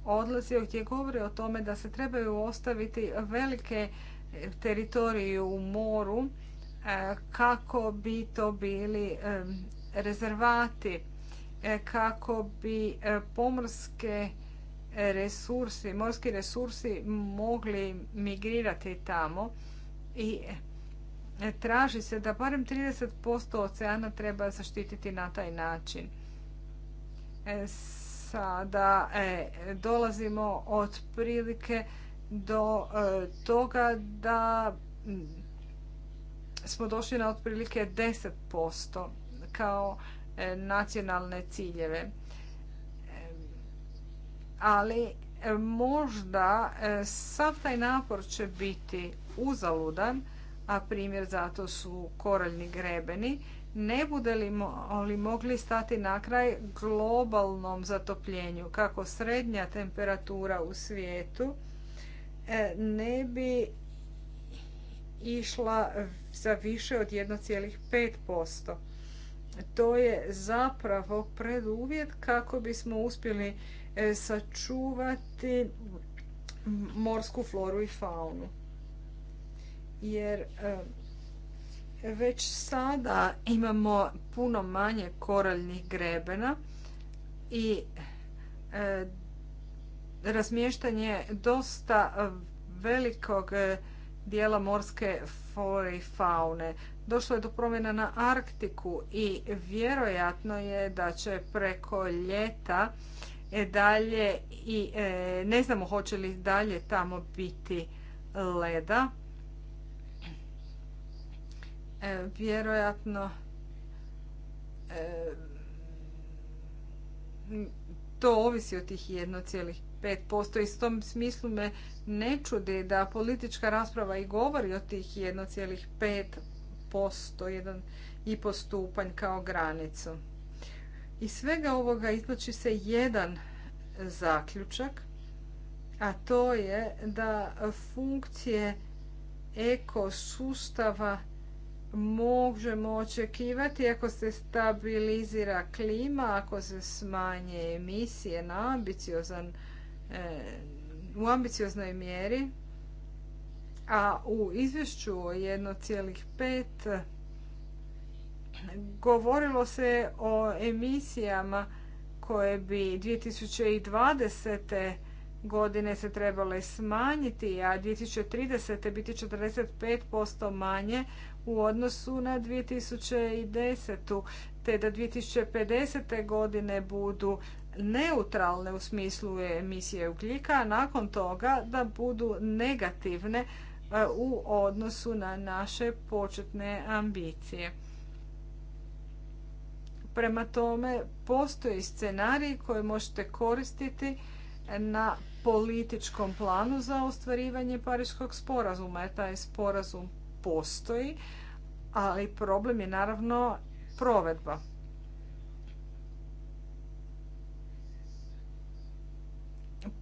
odlazio gdje govori o tome da se trebaju ostaviti velike teritorije u moru E, kako bi to bili e, rezervati, e, kako bi pomorske resursi, morski resursi mogli migrirati tamo i traži se da barem 30% oceana treba zaštititi na taj način. Sada dolazimo otprilike do toga da smo došli na otprilike 10% kao e, nacionalne ciljeve. E, ali e, možda sav taj napor će biti uzaludan, a primjer zato su koraljni grebeni, ne bude li, li mogli stati na kraj globalnom zatopljenju, kako srednja temperatura u svijetu ne bi išla sa više od 1,5%. To je zapravo preduvjet kako bismo uspjeli e, sačuvati morsku floru i faunu. Jer e, već sada imamo puno manje koraljnih grebena i e, razmještanje dosta velikog dijela morske flore i faune. Došlo je do promjena na Arktiku i vjerojatno je da će preko ljeta e, dalje i e, ne znamo hoće li dalje tamo biti leda. E, vjerojatno to ovisi od tih 1,5 5%. I tom smislu me ne čudi da politička rasprava i govori o tih 1,5%, jedan i postupanj kao granicu. Iz svega ovoga izlači se jedan zaključak, a to je da funkcije ekosustava možemo očekivati ako se stabilizira klima, ako se smanje emisije na ambiciozan u ambicioznoj mjeri, a u izvješću o 1,5 govorilo se o emisijama koje bi 2020. godine se trebale smanjiti, a 2030. biti 45% manje u odnosu na 2010. te da 2050. godine budu neutralne u smislu emisije ugljika, a nakon toga da budu negativne e, u odnosu na naše početne ambicije. Prema tome, postoji scenarij koji možete koristiti na političkom planu za ostvarivanje Pariškog sporazuma. Taj sporazum postoji, ali problem je naravno provedba.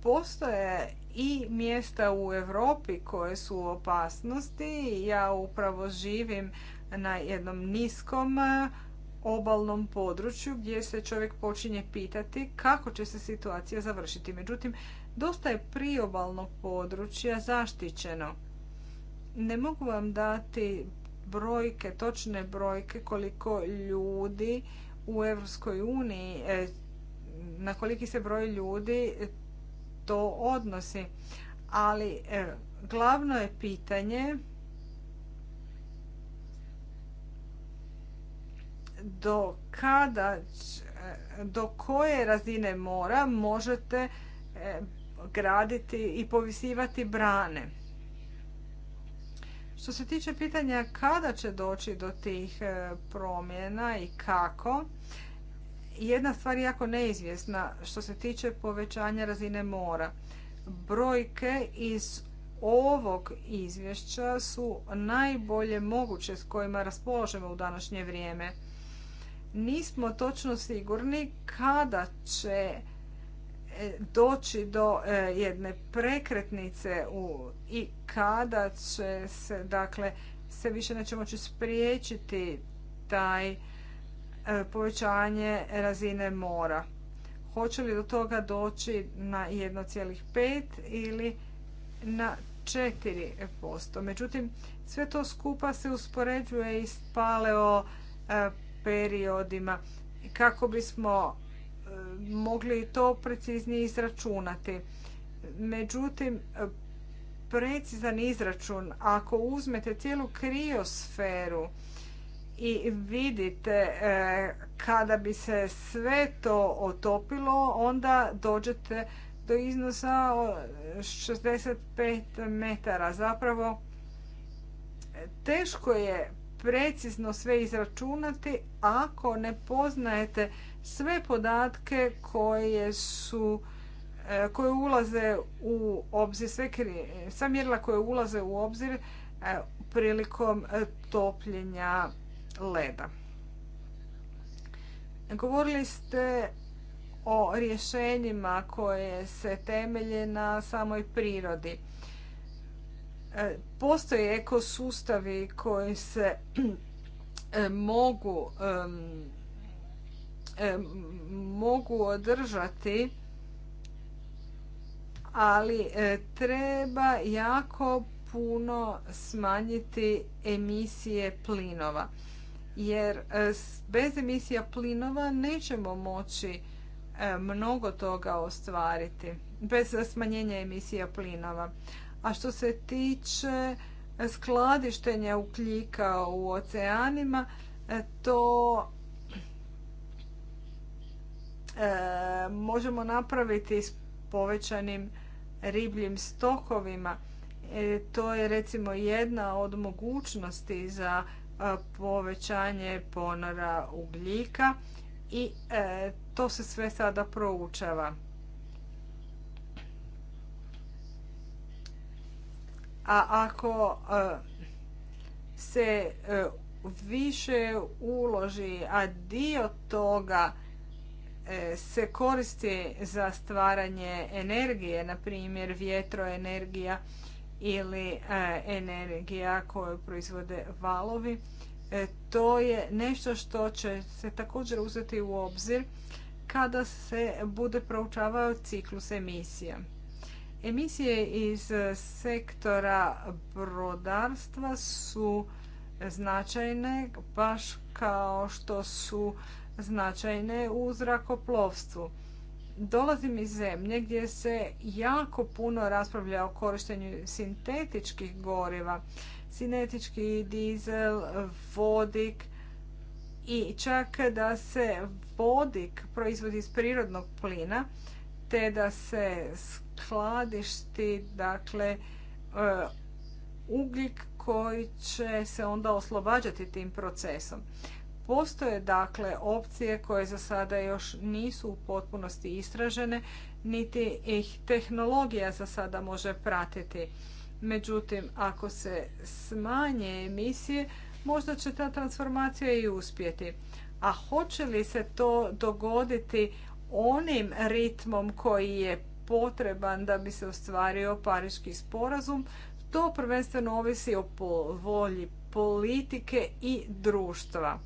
postoje i mjesta u Europi koje su u opasnosti. Ja upravo živim na jednom niskom e, obalnom području gdje se čovjek počinje pitati kako će se situacija završiti. Međutim, dosta je priobalnog područja zaštićeno. Ne mogu vam dati brojke, točne brojke koliko ljudi u Europskoj uniji e, na koliki se broj ljudi to odnosi. Ali e, glavno je pitanje do kada, e, do koje razine mora možete e, graditi i povisivati brane. Što se tiče pitanja kada će doći do tih promjena i kako, jedna stvar je jako neizvjesna što se tiče povećanja razine mora. Brojke iz ovog izvješća su najbolje moguće s kojima raspoložemo u današnje vrijeme. Nismo točno sigurni kada će e, doći do e, jedne prekretnice u, i kada će se, dakle, se više neće moći spriječiti taj E, povećanje razine mora. Hoće li do toga doći na 1,5 ili na 4%. Međutim, sve to skupa se uspoređuje i s paleo e, periodima kako bismo e, mogli to preciznije izračunati. Međutim, precizan izračun, ako uzmete cijelu kriosferu i vidite e, kada bi se sve to otopilo onda dođete do iznosa 65 metara. Zapravo teško je precizno sve izračunati ako ne poznajete sve podatke koje su e, koje ulaze u obzir, sve, sva mjerila koje ulaze u obzir e, prilikom topljenja leda. Govorili ste o rješenjima koje se temelje na samoj prirodi. E, postoje ekosustavi koji se e, mogu mogu održati ali e, treba jako puno smanjiti emisije plinova jer e, bez emisija plinova nećemo moći e, mnogo toga ostvariti bez smanjenja emisija plinova. A što se tiče skladištenja ugljika u oceanima, e, to možemo napraviti s povećanim ribljim stokovima. To je recimo jedna od mogućnosti za E, povećanje ponora ugljika i e, to se sve sada proučava. A ako e, se više uloži, a dio toga se koristi za stvaranje energije, na primjer vjetroenergija ili e, energija koju proizvode valovi. E, to je nešto što će se također uzeti u obzir kada se bude proučavao ciklus emisija. Emisije iz sektora brodarstva su značajne baš kao što su značajne u zrakoplovstvu. Dolazim iz zemlje gdje se jako puno raspravlja o korištenju sintetičkih goriva. Sinetički dizel, vodik i čak da se vodik proizvodi iz prirodnog plina te da se skladišti dakle e, ugljik koji će se onda oslobađati tim procesom. Postoje dakle opcije koje za sada još nisu u potpunosti istražene, niti ih tehnologija za sada može pratiti. Međutim, ako se smanje emisije, možda će ta transformacija i uspjeti. A hoće li se to dogoditi onim ritmom koji je potreban da bi se ostvario Pariški sporazum, to prvenstveno ovisi o volji politike i društva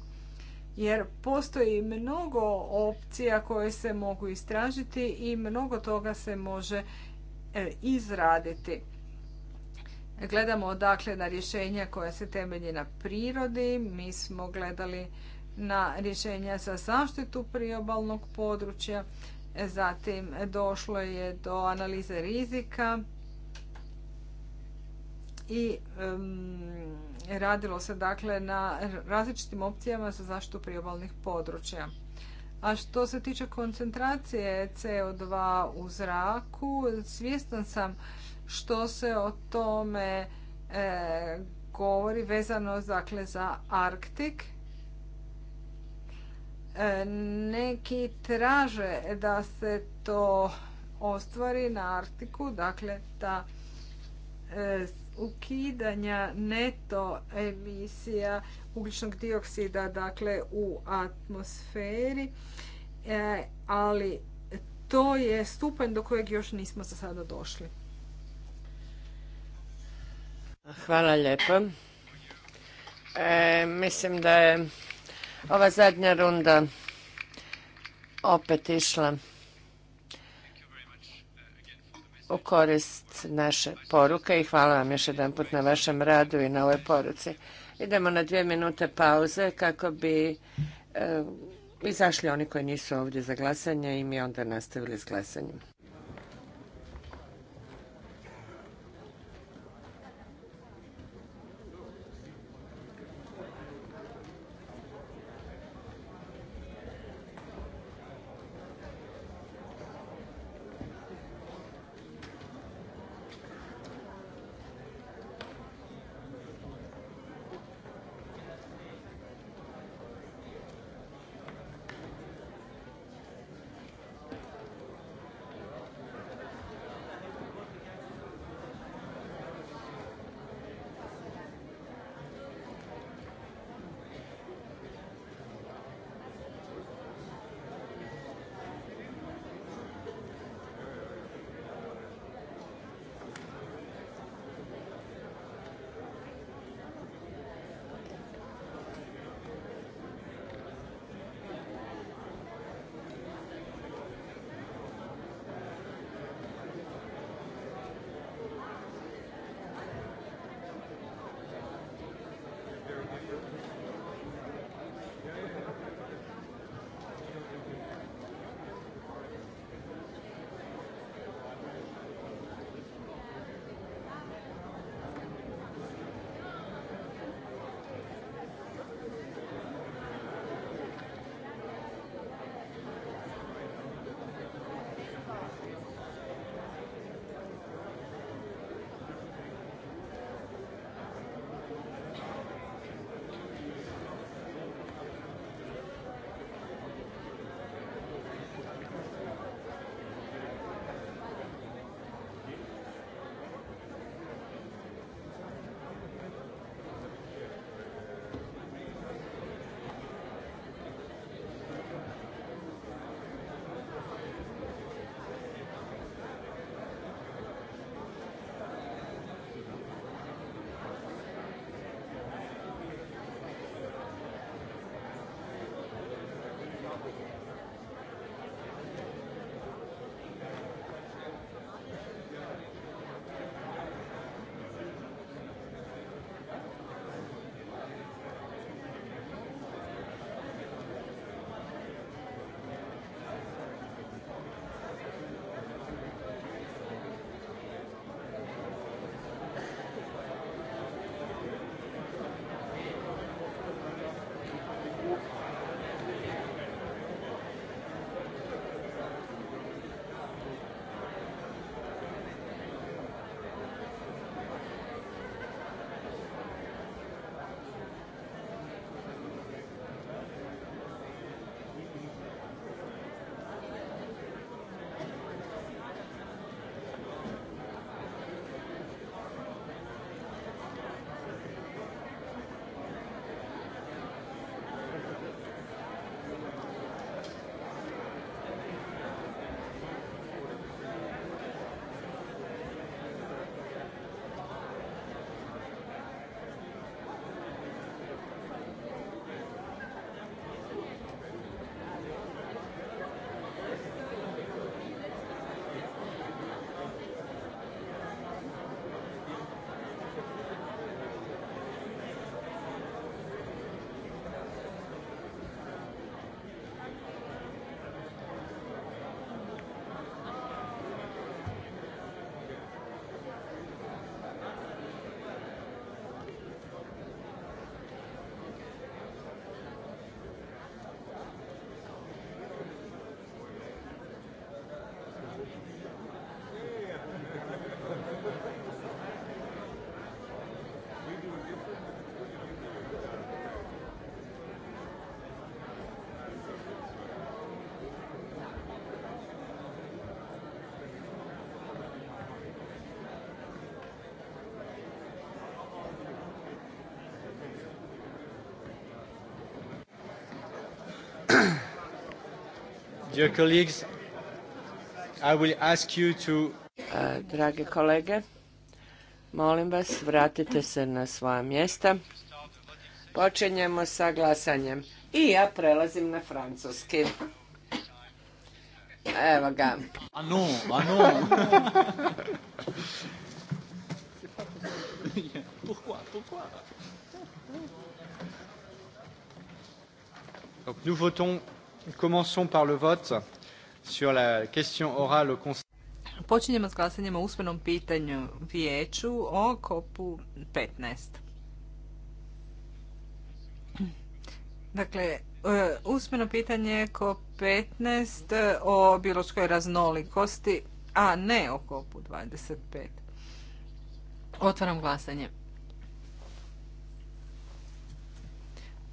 jer postoji mnogo opcija koje se mogu istražiti i mnogo toga se može e, izraditi. Gledamo dakle na rješenja koja se temelji na prirodi, mi smo gledali na rješenja za zaštitu priobalnog područja, e, zatim došlo je do analize rizika i radilo se dakle na različitim opcijama za zaštitu priobalnih područja. A što se tiče koncentracije CO2 u zraku, svjestan sam što se o tome e, govori vezano dakle, za Arktik. E, neki traže da se to ostvari na Arktiku, dakle da ukidanja neto emisija ugljičnog dioksida dakle u atmosferi, e, ali to je stupanj do kojeg još nismo za sada došli. Hvala lijepo. E, mislim da je ova zadnja runda opet išla u korist naše poruke i hvala vam još jedanput na vašem radu i na ovoj poruci. Idemo na dvije minute pauze kako bi e, izašli oni koji nisu ovdje za glasanje i mi onda nastavili s glasanjem. Dear colleagues, I will ask you to... E, drage kolege, molim vas, vratite se na svoja mjesta. Počinjemo sa glasanjem. I ja prelazim na francuski. Evo ga. A no, a no. Pourquoi, pourquoi Donc nous votons Commençons par le vote sur la question orale au Conseil. Počinjemo s glasanjem o usmenom pitanju vijeću o kopu 15. Dakle, e, usmeno pitanje kop 15 e, o biološkoj raznolikosti, a ne o kopu 25. Otvaram glasanje.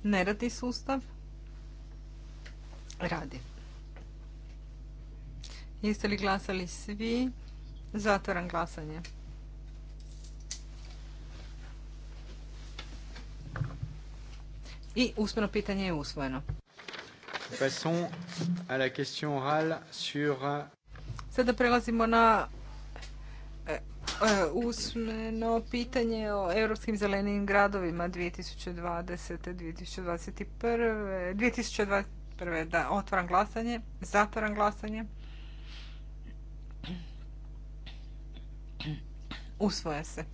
Ne radi sustav radi. Jeste li glasali svi? Zatvoram glasanje. I usmeno pitanje je usvojeno. Passons à euh, Sada prelazimo na e, e, usmeno pitanje o europskim zelenim gradovima 2020. 2021. 2020 rasprave. Da, otvaram glasanje, zatvaram glasanje. Usvoja se.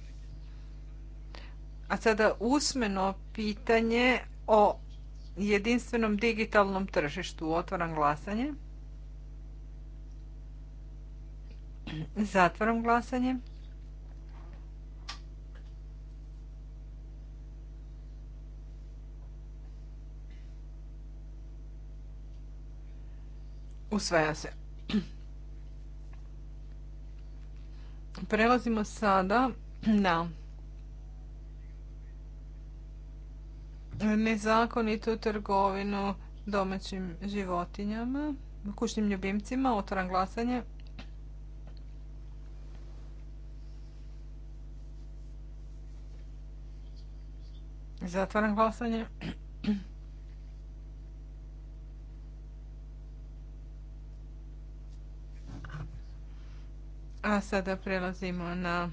A sada usmeno pitanje o jedinstvenom digitalnom tržištu. Otvaram glasanje. Zatvaram glasanje. Usvaja se. Prelazimo sada na nezakonitu trgovinu domaćim životinjama, kućnim ljubimcima, otvaram glasanje. Zatvaram glasanje. A sada prelazimo na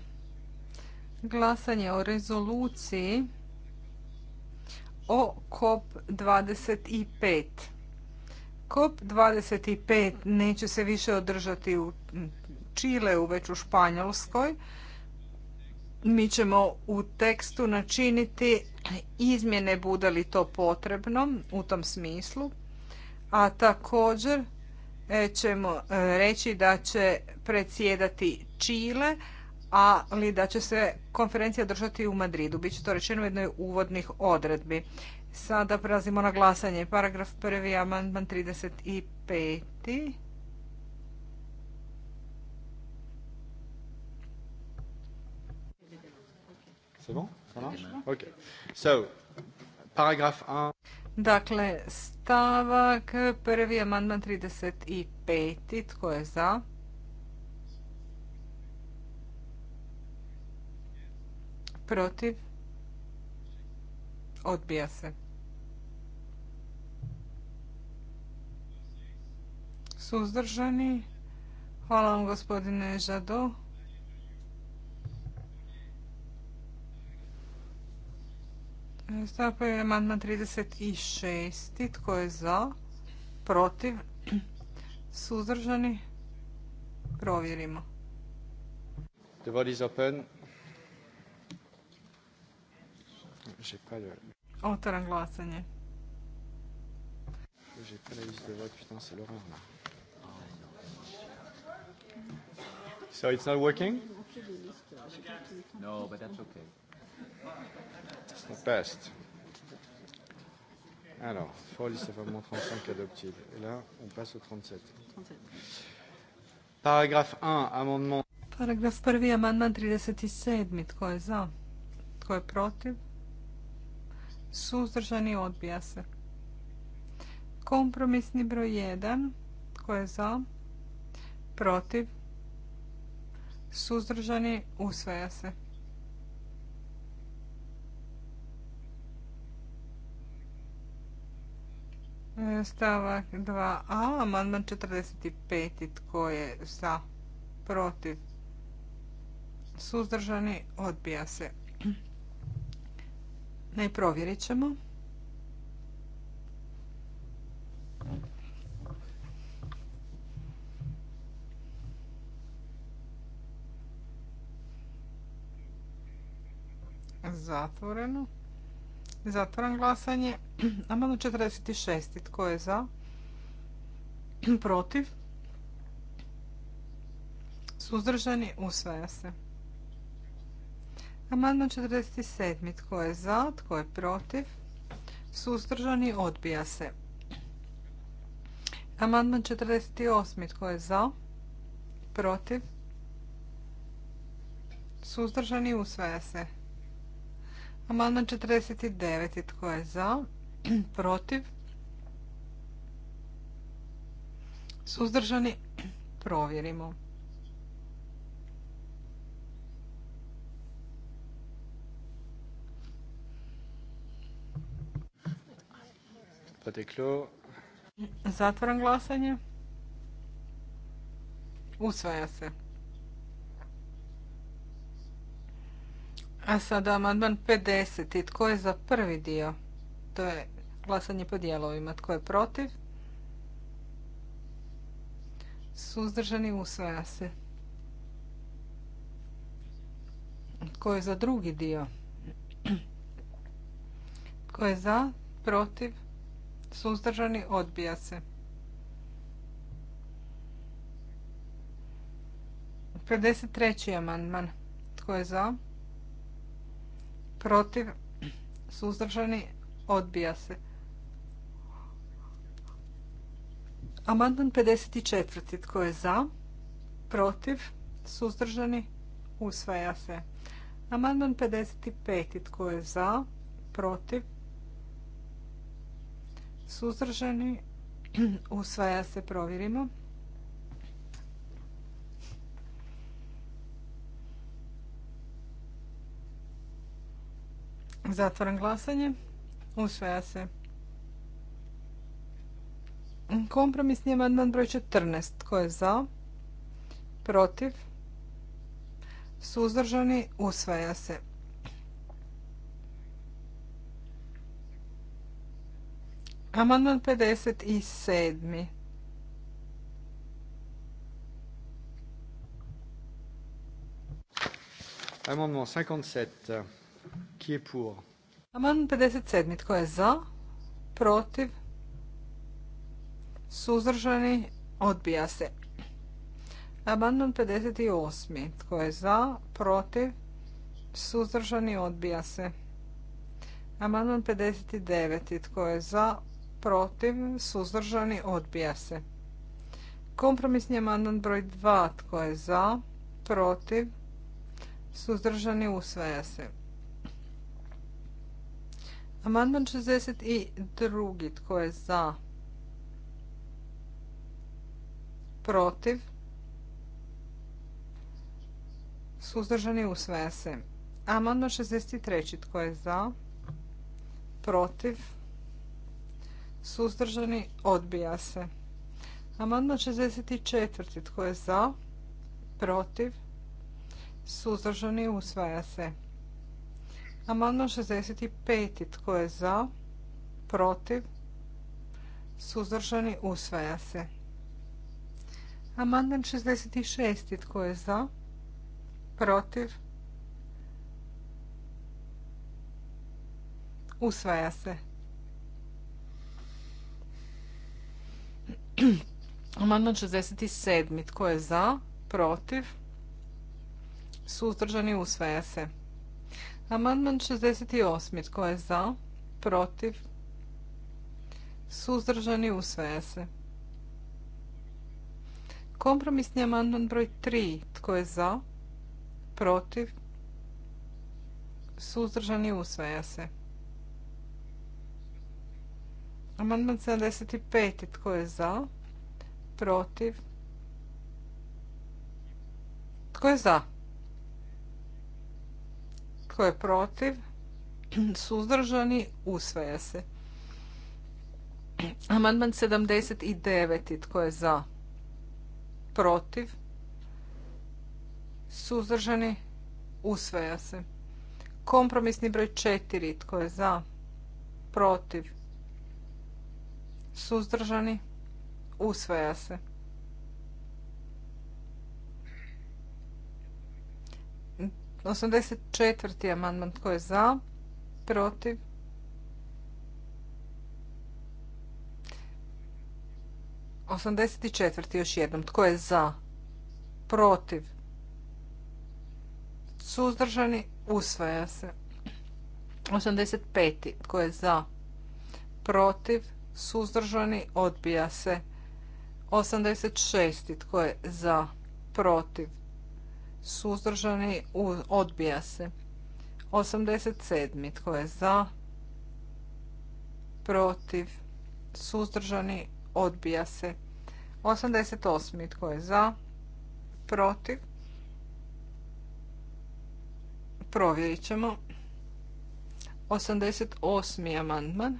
glasanje o rezoluciji o COP25. COP25 neće se više održati u Čileu, već u Španjolskoj. Mi ćemo u tekstu načiniti izmjene bude li to potrebno u tom smislu. A također E, ćemo e, reći da će predsjedati Čile, ali da će se konferencija držati u Madridu. Biće to rečeno u jednoj uvodnih odredbi. Sada prelazimo na glasanje. Paragraf prvi, amandman 35. C'est paragraf 1. Dakle, stavak prvi amandman 35. Tko je za? Protiv? Odbija se. Suzdržani? Hvala vam gospodine Žado. Zapravo je amandman 36. Tko je za? Protiv? Suzdržani? Provjerimo. The vote is open. Otvaram glasanje. J'ai pas la liste de vote, putain, c'est l'horreur là. So it's not working? No, but that's okay past. Alors, Forlis, c'est vraiment 35 adopté. Et là, on passe au 37. 37. Paragraphe 1, amendement. Paragraf 1, amendement 37. Tko je za? Tko je protiv? Suzdržani odbija se. Kompromisni broj 1. Tko je za? Protiv? Suzdržani usvaja se. Stavak 2a, amandman 45. Tko je za? Protiv? Suzdržani? Odbija se. Ne provjerit ćemo. Zatvoreno. Zatvaram glasanje. Amandman 46. Tko je za? Protiv? Suzdržani? Usvaja se. Amandman 47. Tko je za? Tko je protiv? Suzdržani? Odbija se. Amandman 48. Tko je za? Protiv? Suzdržani? Usvaja se. Amandman 49. Tko je za? Protiv? Suzdržani? Provjerimo. Zatvaram glasanje. Usvaja se. A sada amandman 50. I tko je za prvi dio? To je glasanje po dijelovima. Tko je protiv? Suzdržani usvaja se. Tko je za drugi dio? Tko je za? Protiv? Suzdržani odbija se. 53. amandman. Tko je za? protiv, suzdržani, odbija se. Amandman 54. Tko je za? Protiv? Suzdržani? Usvaja se. Amandman 55. Tko je za? Protiv? Suzdržani? Usvaja se. Provjerimo. Zatvaram glasanje. Usvaja se. Kompromisni amandman broj 14. Tko je za? Protiv? Suzdržani? Usvaja se. Amandman 57. Amandman 57. Qui est pour? Amand 57. Tko je za? Protiv? Suzdržani? Odbija se. Amandman 58. Tko je za? Protiv? Suzdržani? Odbija se. Amandman 59. Tko je za? Protiv? Suzdržani? Odbija se. Kompromisni amandman broj 2. Tko je za? Protiv? Suzdržani? Usvaja se. Amandman 62. Tko je za? Protiv? Suzdržani usvaja se. Amandman 63. Tko je za? Protiv? Suzdržani odbija se. Amandman 64. Tko je za? Protiv? Suzdržani usvaja se. Amandman 65. Tko je za? Protiv? Suzdržani? Usvaja se. Amandman 66. Tko je za? Protiv? Usvaja se. Amandman 67. Tko je za? Protiv? Suzdržani? Usvaja se. Amandman 68. Tko je za? Protiv? Suzdržani usvaja se. Kompromisni amandman broj 3. Tko je za? Protiv? Suzdržani usvaja se. Amandman 75. Tko je za? Protiv? Tko je za? Tko je protiv? Suzdržani? Usvaja se. Amandman 79. Tko je za? Protiv? Suzdržani? Usvaja se. Kompromisni broj 4. Tko je za? Protiv? Suzdržani? Usvaja se. 84. amandman tko je za? Protiv? Osamdeset četiri još jednom. Tko je za? Protiv? Suzdržani? Usvaja se. 85. Tko je za? Protiv? Suzdržani? Odbija se. 86. Tko je za? Protiv? suzdržani, odbija se. 87. Tko je za? Protiv, suzdržani, odbija se. 88. Tko je za? Protiv. Provjerit ćemo. 88. amandman.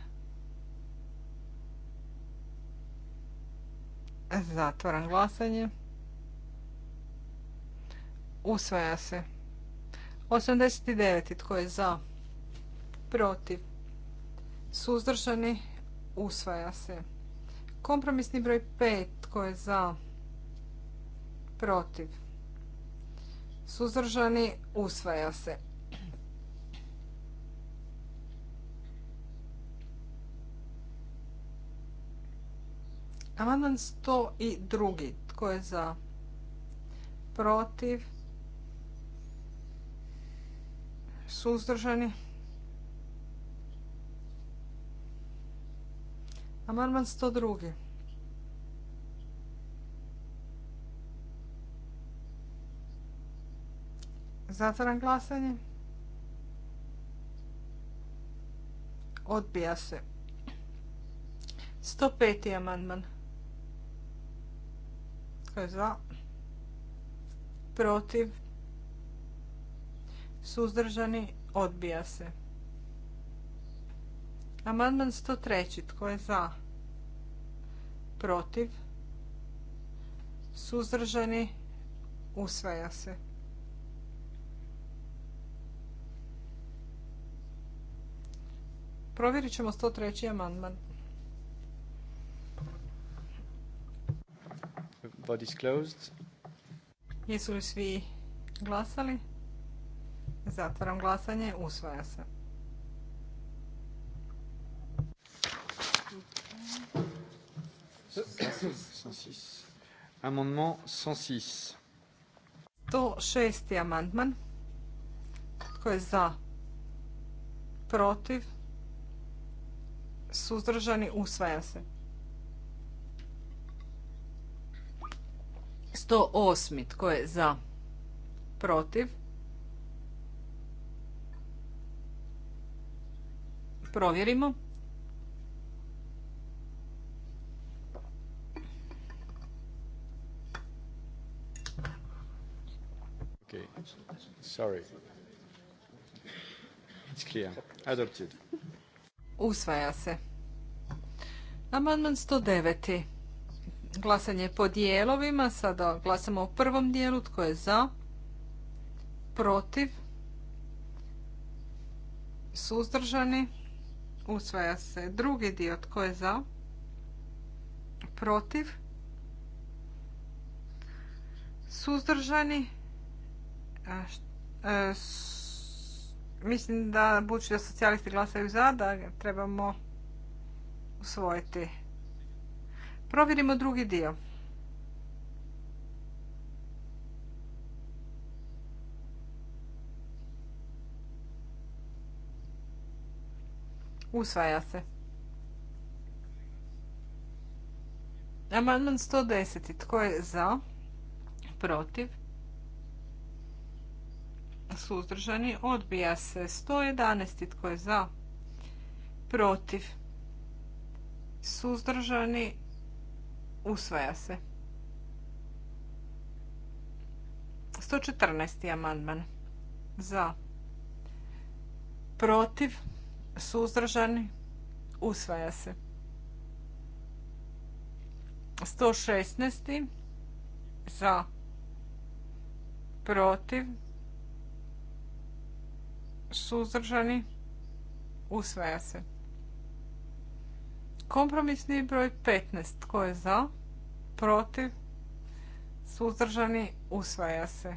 Zatvaram glasanje. Usvaja se. 89. Tko je za? Protiv. Suzdržani. Usvaja se. Kompromisni broj 5. Tko je za? Protiv. Suzdržani. Usvaja se. Amandman 102. Tko je za? Protiv Suzdržani? Amarman 102. Zatvaram glasanje. Odbija se. 105. amandman. Tko je za? Protiv? suzdržani, odbija se. Amandman 103. Tko je za? Protiv? Suzdržani? Usvaja se. Provjerit ćemo 103. amandman. Jesu li svi glasali? Zatvaram glasanje. Usvaja se. Amandman 106. 106. amandman. Tko je za? Protiv? Suzdržani? Usvaja se. 108. Tko je za? Protiv? Provjerimo. Usvaja se. Amandman 109. Glasanje po dijelovima. Sada glasamo o prvom dijelu. Tko je za? Protiv? Suzdržani? Usvaja se. Drugi dio. Tko je za? Protiv? Suzdržani? E, mislim da budući da socijalisti glasaju za, da trebamo usvojiti. Provjerimo drugi dio. Usvaja se. Amandman 110. Tko je za? Protiv? Suzdržani? Odbija se. 111. Tko je za? Protiv? Suzdržani? Usvaja se. 114. amandman. Za. Protiv? suzdržani, usvaja se. 116. za, protiv, suzdržani, usvaja se. Kompromisni broj 15. Tko je za? Protiv? Suzdržani? Usvaja se.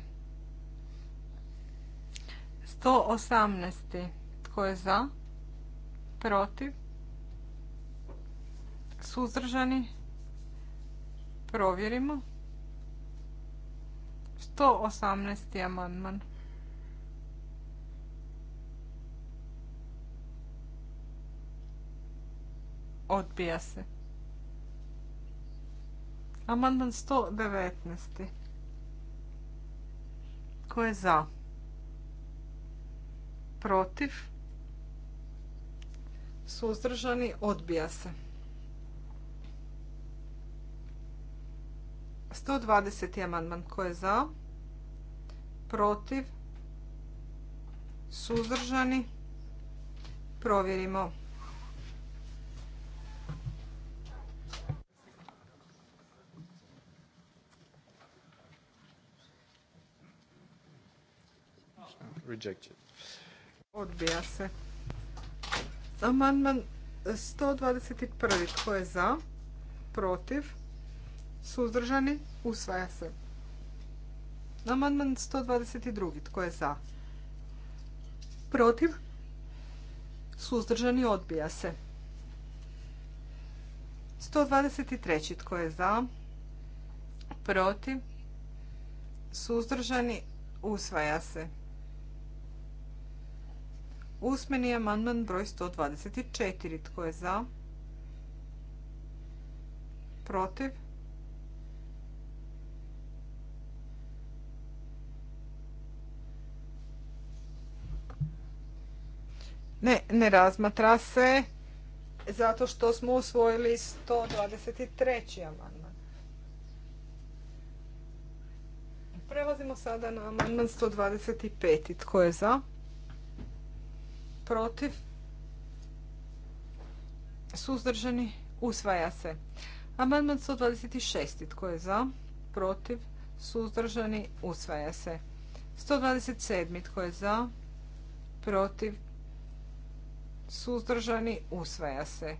118. Tko je za? protiv, suzdržani, provjerimo. 118. amandman. Odbija se. Amandman 119. Ko je za? Protiv? suzdržani, odbija se. 120. amandman tko je za, protiv, suzdržani, provjerimo. Odbija se. Amandman 121. Tko je za? Protiv? Suzdržani? Usvaja se. Amandman 122. Tko je za? Protiv? Suzdržani? Odbija se. 123. Tko je za? Protiv? Suzdržani? Usvaja se. Usmeni amandman broj 124. Tko je za? Protiv? Ne, ne razmatra se zato što smo usvojili 123. amandman. Prelazimo sada na amandman 125. Tko je za? protiv, suzdržani, usvaja se. Amandman 126. Tko je za? Protiv, suzdržani, usvaja se. 127. Tko je za? Protiv, suzdržani, usvaja se.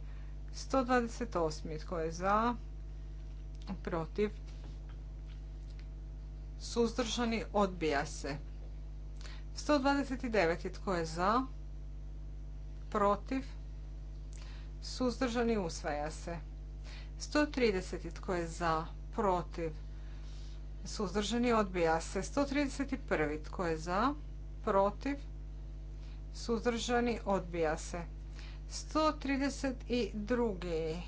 128. Tko je za? Protiv, suzdržani, odbija se. 129. Tko je za? protiv, suzdržani usvaja se. 130. Tko je za, protiv, suzdržani odbija se. 131. Tko je za, protiv, suzdržani odbija se. 132.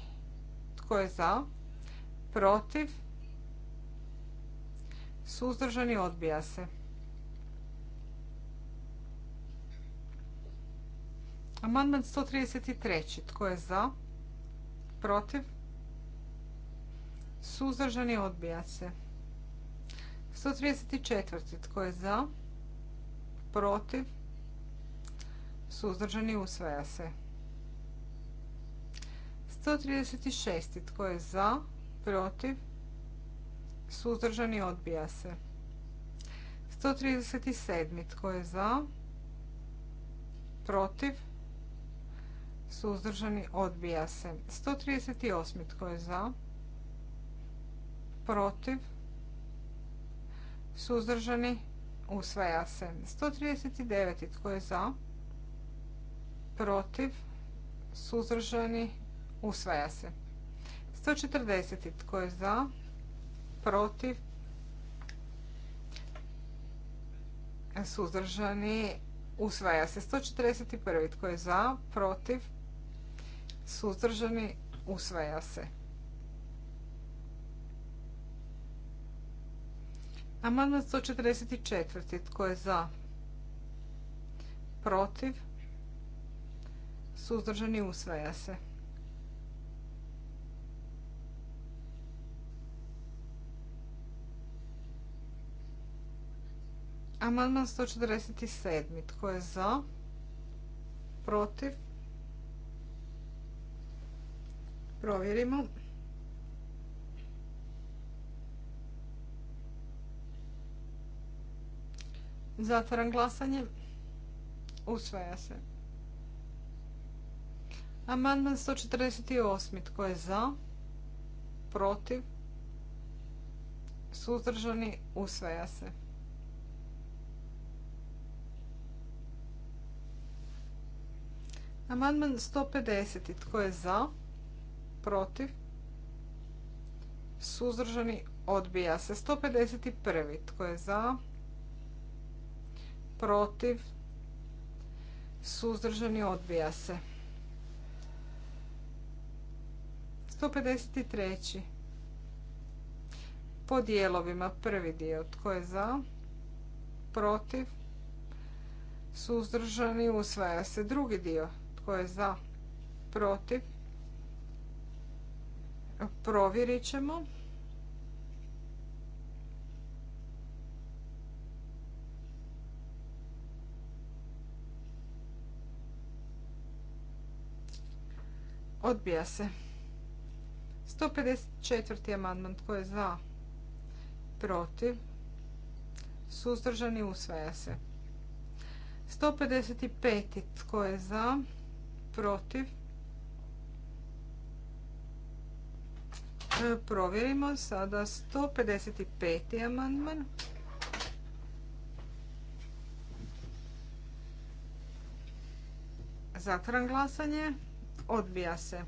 Tko je za, protiv, suzdržani odbija se. Amandman 133. Tko je za? Protiv? Suzdržani odbija se. 134. Tko je za? Protiv? Suzdržani usvaja se. 136. Tko je za? Protiv? Suzdržani odbija se. 137. Tko je za? Protiv? suzdržani, odbija se. 138. Tko je za? Protiv? Suzdržani, usvaja se. 139. Tko je za? Protiv? Suzdržani, usvaja se. 140. Tko je za? Protiv? Suzdržani, usvaja se. 141. Tko je za? Protiv? suzdržani, usvaja se. Amandman 144. Tko je za? Protiv? Suzdržani usvaja se. Amandman 147. Tko je za? Protiv? Provjerimo. Zatvaram glasanje. Usvaja se. Amandman 148. Tko je za? Protiv? Suzdržani? Usvaja se. Amandman 150. Tko je za? protiv, suzdržani, odbija se. 151. Tko je za? Protiv, suzdržani, odbija se. 153. Po dijelovima prvi dio. Tko je za? Protiv, suzdržani, usvaja se. Drugi dio. Tko je za? Protiv, Provjerit ćemo. Odbija se. 154. amandman. Tko je za? Protiv. Suzdržani usvaja se. 155. Tko je za? Protiv. E, provjerimo sada 155. amandman. Zatvaram glasanje. Odbija se.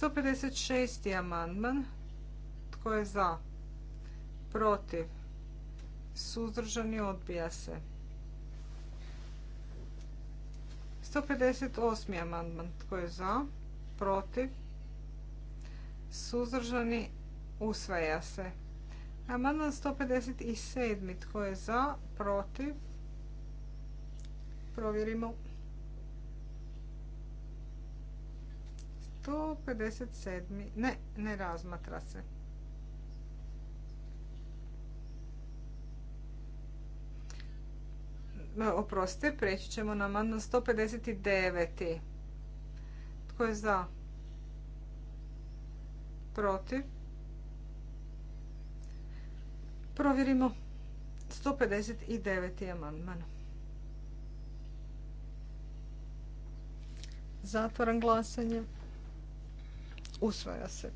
156. amandman. Tko je za? Protiv? Suzdržani odbija se. 158. amandman. Tko je za? Protiv? Suzdržani? Usvaja se. Amandman 157. Tko je za? Protiv? Provjerimo. 157. Ne, ne razmatra se. oprostite, preći ćemo na amandman 159. Tko je za? Protiv? Provjerimo 159. amandman. Zatvaram glasanje. Usvaja se.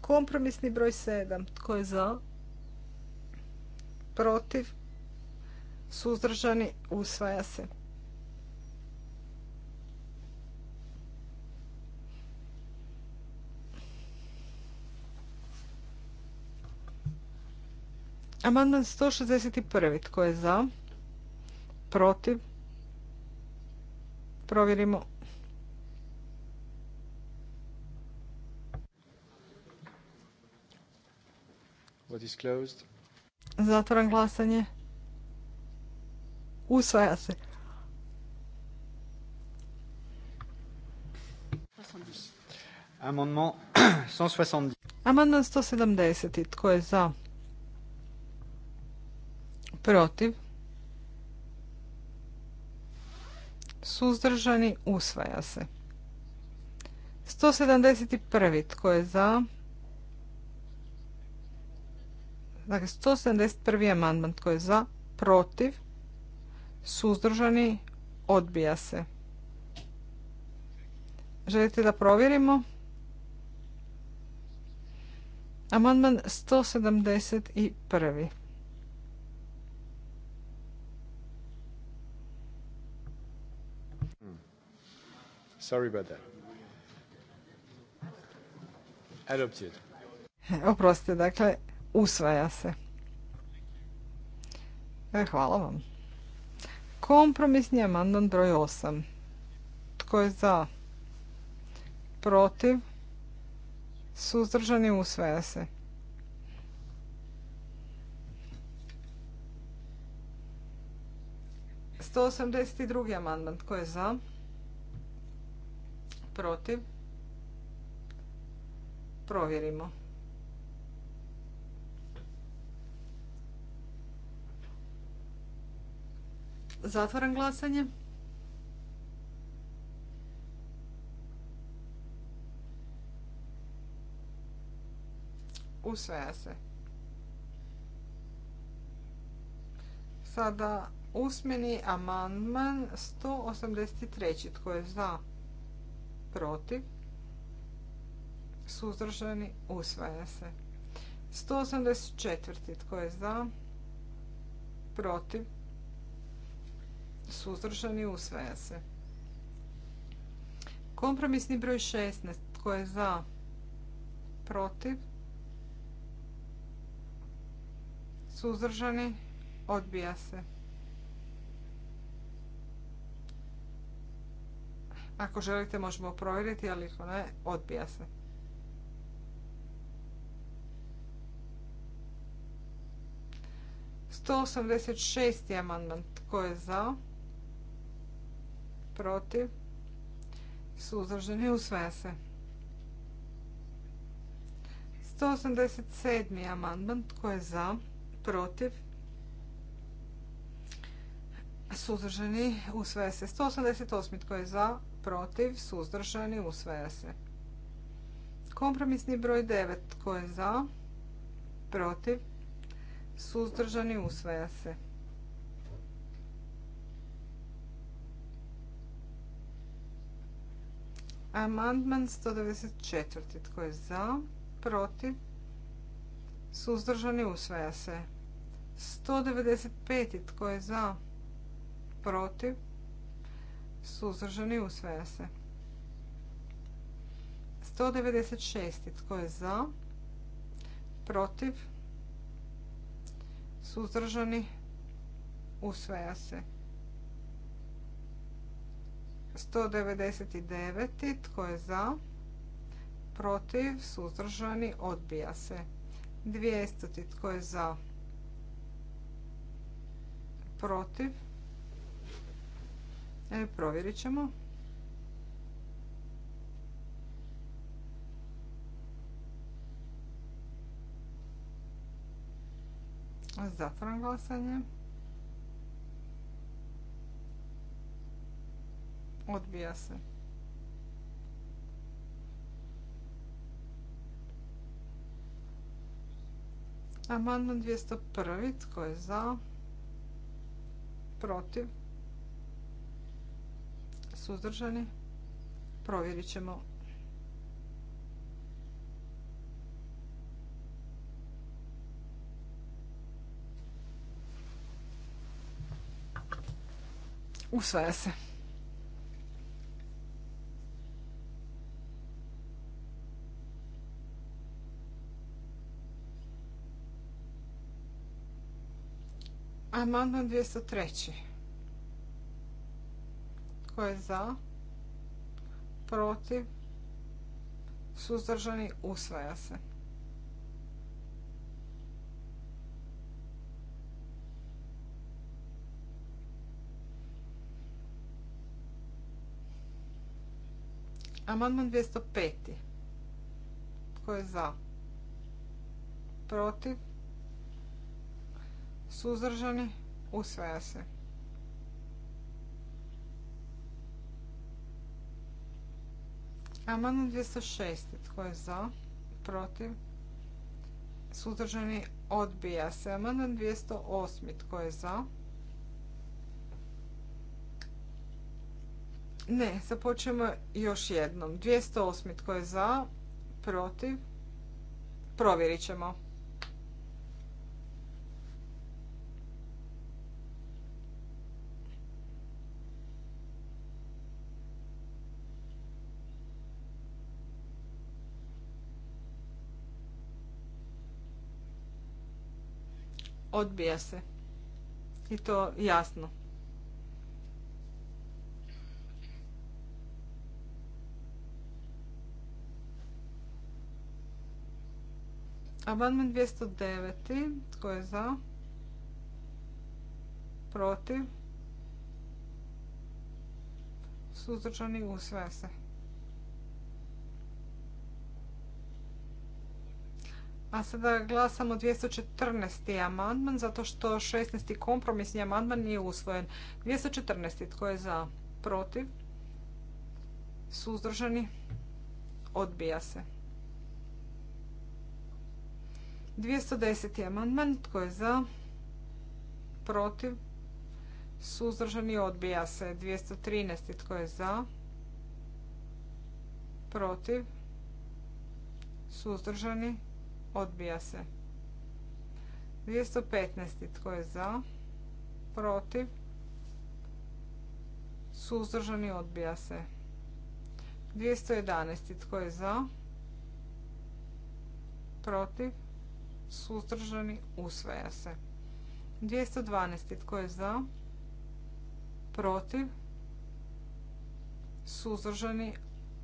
Kompromisni broj 7. Tko je za? Protiv? suzdržani, usvaja se. Amandman 161. Tko je za? Protiv? Provjerimo. What Zatvoran glasanje. Usvaja se. Amandman 170. Amandman 170. Tko je za? Protiv? Suzdržani? Usvaja se. 171. Tko je za? Dakle, 171. amandman. Tko je za? Protiv? suzdržani, odbija se. Želite da provjerimo? Amandman 171. Sorry about that. Adopted. Oprostite, dakle, usvaja se. E, hvala vam. Kompromisni amandman broj 8. Tko je za? Protiv? Suzdržani usvaja se. Sto osamdeset amandman. Tko je za? Protiv? Provjerimo. Zatvaram glasanje. Usvaja se. Sada usmeni amandman 183. Tko je za? Protiv? Suzdržani? Usvaja se. 184. Tko je za? Protiv? suzdržani, usvaja se. Kompromisni broj 16. Tko je za? Protiv? Suzdržani? Odbija se. Ako želite možemo provjeriti, ali ako ne, odbija se. Sto osamdeset šest amandman tko je za? protiv, suzdržani, usvaja se. 187. amandman, tko je za, protiv, suzdržani, usvaja se. 188. tko je za, protiv, suzdržani, usvaja se. Kompromisni broj 9, tko je za, protiv, suzdržani, usvaja se. Amandman 194. Tko je za? Protiv? Suzdržani usvaja se. 195. Tko je za? Protiv? Suzdržani usvaja se. 196. Tko je za? Protiv? Suzdržani usvaja se. 199. Tko je za? Protiv? Suzdržani? Odbija se. 200. Tko je za? Protiv? E, provjerit ćemo. Zatvoram glasanje. Odbija se. Amandman 201. Tko je za? Protiv? Suzdržani? Provjerit ćemo. Usvaja se. Amandman 203. Tko je za? Protiv? Suzdržani? Usvaja se. Amandman 205. Tko je za? Protiv? suzdržani, usvaja se. Amandman 206. Tko je za? Protiv? Suzdržani odbija se. Amandman 208. Tko je za? Ne, započnemo još jednom. 208. Tko je za? Protiv? Provjerit ćemo. Odbija se. I to jasno. Amandman 209. Tko je za? Protiv? Suzdržani usve se. A sada glasamo 214. amandman zato što 16. kompromisni amandman nije usvojen. 214. tko je za? Protiv? Suzdržani? Odbija se. 210. amandman tko je za? Protiv? Suzdržani? Odbija se. 213. tko je za? Protiv? Suzdržani? Odbija se. 215. Tko je za? Protiv? Suzdržani odbija se. 211. Tko je za? Protiv? Suzdržani usvaja se. 212. Tko je za? Protiv? Suzdržani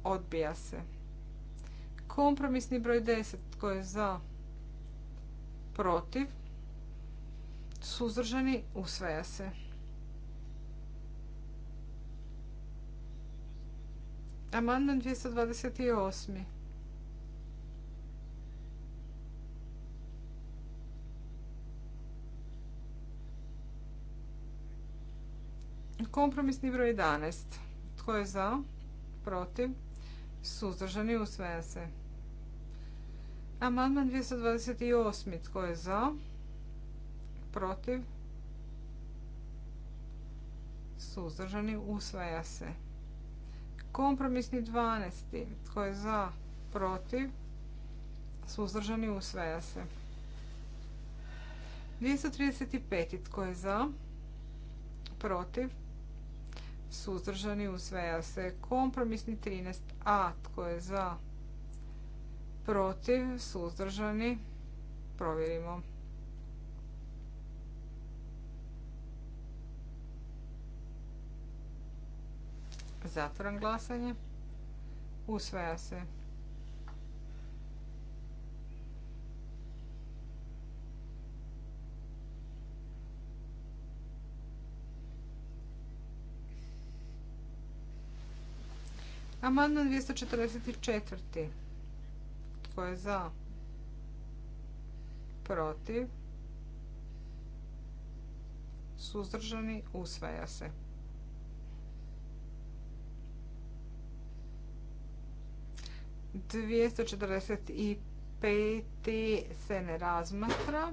odbija se. Kompromisni broj 10. Tko je za? Protiv? Suzdržani? Usvaja se. Amandman 228. Kompromisni broj 11. Tko je za? Protiv? Suzdržani usvaja se. Amandman 228. Tko je za? Protiv? Suzdržani usvaja se. Kompromisni 12. Tko je za? Protiv? Suzdržani usvaja se. 235. Tko je za? Protiv? Suzdržani usvaja se. Kompromisni 13. A. Tko je za? protiv, suzdržani, provjerimo. Zatvoram glasanje. Usvaja se. Amandman 244. Tko je za? Protiv? Suzdržani? Usvaja se. Dvijesto četrdeset se ne razmatra.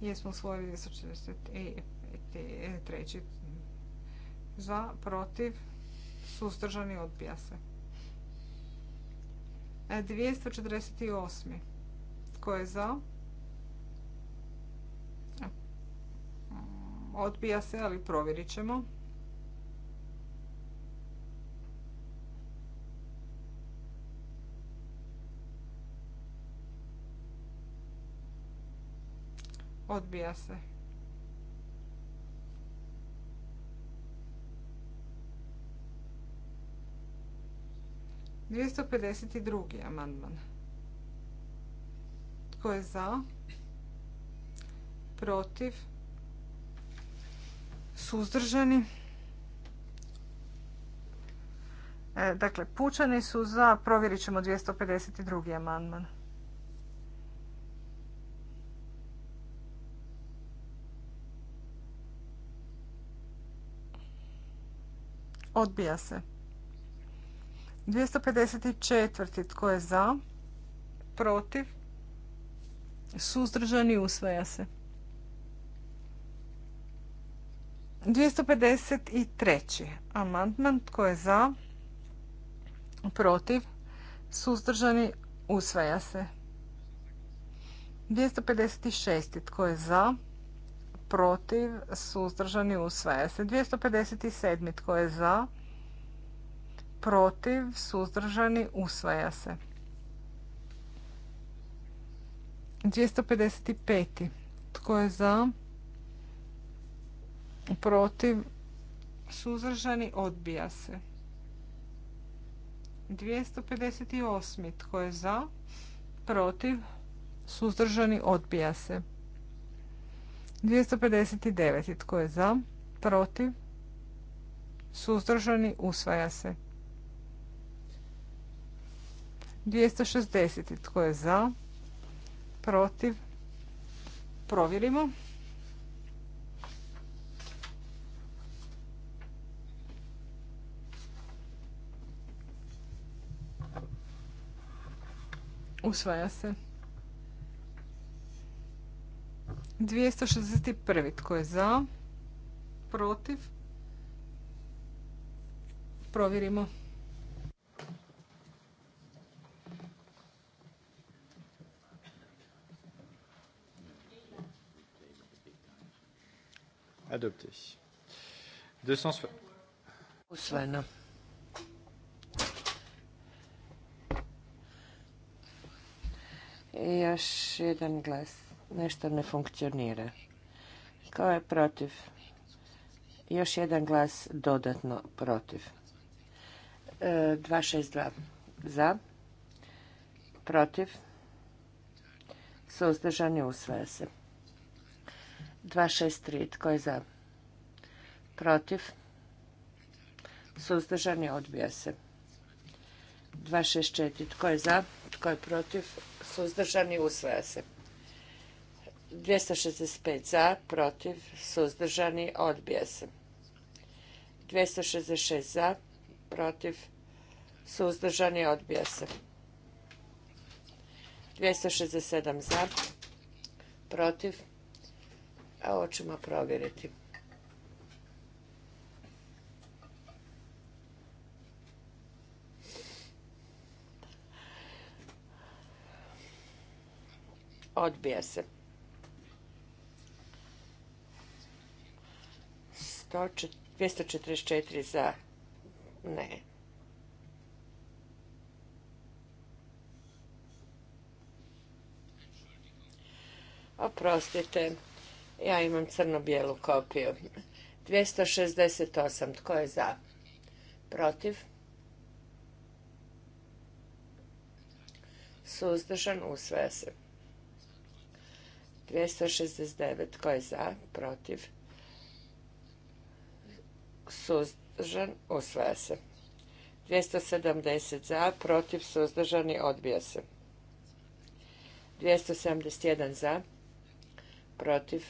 Jesmo usvojili 245. E, treći. Za, protiv, suzdržani odbija se. 248. Tko je za? Odbija se, ali provjerit ćemo. Odbija se. 252. amandman. Tko je za? Protiv? Suzdržani? E, dakle, pučani su za. Provjerit ćemo 252. amandman. Odbija se. 254. Tko je za? Protiv? Suzdržani usvaja se. 253. Amandman. Tko je za? Protiv? Suzdržani usvaja se. 256. Tko je za? Protiv? Suzdržani usvaja se. 257. Tko je za? protiv, suzdržani, usvaja se. 255. Tko je za? Protiv, suzdržani, odbija se. 258. Tko je za? Protiv, suzdržani, odbija se. 259. Tko je za? Protiv, suzdržani, usvaja se. 260. Tko je za? Protiv? Provjerimo. Usvaja se. 261. Tko je za? Protiv? Provjerimo. adopté. 200... Usvojeno. Još jedan glas. Nešto ne funkcionira. Ko je protiv? Još jedan glas dodatno protiv. 262 e, za. Protiv. Suzdržani usvaja se. 263. Tko je za? Protiv? Suzdržani odbija se. 264. Tko je za? Tko je protiv? Suzdržani usvaja se. 265 za, protiv, suzdržani, odbija se. 266 za, protiv, suzdržani, odbija se. 267 za, protiv, a ovo ćemo provjeriti. Odbija se. 244 za. Ne. Oprostite. Ja imam crno-bijelu kopiju. 268. Tko je za? Protiv? Suzdržan? Usvaja se. 269. Tko je za? Protiv? Suzdržan? Usvaja se. 270 za, protiv, suzdržani, odbija se. 271 za, protiv,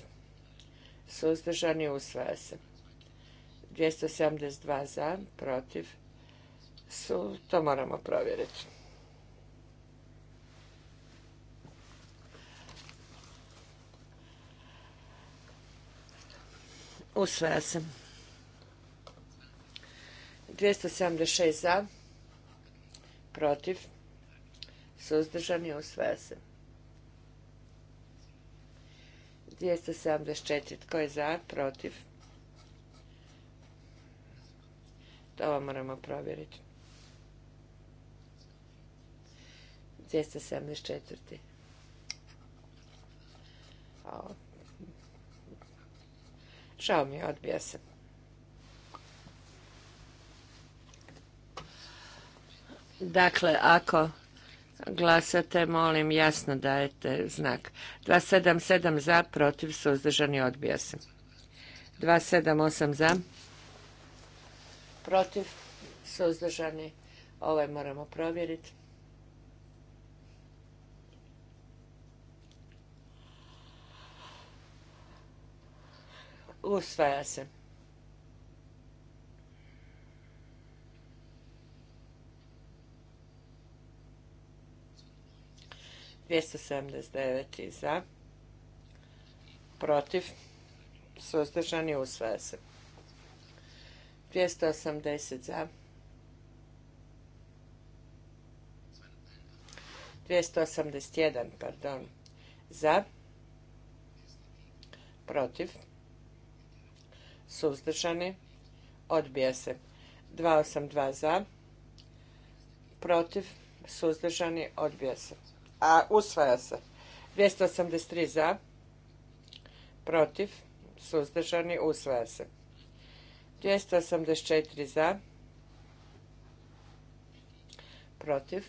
suzdržani, usvaja se. 272 za, protiv, su, to moramo provjeriti. Usvaja se. 276 za, protiv, suzdržani, usvaja se. 274. Tko je za? Protiv? To Ovo moramo provjeriti. 274. četiri Žao mi je, odbija se. Dakle, ako glasate, molim jasno dajete znak. 277 za, protiv, suzdržani, odbija se. 278 za, protiv, suzdržani, ovaj moramo provjeriti. Usvaja se. 279. za, protiv, suzdržani, usvaja se. 280 za, 281, pardon, za, protiv, suzdržani, odbija se. 282 za, protiv, suzdržani, odbija se a usvaja se. 283 za, protiv, suzdržani, usvaja se. 284 za, protiv,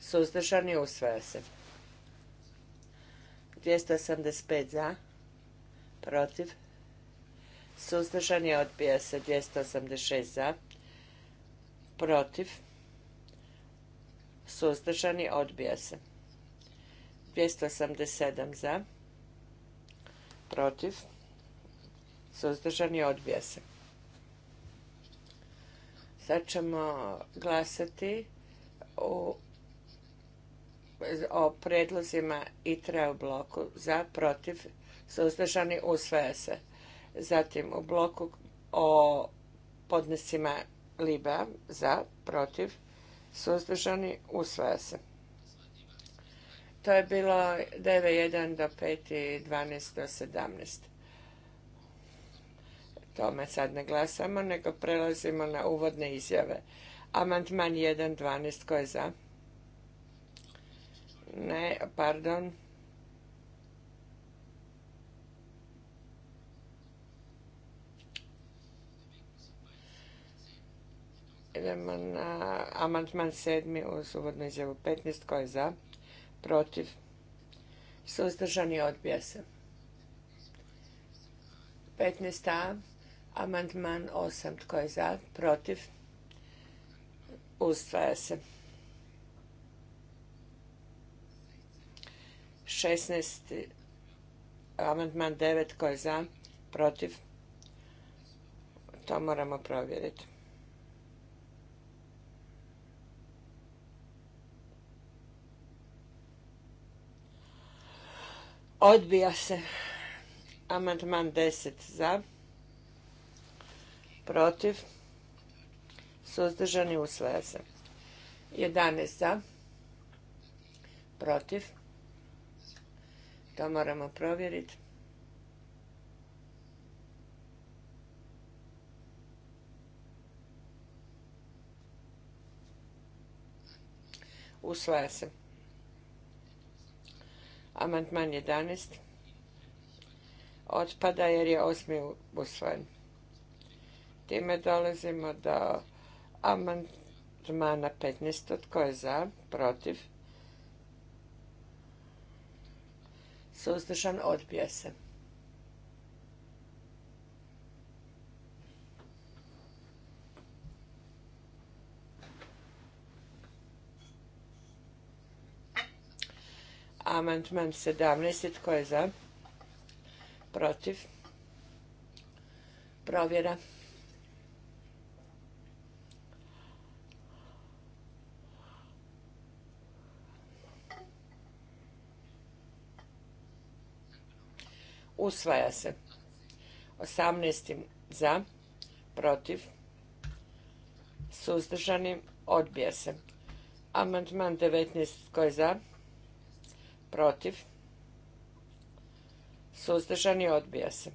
suzdržani, usvaja se. 285 za, protiv, suzdržani, odbija se. 286 za, protiv, suzdržani, odbija se. 287 za, protiv, suzdržani odbija se. Sad ćemo glasati o, o predlozima treba u bloku za, protiv, suzdržani usvaja se. Zatim u bloku o podnesima LIBA za, protiv, suzdržani usvaja se. To je bilo 9.1 do 5.12. do 17. Tome sad ne glasamo, nego prelazimo na uvodne izjave. Amantman 1.12. ko je za? Ne, pardon. Idemo na amantman 7 uz uvodnu izjavu 15, ko je za? protiv, suzdržani odbija se. 15a, amandman 8, tko je za, protiv, ustvaja se. 16. Amandman 9. Tko je za? Protiv? To moramo provjeriti. Odbija se. Amandman 10 za. Protiv. Suzdržani usvaja se. 11 za. Protiv. To moramo provjeriti. Usvaja se. Amandman 11 otpada jer je osmi usvojen. Time dolazimo do amandmana 15. Tko je za? Protiv? Suzdržan odbija se. amandman 17. Tko je za? Protiv? Provjera. Usvaja se. 18. za, protiv, suzdržanim, odbija se. Amandman 19. Tko je za? protiv, suzdržani, odbija se.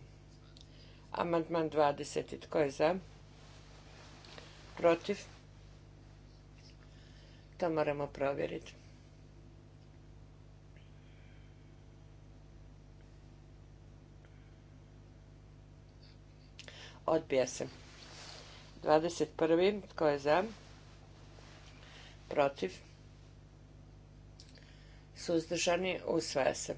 Amandman 20. Tko je za? Protiv? To moramo provjeriti. Odbija se. 21. Tko je za? Protiv? suzdržani, usvaja se.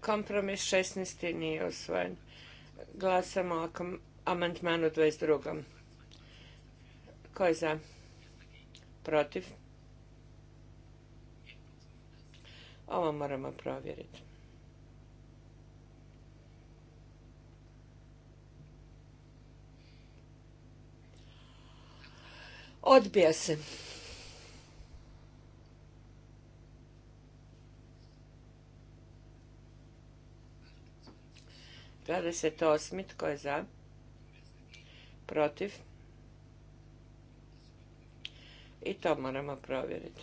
Kompromis 16. nije usvojen. Glasamo o amantmanu 22. Ko je za? Protiv? Ovo moramo provjeriti. Odbija se. Dvadeset osam tko je za? Protiv? I to moramo provjeriti.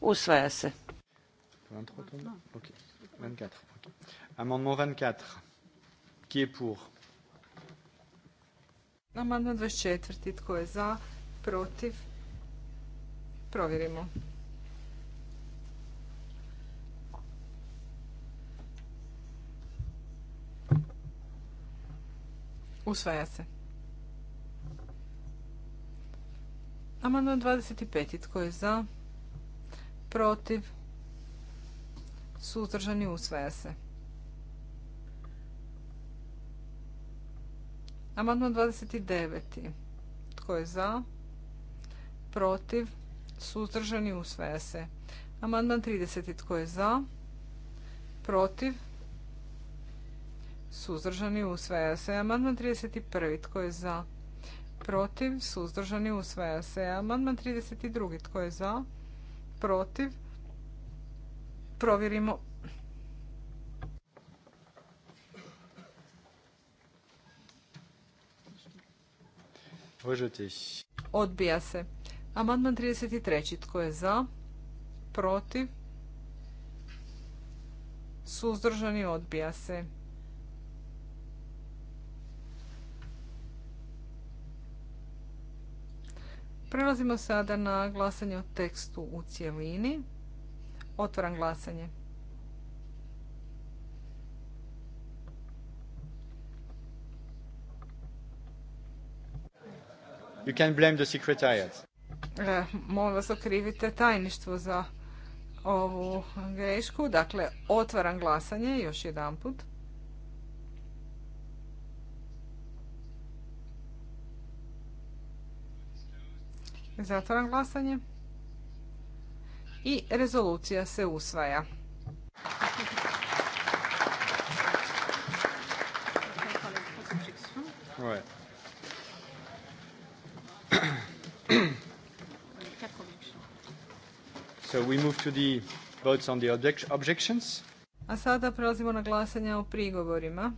Usvaja se. 23, 24. Amendement 24. Qui est pour? Amandman 24. Tko je za? Protiv? Provjerimo. Usvaja se. Amandman 25. Tko je za? protiv, suzdržani, usvaja se. Amandman 29. Tko je za? Protiv? Suzdržani? Usvaja se. Amandman 30. Tko je za? Protiv? Suzdržani? Usvaja se. Amandman 31. Tko je za? Protiv? Suzdržani? Usvaja se. Amandman 32. Tko je za? protiv, provjerimo. Odbija se. Amandman 33. Tko je za? Protiv? Suzdržani odbija se. Prelazimo sada na glasanje o tekstu u cjelini. Otvaram glasanje. You can blame the secretariat. E, molim vas okrivite tajništvo za ovu grešku. Dakle, otvaram glasanje još jedan put. Zatvaram glasanje. I rezolucija se usvaja. Ouais. So we move to the votes on the objections. A sada prelazimo na glasanje o prigovorima.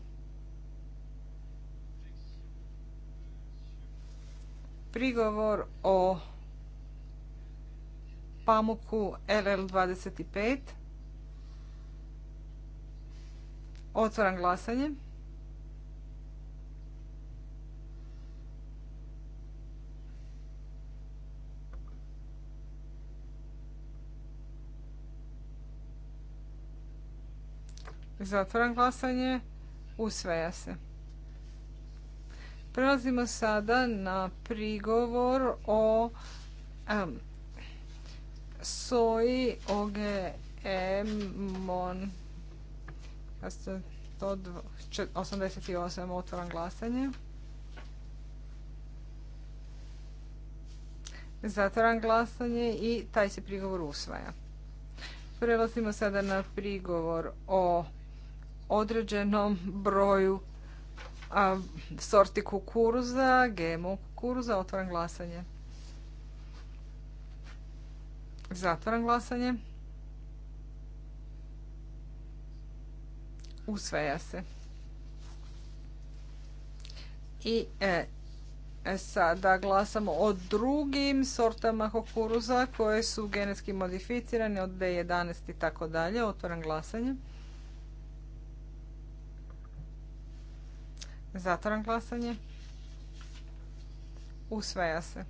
prigovor o pamuku LL25. Otvoram glasanje. Zatvoram glasanje. Usvaja se. Prelazimo sada na prigovor o um, soji OGM 88. Otvoran glasanje. Zatvaram glasanje i taj se prigovor usvaja. Prelazimo sada na prigovor o određenom broju a, sorti kukuruza, GMO kukuruza, otvoram glasanje. Zatvoram glasanje. Usvaja se. I e, e, sada glasamo o drugim sortama kukuruza koje su genetski modificirane od B11 i tako dalje. Otvoram glasanje. Zatvaram glasanje. Usvaja se.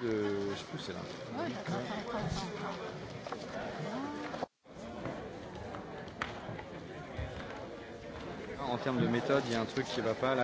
De... Je sais plus, c'est là. en termes de méthode, il y a un truc qui va pas là.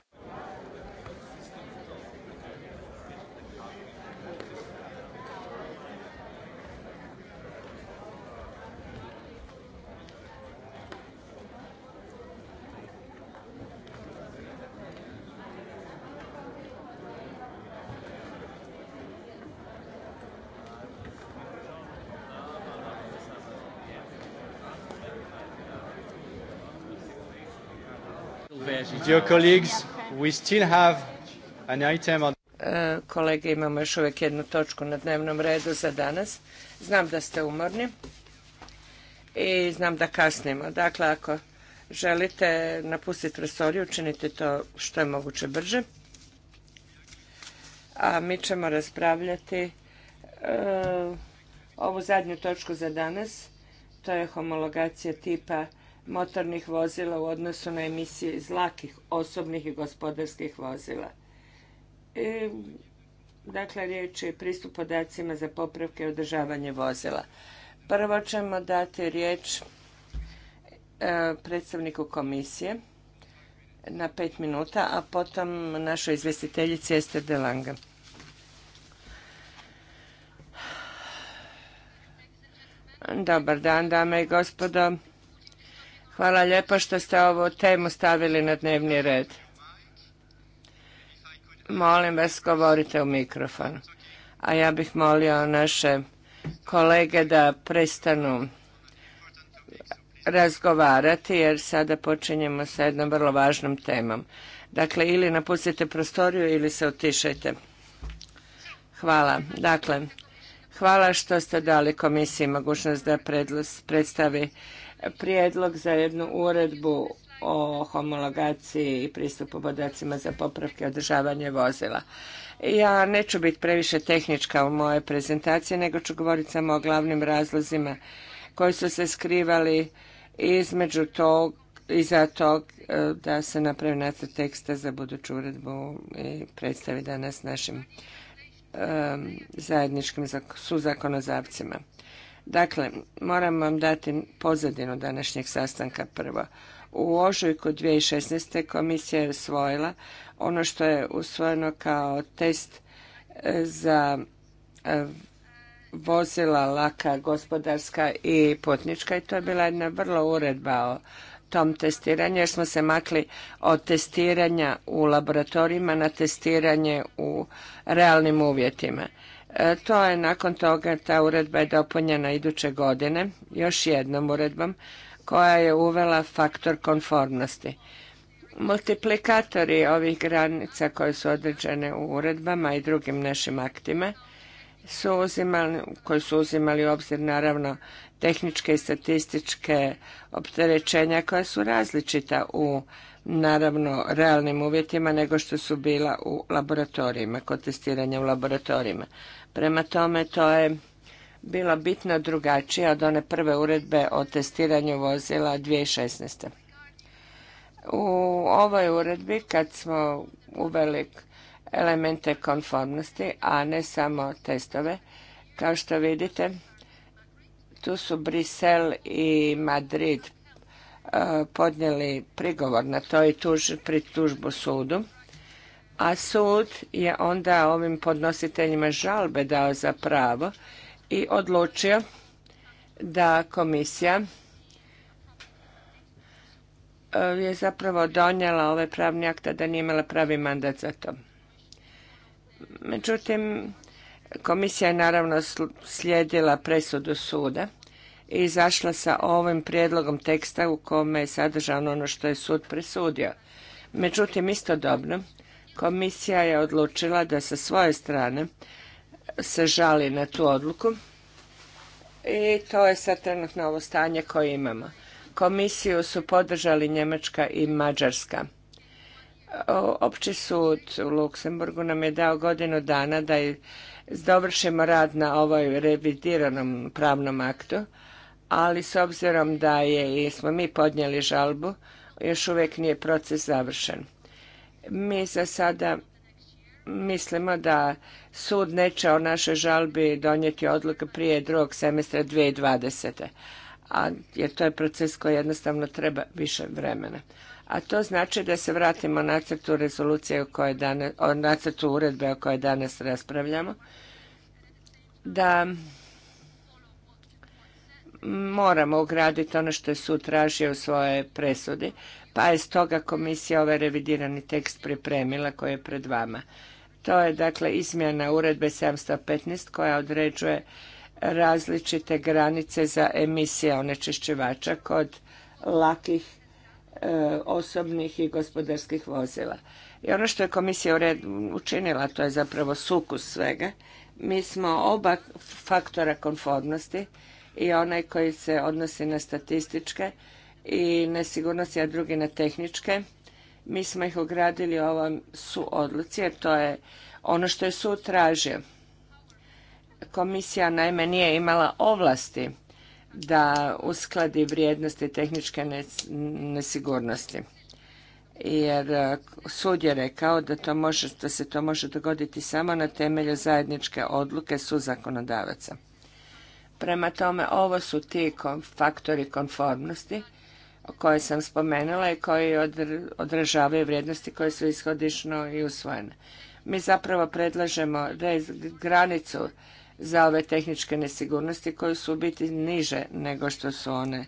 Dear e, kolege, imamo još uvijek jednu točku na dnevnom redu za danas. Znam da ste umorni i znam da kasnimo. Dakle, ako želite napustiti resoriju, učinite to što je moguće brže. A mi ćemo raspravljati e, ovu zadnju točku za danas. To je homologacija tipa motornih vozila u odnosu na emisije iz osobnih i gospodarskih vozila. E, dakle, riječ je pristup podacima za popravke i održavanje vozila. Prvo ćemo dati riječ e, predstavniku komisije na pet minuta, a potom našoj izvjestiteljici Ester Delanga. Dobar dan, dame i gospodo. Hvala lijepo što ste ovu temu stavili na dnevni red. Molim vas, govorite u mikrofon. A ja bih molio naše kolege da prestanu razgovarati jer sada počinjemo sa jednom vrlo važnom temom. Dakle, ili napustite prostoriju ili se otišajte. Hvala. Dakle, hvala što ste dali komisiji mogućnost da predstavi prijedlog za jednu uredbu o homologaciji i pristupu podacima za popravke i održavanje vozila. Ja neću biti previše tehnička u moje prezentaciji, nego ću govoriti samo o glavnim razlozima koji su se skrivali između tog, za tog e, da se napravi nacrt teksta za buduću uredbu i predstavi danas našim e, zajedničkim suzakonodavcima. Dakle, moram vam dati pozadinu današnjeg sastanka prvo. U ožujku 2016. komisija je usvojila ono što je usvojeno kao test e, za e, vozila laka gospodarska i putnička i to je bila jedna vrlo uredba o tom testiranju jer smo se makli od testiranja u laboratorijima na testiranje u realnim uvjetima. E, to je nakon toga, ta uredba je dopunjena iduće godine, još jednom uredbom, koja je uvela faktor konformnosti. Multiplikatori ovih granica koje su određene u uredbama i drugim našim aktima su uzimali, koji su uzimali u obzir naravno tehničke i statističke opterećenja koja su različita u naravno realnim uvjetima nego što su bila u laboratorijima, kod testiranja u laboratorijima. Prema tome, to je bila bitno drugačija od one prve uredbe o testiranju vozila 2016. U ovoj uredbi kad smo uveli elemente konformnosti, a ne samo testove, kao što vidite, tu su Brisel i Madrid e, podnijeli prigovor na to i pritužbu sudu a sud je onda ovim podnositeljima žalbe dao za pravo i odlučio da komisija eh, je zapravo donijela ovaj pravni akt, da nije imala pravi mandat za to. Međutim, komisija je naravno slijedila presudu suda i izašla sa ovim prijedlogom teksta u kome je sadržano ono što je sud presudio. Međutim, istodobno, Komisija je odlučila da sa svoje strane se žali na tu odluku i to je sad trenutno ovo stanje koje imamo. Komisiju su podržali Njemačka i Mađarska. Opći sud u Luksemburgu nam je dao godinu dana da dovršimo rad na ovoj revidiranom pravnom aktu, ali s obzirom da je, smo mi podnijeli žalbu, još uvijek nije proces završen. Mi za sada mislimo da sud neće o našoj žalbi donijeti odluku prije drugog semestra 2020. A, jer to je proces koji jednostavno treba više vremena. A to znači da se vratimo nacrtu rezolucije o kojoj danas, o nacrtu uredbe o kojoj danas raspravljamo. Da moramo ugraditi ono što je sud tražio u svoje presudi, pa je stoga komisija ovaj revidirani tekst pripremila koji je pred vama. To je dakle izmjena uredbe 715 koja određuje različite granice za emisije onečišćivača kod lakih e, osobnih i gospodarskih vozila. I ono što je komisija učinila, to je zapravo sukus svega, mi smo oba faktora konformnosti i onaj koji se odnosi na statističke i nesigurnosti, a drugi na tehničke. Mi smo ih ogradili ovom su odluci jer to je ono što je sud tražio. Komisija naime nije imala ovlasti da uskladi vrijednosti tehničke nesigurnosti. Jer e, sud je rekao da, to može, da se to može dogoditi samo na temelju zajedničke odluke su zakonodavaca. Prema tome, ovo su ti faktori konformnosti koje sam spomenula i koji odražavaju vrijednosti koje su ishodišno i usvojene. Mi zapravo predlažemo granicu za ove tehničke nesigurnosti koje su u biti niže nego što su one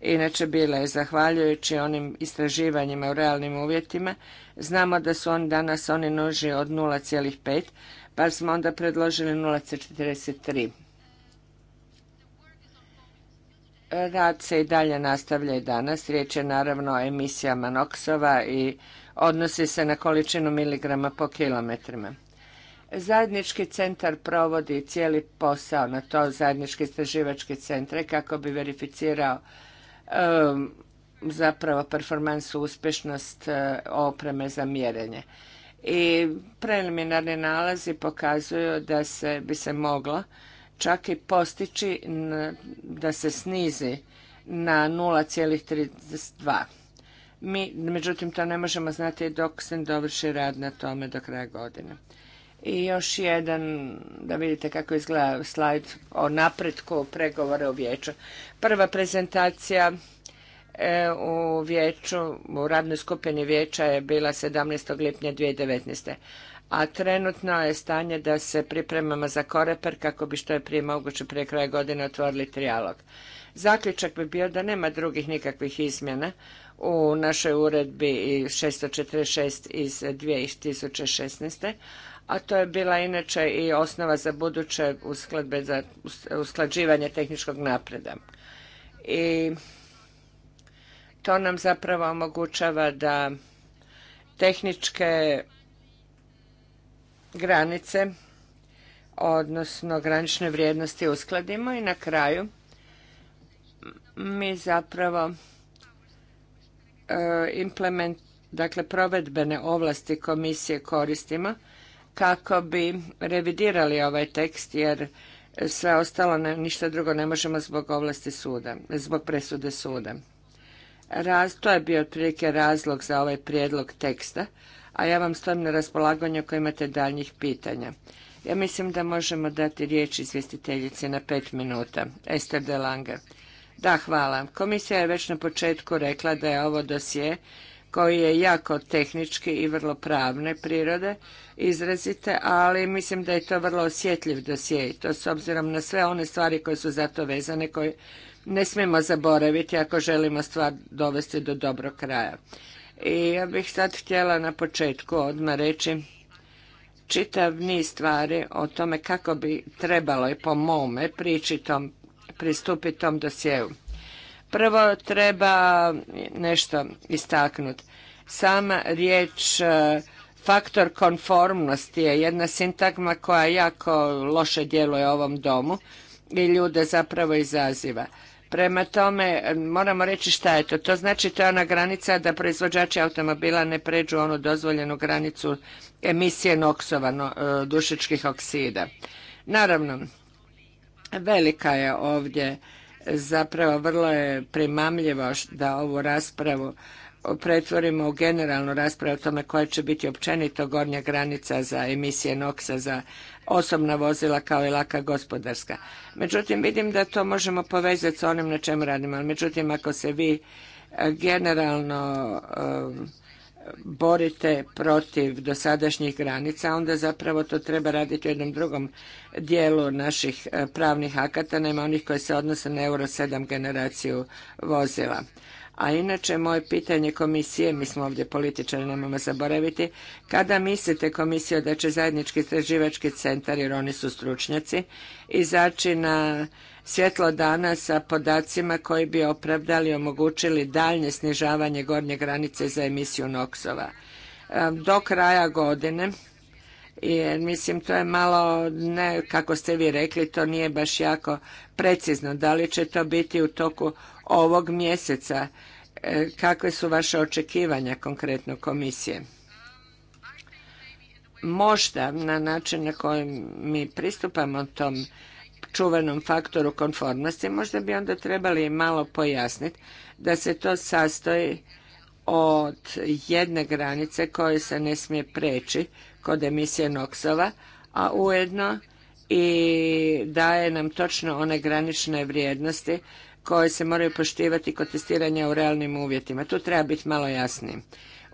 inače bile. Zahvaljujući onim istraživanjima u realnim uvjetima znamo da su oni danas oni nuži od 0,5 pa smo onda predložili 0,43 Rad se i dalje nastavlja i danas. Riječ je naravno o emisijama NOksova i odnosi se na količinu miligrama po kilometrima. Zajednički centar provodi cijeli posao na to zajednički istraživački centre kako bi verificirao zapravo performansu, uspješnost e, opreme za mjerenje. I preliminarni nalazi pokazuju da se bi se moglo čak i postići da se snizi na 0,32. Mi, međutim, to ne možemo znati dok se dovrši rad na tome do kraja godine. I još jedan, da vidite kako izgleda slajd o napretku pregovore u vijeću. Prva prezentacija e, u vijeću, u radnoj skupini vijeća je bila 17. lipnja 2019 a trenutno je stanje da se pripremamo za koreper kako bi što je prije moguće prije kraja godine otvorili trijalog. Zaključak bi bio da nema drugih nikakvih izmjena u našoj uredbi 646 iz 2016. A to je bila inače i osnova za buduće uskladbe za usklađivanje tehničkog napreda. I to nam zapravo omogućava da tehničke granice, odnosno granične vrijednosti uskladimo i na kraju mi zapravo e, implement, dakle provedbene ovlasti komisije koristimo kako bi revidirali ovaj tekst jer sve ostalo, ništa drugo ne možemo zbog ovlasti suda, zbog presude suda. to je bio otprilike razlog za ovaj prijedlog teksta, a ja vam stojim na raspolaganju ako imate daljnjih pitanja. Ja mislim da možemo dati riječ izvjestiteljici na pet minuta. Ester de Lange. Da, hvala. Komisija je već na početku rekla da je ovo dosje koji je jako tehnički i vrlo pravne prirode izrazite, ali mislim da je to vrlo osjetljiv dosje i to s obzirom na sve one stvari koje su za to vezane koje ne smijemo zaboraviti ako želimo stvar dovesti do dobrog kraja. I ja bih sad htjela na početku odmah reći čitav niz stvari o tome kako bi trebalo i po mome pristupiti tom dosjeu. Prvo treba nešto istaknuti. Sama riječ e, faktor konformnosti je jedna sintagma koja jako loše djeluje ovom domu i ljude zapravo izaziva. Prema tome, moramo reći šta je to. To znači to je ona granica da proizvođači automobila ne pređu onu dozvoljenu granicu emisije noksova, no, e, dušičkih oksida. Naravno, velika je ovdje zapravo vrlo je primamljivo da ovu raspravu pretvorimo u generalnu raspravu o tome koja će biti općenito gornja granica za emisije noksa za osobna vozila kao i laka gospodarska. Međutim, vidim da to možemo povezati s onim na čemu radimo. Međutim, ako se vi eh, generalno eh, borite protiv dosadašnjih granica, onda zapravo to treba raditi u jednom drugom dijelu naših eh, pravnih akata, nema onih koji se odnose na Euro 7 generaciju vozila. A inače, moje pitanje komisije, mi smo ovdje političari, nemojmo zaboraviti, kada mislite komisija da će zajednički istraživački centar, jer oni su stručnjaci, izaći na svjetlo dana sa podacima koji bi opravdali i omogućili daljnje snižavanje gornje granice za emisiju NOX-ova. E, do kraja godine jer mislim to je malo, ne, kako ste vi rekli, to nije baš jako precizno. Da li će to biti u toku ovog mjeseca? E, kakve su vaše očekivanja konkretno komisije? Možda na način na koji mi pristupamo tom čuvenom faktoru konformnosti, možda bi onda trebali malo pojasniti da se to sastoji od jedne granice koje se ne smije preći, kod emisije NOX-ova, a ujedno i daje nam točno one granične vrijednosti koje se moraju poštivati kod testiranja u realnim uvjetima. Tu treba biti malo jasniji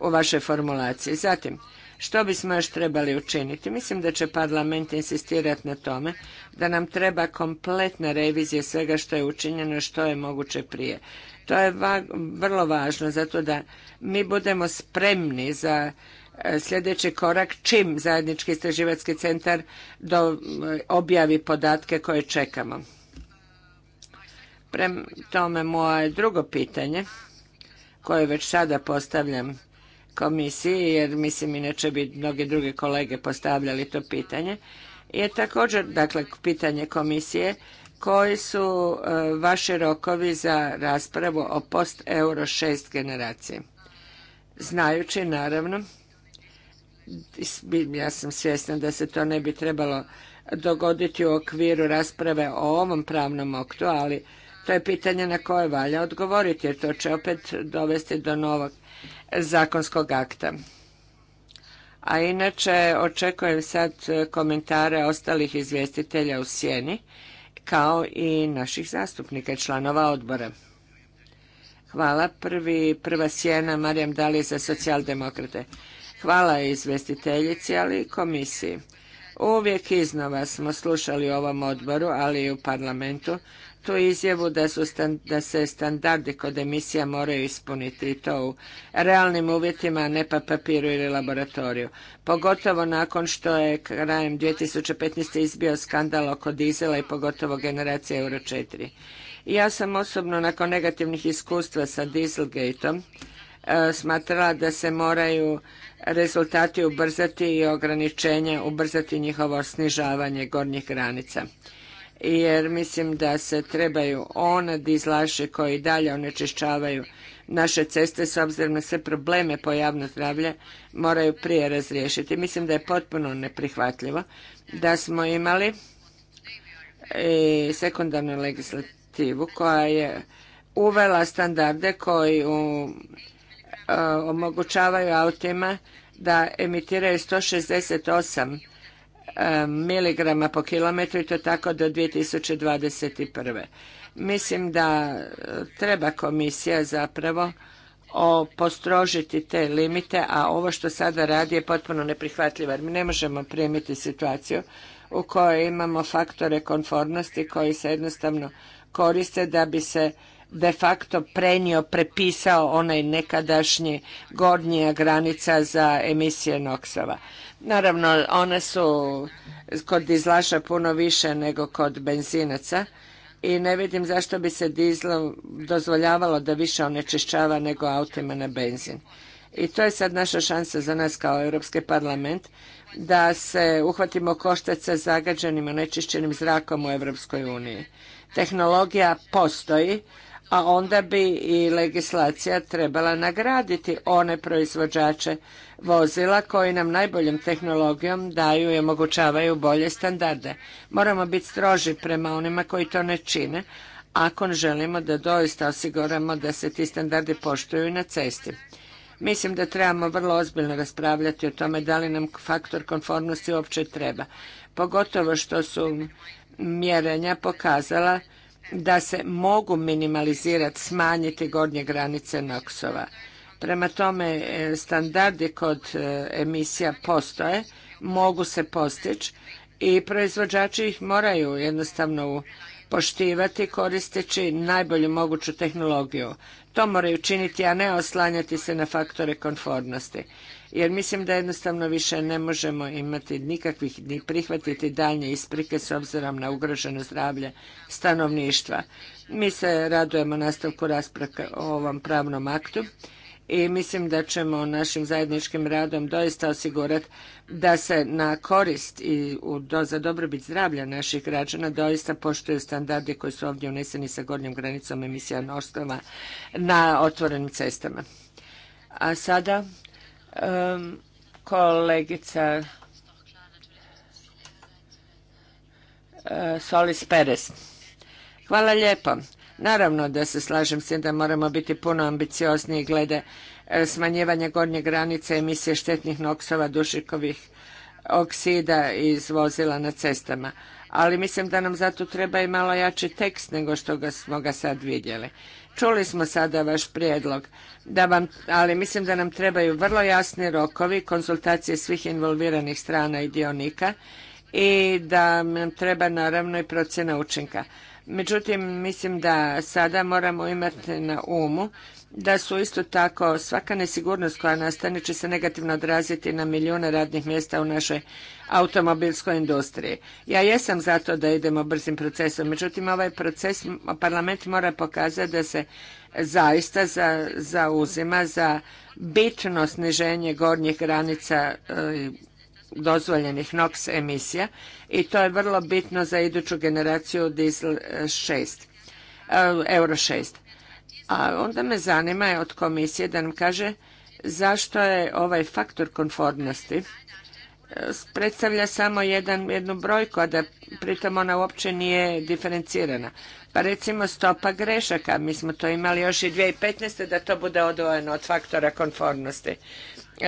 u vašoj formulaciji. Zatim, što bismo još trebali učiniti? Mislim da će parlament insistirati na tome da nam treba kompletna revizija svega što je učinjeno i što je moguće prije. To je vrlo važno zato da mi budemo spremni za sljedeći korak čim zajednički istraživački centar do, objavi podatke koje čekamo. Prema tome moje drugo pitanje koje već sada postavljam komisiji jer mislim inače bi mnogi druge kolege postavljali to pitanje je također dakle pitanje komisije koji su e, vaši rokovi za raspravu o post Euro 6 generaciji. Znajući naravno ja sam svjesna da se to ne bi trebalo dogoditi u okviru rasprave o ovom pravnom oktu, ali to je pitanje na koje valja odgovoriti jer to će opet dovesti do novog zakonskog akta. A inače očekujem sad komentare ostalih izvjestitelja u sjeni kao i naših zastupnika i članova odbora. Hvala. Prvi, prva sjena Marijam Dali za socijaldemokrate. Hvala izvjestiteljici, ali i komisiji. Uvijek iznova smo slušali u ovom odboru, ali i u parlamentu, tu izjavu da, da se standardi kod emisija moraju ispuniti i to u realnim uvjetima, ne pa papiru ili laboratoriju. Pogotovo nakon što je krajem 2015. izbio skandal oko dizela i pogotovo generacije Euro 4. Ja sam osobno nakon negativnih iskustva sa Dieselgateom e, smatrala da se moraju rezultati ubrzati i ograničenje, ubrzati njihovo snižavanje gornjih granica. Jer mislim da se trebaju one dizlaše koji dalje onečišćavaju naše ceste s obzirom na sve probleme po javno zdravlje moraju prije razriješiti. Mislim da je potpuno neprihvatljivo da smo imali e, sekundarnu legislativu koja je uvela standarde koji u omogućavaju autima da emitiraju 168 miligrama po kilometru i to tako do 2021. Mislim da e, treba komisija zapravo postrožiti te limite, a ovo što sada radi je potpuno neprihvatljivo jer mi ne možemo primiti situaciju u kojoj imamo faktore konformnosti koji se jednostavno koriste da bi se de facto prenio, prepisao onaj nekadašnji gornja granica za emisije noksova. Naravno, one su kod dizlaša puno više nego kod benzinaca i ne vidim zašto bi se dizlo dozvoljavalo da više onečišćava nego autima na benzin. I to je sad naša šansa za nas kao Europski parlament da se uhvatimo koštac sa zagađenim onečišćenim zrakom u Europskoj uniji. Tehnologija postoji, a onda bi i legislacija trebala nagraditi one proizvođače vozila koji nam najboljom tehnologijom daju i omogućavaju bolje standarde. Moramo biti stroži prema onima koji to ne čine, ako želimo da doista osiguramo da se ti standardi poštuju i na cesti. Mislim da trebamo vrlo ozbiljno raspravljati o tome da li nam faktor konformnosti uopće treba. Pogotovo što su mjerenja pokazala da se mogu minimalizirati, smanjiti gornje granice NOX-ova. Prema tome, e, standardi kod e, emisija postoje, mogu se postići i proizvođači ih moraju jednostavno poštivati koristeći najbolju moguću tehnologiju. To moraju činiti, a ne oslanjati se na faktore konfornosti jer mislim da jednostavno više ne možemo imati nikakvih ni prihvatiti daljnje isprike s obzirom na ugroženo zdravlje stanovništva. Mi se radujemo nastavku rasprave o ovom pravnom aktu i mislim da ćemo našim zajedničkim radom doista osigurati da se na korist i za dobrobit zdravlja naših građana doista poštuju standardi koji su ovdje uneseni sa gornjom granicom emisija na otvorenim cestama. A sada kolegica e, Solis Perez. Hvala lijepo. Naravno da se slažem s tim da moramo biti puno ambiciozniji glede e, smanjivanja gornje granice emisije štetnih noksova dušikovih oksida iz vozila na cestama. Ali mislim da nam zato treba i malo jači tekst nego što ga smo ga sad vidjeli. Čuli smo sada vaš prijedlog, da vam, ali mislim da nam trebaju vrlo jasni rokovi, konsultacije svih involviranih strana i dionika i da nam treba naravno i procjena učinka. Međutim, mislim da sada moramo imati na umu da su isto tako svaka nesigurnost koja nastane će se negativno odraziti na milijune radnih mjesta u našoj automobilskoj industriji. Ja jesam za to da idemo brzim procesom, međutim ovaj proces parlament mora pokazati da se zaista zauzima za, bitno sniženje gornjih granica e, dozvoljenih NOx emisija i to je vrlo bitno za iduću generaciju diesel 6, e, e, euro 6. A onda me zanima od komisije da nam kaže zašto je ovaj faktor konformnosti predstavlja samo jedan, jednu brojku, a da pritom ona uopće nije diferencirana. Pa recimo stopa grešaka, mi smo to imali još i 2015. da to bude odvojeno od faktora konformnosti,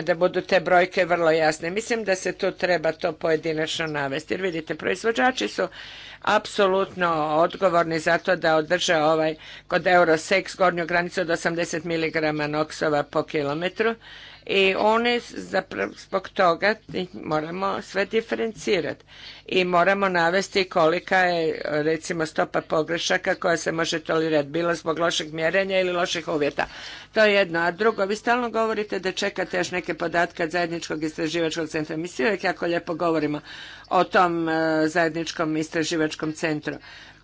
da budu te brojke vrlo jasne. Mislim da se tu treba to pojedinačno navesti, jer vidite, proizvođači su apsolutno odgovorni za to da održe ovaj kod Eurosex gornju granicu od 80 mg noksova po kilometru, i one zapravo zbog toga moramo sve diferencirati i moramo navesti kolika je recimo stopa pogrešaka koja se može tolirati, bilo zbog lošeg mjerenja ili loših uvjeta. To je jedno. A drugo, vi stalno govorite da čekate još neke podatke od zajedničkog istraživačkog centra. Mi svi uvijek jako lijepo govorimo o tom e, zajedničkom istraživačkom centru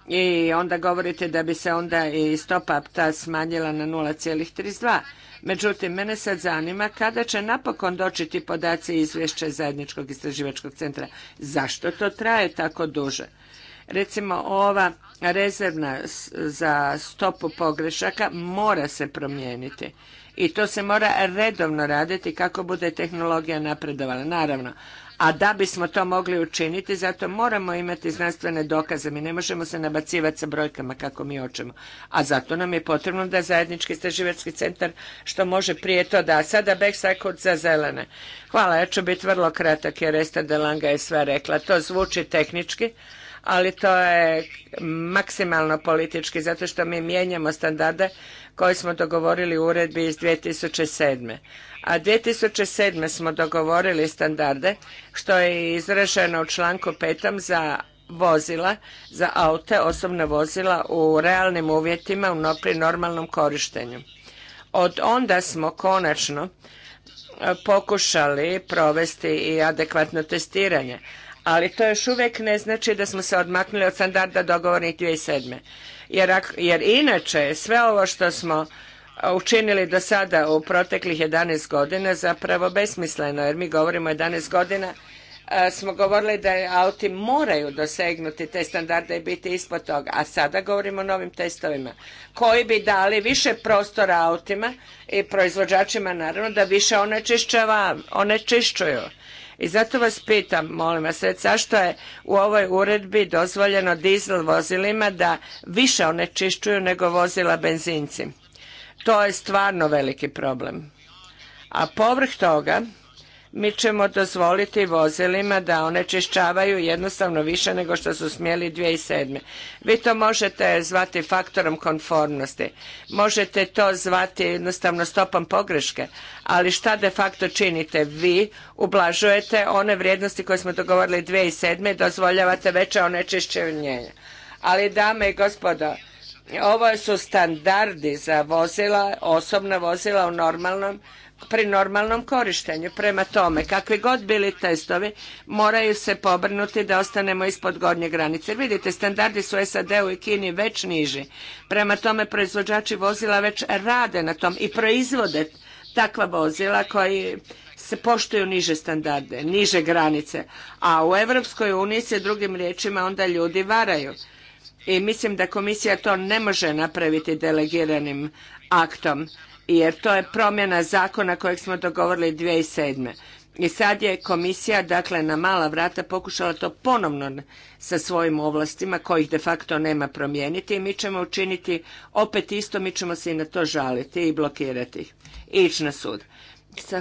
i onda govorite da bi se onda i stopa ta smanjila na 0,32. Međutim, mene sad zanima kada će napokon doći ti podaci izvješća Zajedničkog istraživačkog centra. Zašto to traje tako duže? Recimo, ova rezervna za stopu pogrešaka mora se promijeniti. I to se mora redovno raditi kako bude tehnologija napredovala. Naravno, a da bismo to mogli učiniti, zato moramo imati znanstvene dokaze. Mi ne možemo se nabacivati sa brojkama kako mi hoćemo. A zato nam je potrebno da zajednički istraživački centar što može prije to da. A sada backstack za zelene. Hvala, ja ću biti vrlo kratak jer Esta Delanga je sve rekla. To zvuči tehnički, ali to je maksimalno politički zato što mi mijenjamo standarde koje smo dogovorili u uredbi iz 2007. A 2007. smo dogovorili standarde što je izraženo u članku 5. za vozila, za aute, osobna vozila u realnim uvjetima u pri normalnom korištenju. Od onda smo konačno e, pokušali provesti i adekvatno testiranje, ali to još uvijek ne znači da smo se odmaknuli od standarda dogovornih 2007 jer, jer inače sve ovo što smo uh, učinili do sada u proteklih 11 godina zapravo besmisleno, jer mi govorimo 11 godina uh, smo govorili da auti moraju dosegnuti te standarde i biti ispod toga, a sada govorimo o novim testovima koji bi dali više prostora autima i proizvođačima naravno da više onečišćuju. I zato vas pitam, molim vas, zašto je u ovoj uredbi dozvoljeno dizel vozilima da više onečišćuju nego vozila benzinci? To je stvarno veliki problem. A povrh toga, mi ćemo dozvoliti vozilima da onečišćavaju jednostavno više nego što su smjeli 2007. Vi to možete zvati faktorom konformnosti, možete to zvati jednostavno stopom pogreške, ali šta de facto činite? Vi ublažujete one vrijednosti koje smo dogovorili 2007. i dozvoljavate veće onečišćenje. Ali dame i gospodo, ovo su standardi za vozila, osobna vozila u normalnom pri normalnom korištenju. Prema tome, kakvi god bili testovi, moraju se pobrnuti da ostanemo ispod gornje granice. Vidite, standardi su SAD-u i Kini već niži. Prema tome, proizvođači vozila već rade na tom i proizvode takva vozila koji se poštuju niže standarde, niže granice. A u Europskoj uniji se drugim riječima onda ljudi varaju. I mislim da komisija to ne može napraviti delegiranim aktom jer to je promjena zakona kojeg smo dogovorili 2007. I sad je komisija, dakle, na mala vrata pokušala to ponovno sa svojim ovlastima, kojih de facto nema promijeniti i mi ćemo učiniti opet isto, mi ćemo se i na to žaliti i blokirati ih i ići na sud.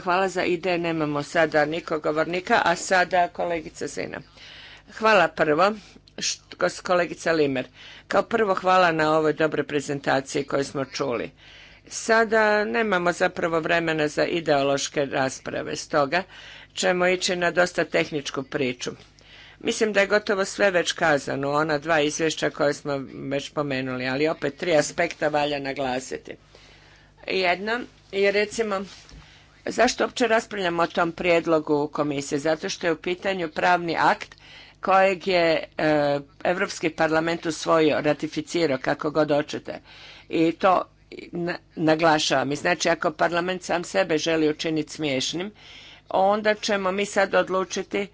Hvala za ide, nemamo sada nikog govornika, a sada kolegica Zina. Hvala prvo, kolegica Limer. Kao prvo hvala na ovoj dobroj prezentaciji koju smo čuli. Sada nemamo zapravo vremena za ideološke rasprave, stoga ćemo ići na dosta tehničku priču. Mislim da je gotovo sve već kazano, ona dva izvješća koje smo već pomenuli, ali opet tri aspekta valja naglasiti. Jedna je recimo zašto uopće raspravljamo o tom prijedlogu komisije? Zato što je u pitanju pravni akt kojeg je Europski parlament usvojio, ratificirao, kako god očete. I to naglašavam. I znači ako parlament sam sebe želi učiniti smiješnim, onda ćemo mi sad odlučiti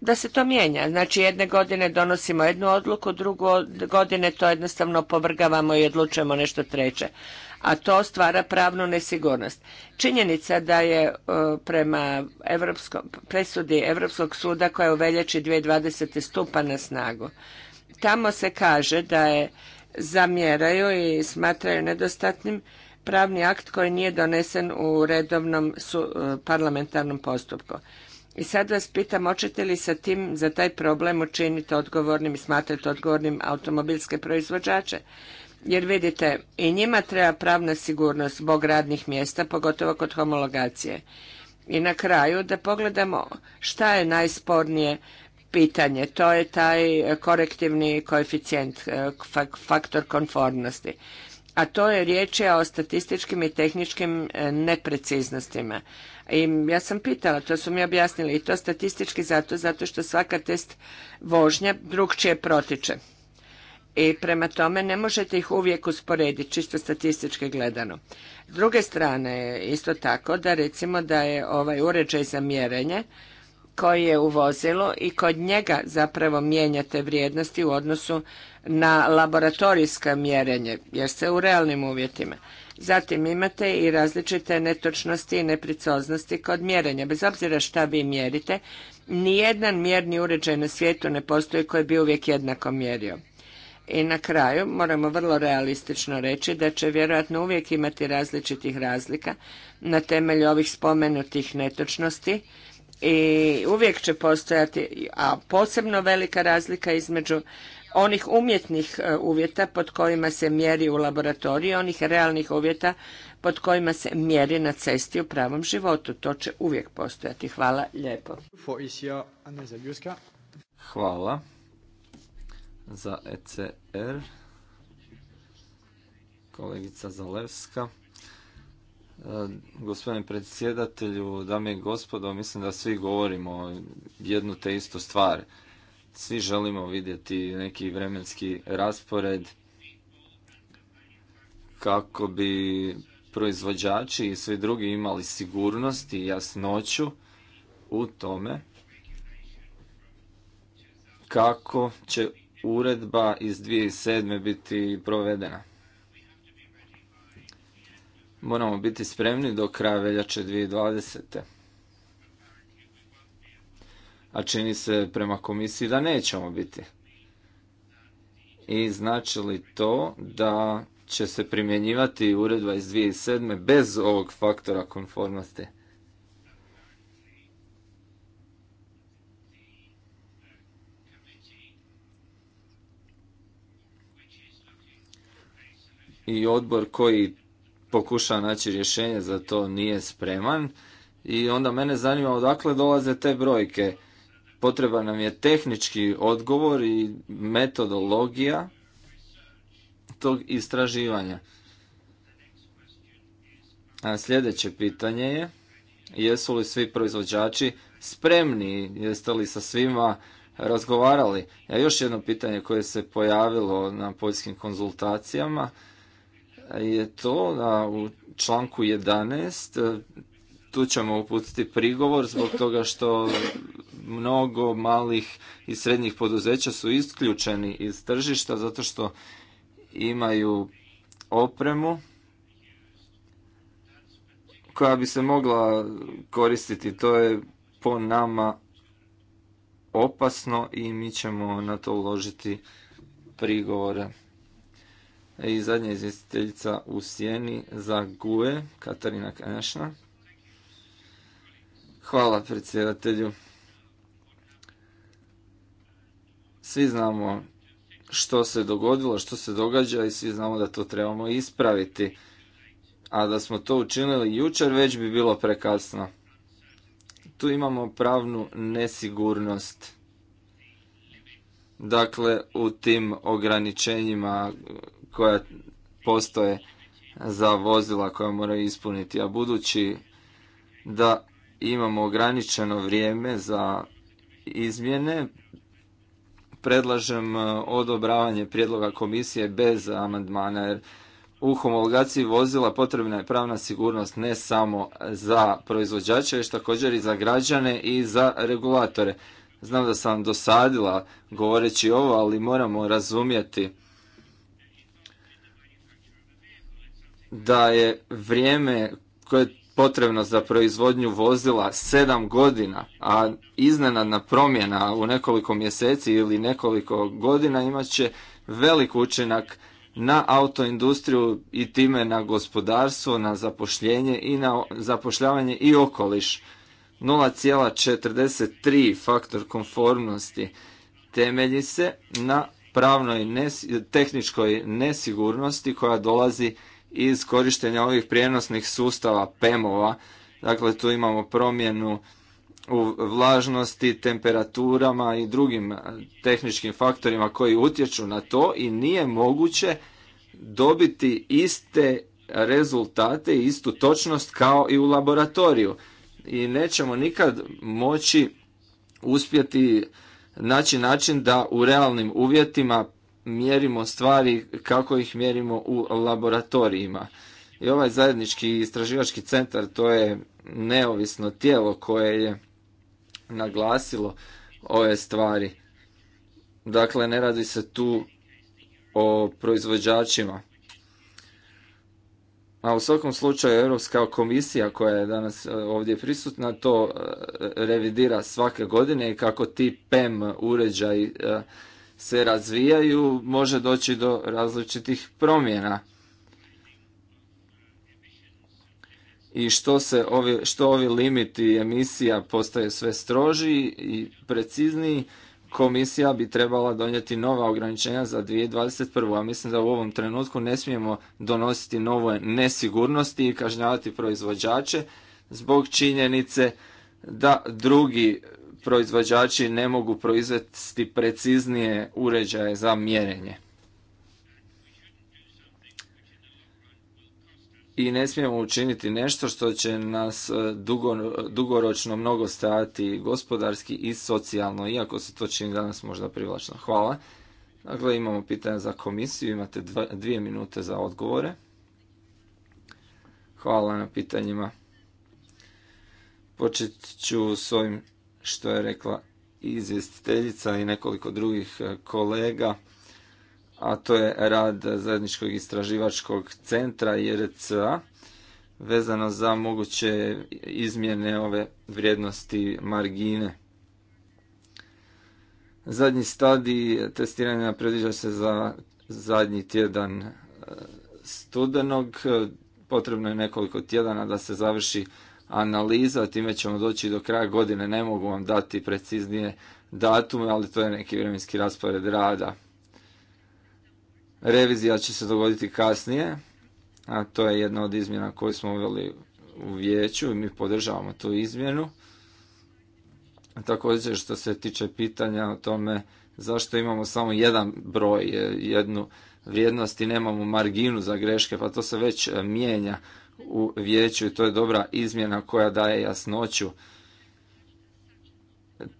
da se to mijenja. Znači jedne godine donosimo jednu odluku, drugu godine to jednostavno povrgavamo i odlučujemo nešto treće. A to stvara pravnu nesigurnost. Činjenica da je e, prema presudi Europskog suda koja je u veljači 2020. stupa na snagu. Tamo se kaže da je zamjeraju i smatraju nedostatnim pravni akt koji nije donesen u redovnom e, parlamentarnom postupku. I sad vas pitam, hoćete li sa tim za taj problem učiniti odgovornim i smatrati odgovornim automobilske proizvođače? Jer vidite, i njima treba pravna sigurnost zbog radnih mjesta, pogotovo kod homologacije. I na kraju da pogledamo šta je najspornije pitanje. To je taj korektivni koeficijent, e, faktor konformnosti. A to je riječ je o statističkim i tehničkim e, nepreciznostima. I ja sam pitala, to su mi objasnili, i to statistički zato, zato što svaka test vožnja drugčije protiče. I prema tome ne možete ih uvijek usporediti, čisto statistički gledano. S druge strane, isto tako da recimo da je ovaj uređaj za mjerenje, koji je u vozilu i kod njega zapravo mijenjate vrijednosti u odnosu na laboratorijska mjerenje, jer se u realnim uvjetima. Zatim imate i različite netočnosti i nepricoznosti kod mjerenja. Bez obzira šta vi mjerite, nijedan mjerni uređaj na svijetu ne postoji koji bi uvijek jednako mjerio. I na kraju moramo vrlo realistično reći da će vjerojatno uvijek imati različitih razlika na temelju ovih spomenutih netočnosti i uvijek će postojati, a posebno velika razlika između onih umjetnih e, uvjeta pod kojima se mjeri u laboratoriju, onih realnih uvjeta pod kojima se mjeri na cesti u pravom životu. To će uvijek postojati. Hvala lijepo. Hvala za ECR. Kolegica Zalevska. Gospodine predsjedatelju, dame i gospodo, mislim da svi govorimo jednu te istu stvar. Svi želimo vidjeti neki vremenski raspored kako bi proizvođači i svi drugi imali sigurnost i jasnoću u tome kako će uredba iz 2007. biti provedena. Moramo biti spremni do kraja veljače 2020. A čini se prema komisiji da nećemo biti. I znači li to da će se primjenjivati uredba iz 2007. bez ovog faktora konformnosti? I odbor koji pokušava naći rješenje za to nije spreman i onda mene zanima odakle dolaze te brojke. Potreban nam je tehnički odgovor i metodologija tog istraživanja. A sljedeće pitanje je jesu li svi proizvođači spremni, jeste li sa svima razgovarali. A još jedno pitanje koje se pojavilo na poljskim konzultacijama – je to da u članku 11 e, tu ćemo uputiti prigovor zbog toga što mnogo malih i srednjih poduzeća su isključeni iz tržišta zato što imaju opremu koja bi se mogla koristiti. To je po nama opasno i mi ćemo na to uložiti prigovore. I zadnja izvjestiteljica u Sjeni za GUE, Katarina Kanjašna. Hvala predsjedatelju. Svi znamo što se dogodilo, što se događa i svi znamo da to trebamo ispraviti. A da smo to učinili jučer već bi bilo prekasno. Tu imamo pravnu nesigurnost dakle u tim ograničenjima koja postoje za vozila koja moraju ispuniti, a budući da imamo ograničeno vrijeme za izmjene, predlažem e, odobravanje prijedloga komisije bez amandmana jer u homologaciji vozila potrebna je pravna sigurnost ne samo za proizvođače, već također i za građane i za regulatore. Znam da sam dosadila govoreći ovo, ali moramo razumjeti da je vrijeme koje je potrebno za proizvodnju vozila sedam godina, a iznenadna promjena u nekoliko mjeseci ili nekoliko godina imat će velik učinak na autoindustriju i time na gospodarstvo, na zapošljenje i na zapošljavanje i okoliš. 0,43 faktor konformnosti temelji se na pravnoj tehničkoj nesigurnosti koja dolazi iz korištenja ovih prijenosnih sustava PEM-ova. Dakle, tu imamo promjenu u vlažnosti, temperaturama i drugim e, tehničkim faktorima koji utječu na to i nije moguće dobiti iste rezultate, i istu točnost kao i u laboratoriju i nećemo nikad moći uspjeti naći način da u realnim uvjetima mjerimo stvari kako ih mjerimo u laboratorijima. I ovaj zajednički istraživački centar to je neovisno tijelo koje je naglasilo ove stvari. Dakle, ne radi se tu o proizvođačima. A u svakom slučaju Europska komisija koja je danas e, ovdje prisutna to e, revidira svake godine i kako ti PEM uređaji e, se razvijaju može doći do različitih promjena. i što, se ovi, što ovi limiti emisija postaju sve stroži i precizniji, komisija bi trebala donijeti nova ograničenja za 2021. A mislim da u ovom trenutku ne smijemo donositi nove nesigurnosti i kažnjavati proizvođače zbog činjenice da drugi proizvođači ne mogu proizvesti preciznije uređaje za mjerenje. i ne smijemo učiniti nešto što će nas e, dugoročno mnogo stajati gospodarski i socijalno, iako se to čini danas možda privlačno. Hvala. Dakle, imamo pitanja za komisiju, imate dvije minute za odgovore. Hvala na pitanjima. Počet ću s ovim što je rekla izvjestiteljica i nekoliko drugih e, kolega a to je rad zajedničkog istraživačkog centra IRCA vezano za moguće izmjene ove vrijednosti margine. Zadnji stadij testiranja predviđa se za zadnji tjedan e, studenog. Potrebno je nekoliko tjedana da se završi analiza, time ćemo doći do kraja godine. Ne mogu vam dati preciznije datume, ali to je neki vremenski raspored rada. Revizija će se dogoditi kasnije, a to je jedna od izmjena koju smo uveli u vijeću i mi podržavamo tu izmjenu. Također što se tiče pitanja o tome zašto imamo samo jedan broj, e, jednu vrijednost i nemamo marginu za greške, pa to se već e, mijenja u vijeću i to je dobra izmjena koja daje jasnoću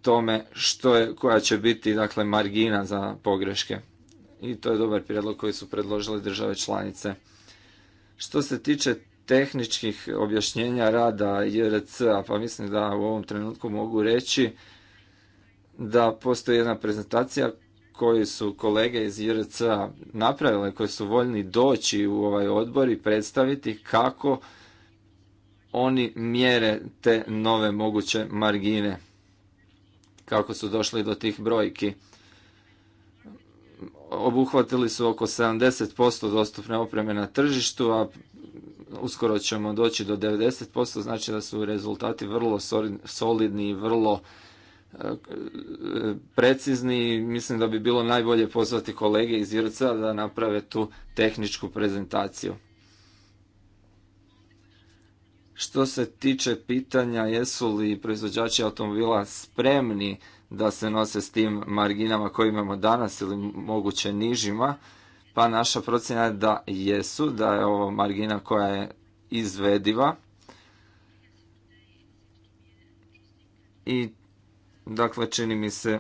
tome što je, koja će biti dakle margina za pogreške i to je dobar prijedlog koji su predložili države članice. Što se tiče tehničkih objašnjenja rada IRC-a, pa mislim da u ovom trenutku mogu reći da postoji jedna prezentacija koju su kolege iz IRC-a napravile, koji su voljni doći u ovaj odbor i predstaviti kako oni mjere te nove moguće margine, kako su došli do tih brojki obuhvatili su oko 70% dostupne opreme na tržištu, a uskoro ćemo doći do 90%, znači da su rezultati vrlo solidni i vrlo e, precizni. Mislim da bi bilo najbolje pozvati kolege iz Irca da naprave tu tehničku prezentaciju. Što se tiče pitanja jesu li proizvođači automobila spremni da se nose s tim marginama koje imamo danas ili moguće nižima, pa naša procjena je da jesu, da je ovo margina koja je izvediva. I dakle čini mi se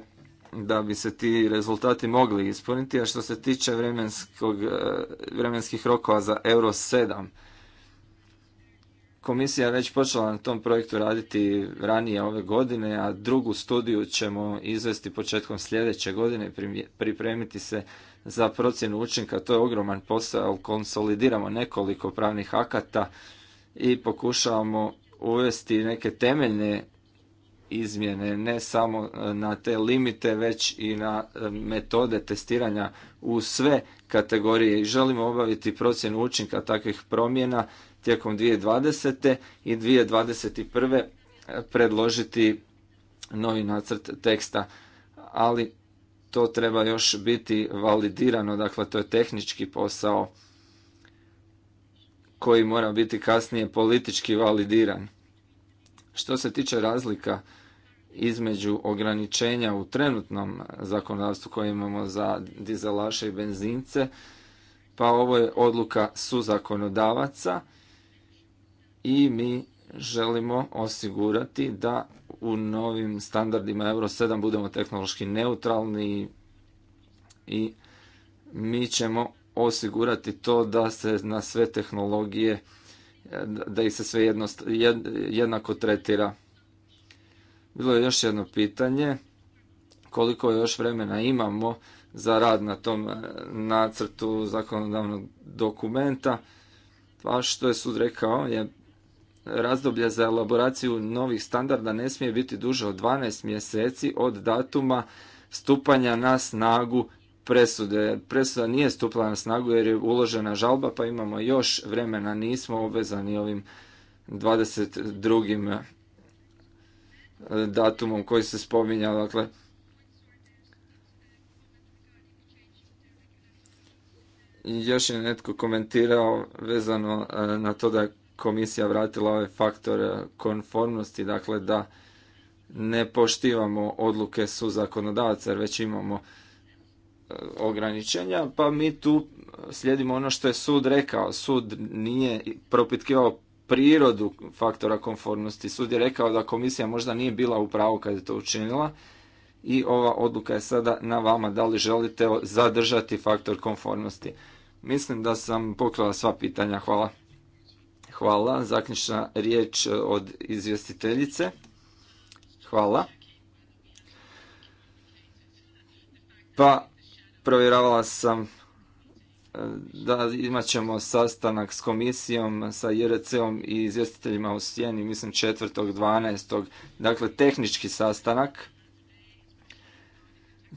da bi se ti rezultati mogli ispuniti, a što se tiče eh, vremenskih rokova za Euro 7, Komisija već počela na tom projektu raditi ranije ove godine, a drugu studiju ćemo izvesti početkom sljedeće godine i pripremiti se za procjenu učinka. To je ogroman posao, konsolidiramo nekoliko pravnih akata i pokušavamo uvesti neke temeljne izmjene, ne samo e, na te limite, već i na e, metode testiranja u sve kategorije i želimo obaviti procjenu učinka takvih promjena tijekom 2020. i 2021. E, predložiti novi nacrt teksta, ali to treba još biti validirano, dakle to je tehnički posao koji mora biti kasnije politički validiran. Što se tiče razlika između ograničenja u trenutnom zakonodavstvu koje imamo za dizelaše i benzince, pa ovo je odluka suzakonodavaca zakonodavaca i mi želimo osigurati da u novim standardima Euro 7 budemo tehnološki neutralni i mi ćemo osigurati to da se na sve tehnologije da ih se sve jednako tretira. Bilo je još jedno pitanje koliko još vremena imamo za rad na tom eh, nacrtu zakonodavnog dokumenta. Pa što je sud rekao je razdoblje za elaboraciju novih standarda ne smije biti duže od 12 mjeseci od datuma stupanja na snagu presude. Presuda nije stupila na snagu jer je uložena žalba, pa imamo još vremena, nismo obvezani ovim 22. E, datumom koji se spominja, dakle, još je netko komentirao vezano e, na to da je komisija vratila ovaj faktor e, konformnosti, dakle da ne poštivamo odluke su zakonodavaca jer već imamo e, ograničenja, pa mi tu slijedimo ono što je sud rekao. Sud nije propitkivao prirodu faktora konformnosti. Sud je rekao da komisija možda nije bila u pravu kad je to učinila i ova odluka je sada na vama da li želite zadržati faktor konformnosti. Mislim da sam pokrila sva pitanja. Hvala. Hvala. Zaključna riječ e, od izvjestiteljice. Hvala. Pa, provjeravala sam e, da imat ćemo sastanak s komisijom, sa JRC-om i izvjestiteljima u Sjeni, mislim 4.12. Dakle, tehnički sastanak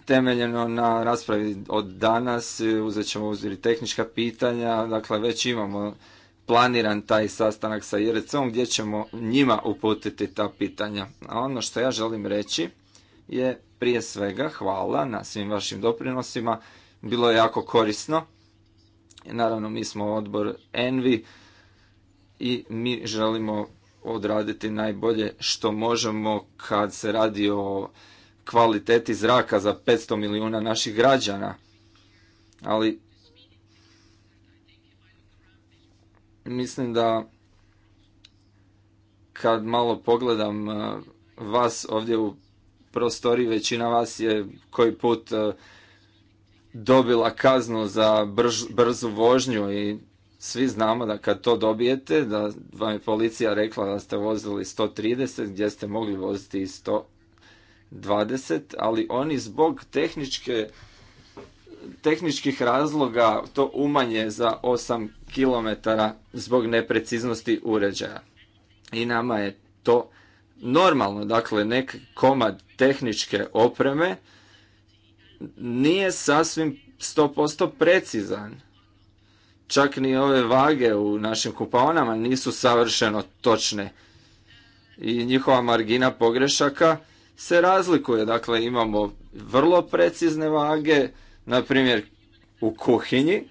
temeljeno na raspravi od danas, uzet ćemo uzir tehnička pitanja, dakle već imamo planiran taj sastanak sa IRC-om gdje ćemo njima uputiti ta pitanja. A ono što ja želim reći je prije svega hvala na svim vašim doprinosima. Bilo je jako korisno. Naravno, mi smo odbor Envi i mi želimo odraditi najbolje što možemo kad se radi o kvaliteti zraka za 500 milijuna naših građana. Ali Mislim da kad malo pogledam eh, vas ovdje u prostori, većina vas je koji put eh, dobila kaznu za brzu vožnju i svi znamo da kad to dobijete, da vam je policija rekla da ste vozili 130 gdje ste mogli voziti i 120, ali oni zbog tehničke tehničkih razloga to umanje za 8 km zbog nepreciznosti uređaja. I nama je to normalno, dakle nek komad tehničke opreme nije sasvim 100% precizan. Čak ni ove vage u našim kupaonama nisu savršeno točne. I njihova margina pogrešaka se razlikuje. Dakle, imamo vrlo precizne vage, na primjer u kuhinji.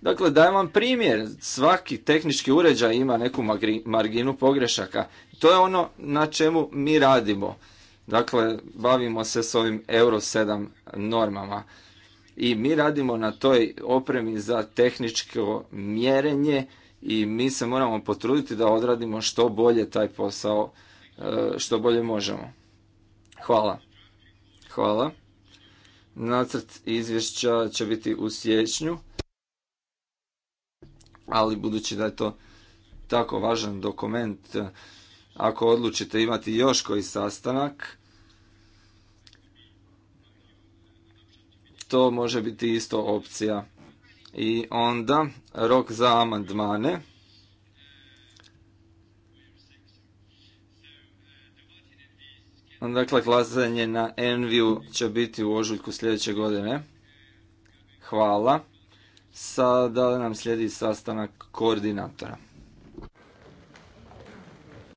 Dakle, dajem vam primjer, svaki tehnički uređaj ima neku marginu pogrešaka. To je ono na čemu mi radimo. Dakle, bavimo se s ovim Euro 7 normama. I mi radimo na toj opremi za tehničko mjerenje i mi se moramo potruditi da odradimo što bolje taj posao, e, što bolje možemo. Hvala. Hvala. Nacrt izvješća će biti u siječnju, ali budući da je to tako važan dokument, ako odlučite imati još koji sastanak, to može biti isto opcija. I onda rok za amandmane Dakle, glasanje na Enviju će biti u ožujku sljedeće godine. Hvala. Sada nam slijedi sastanak koordinatora.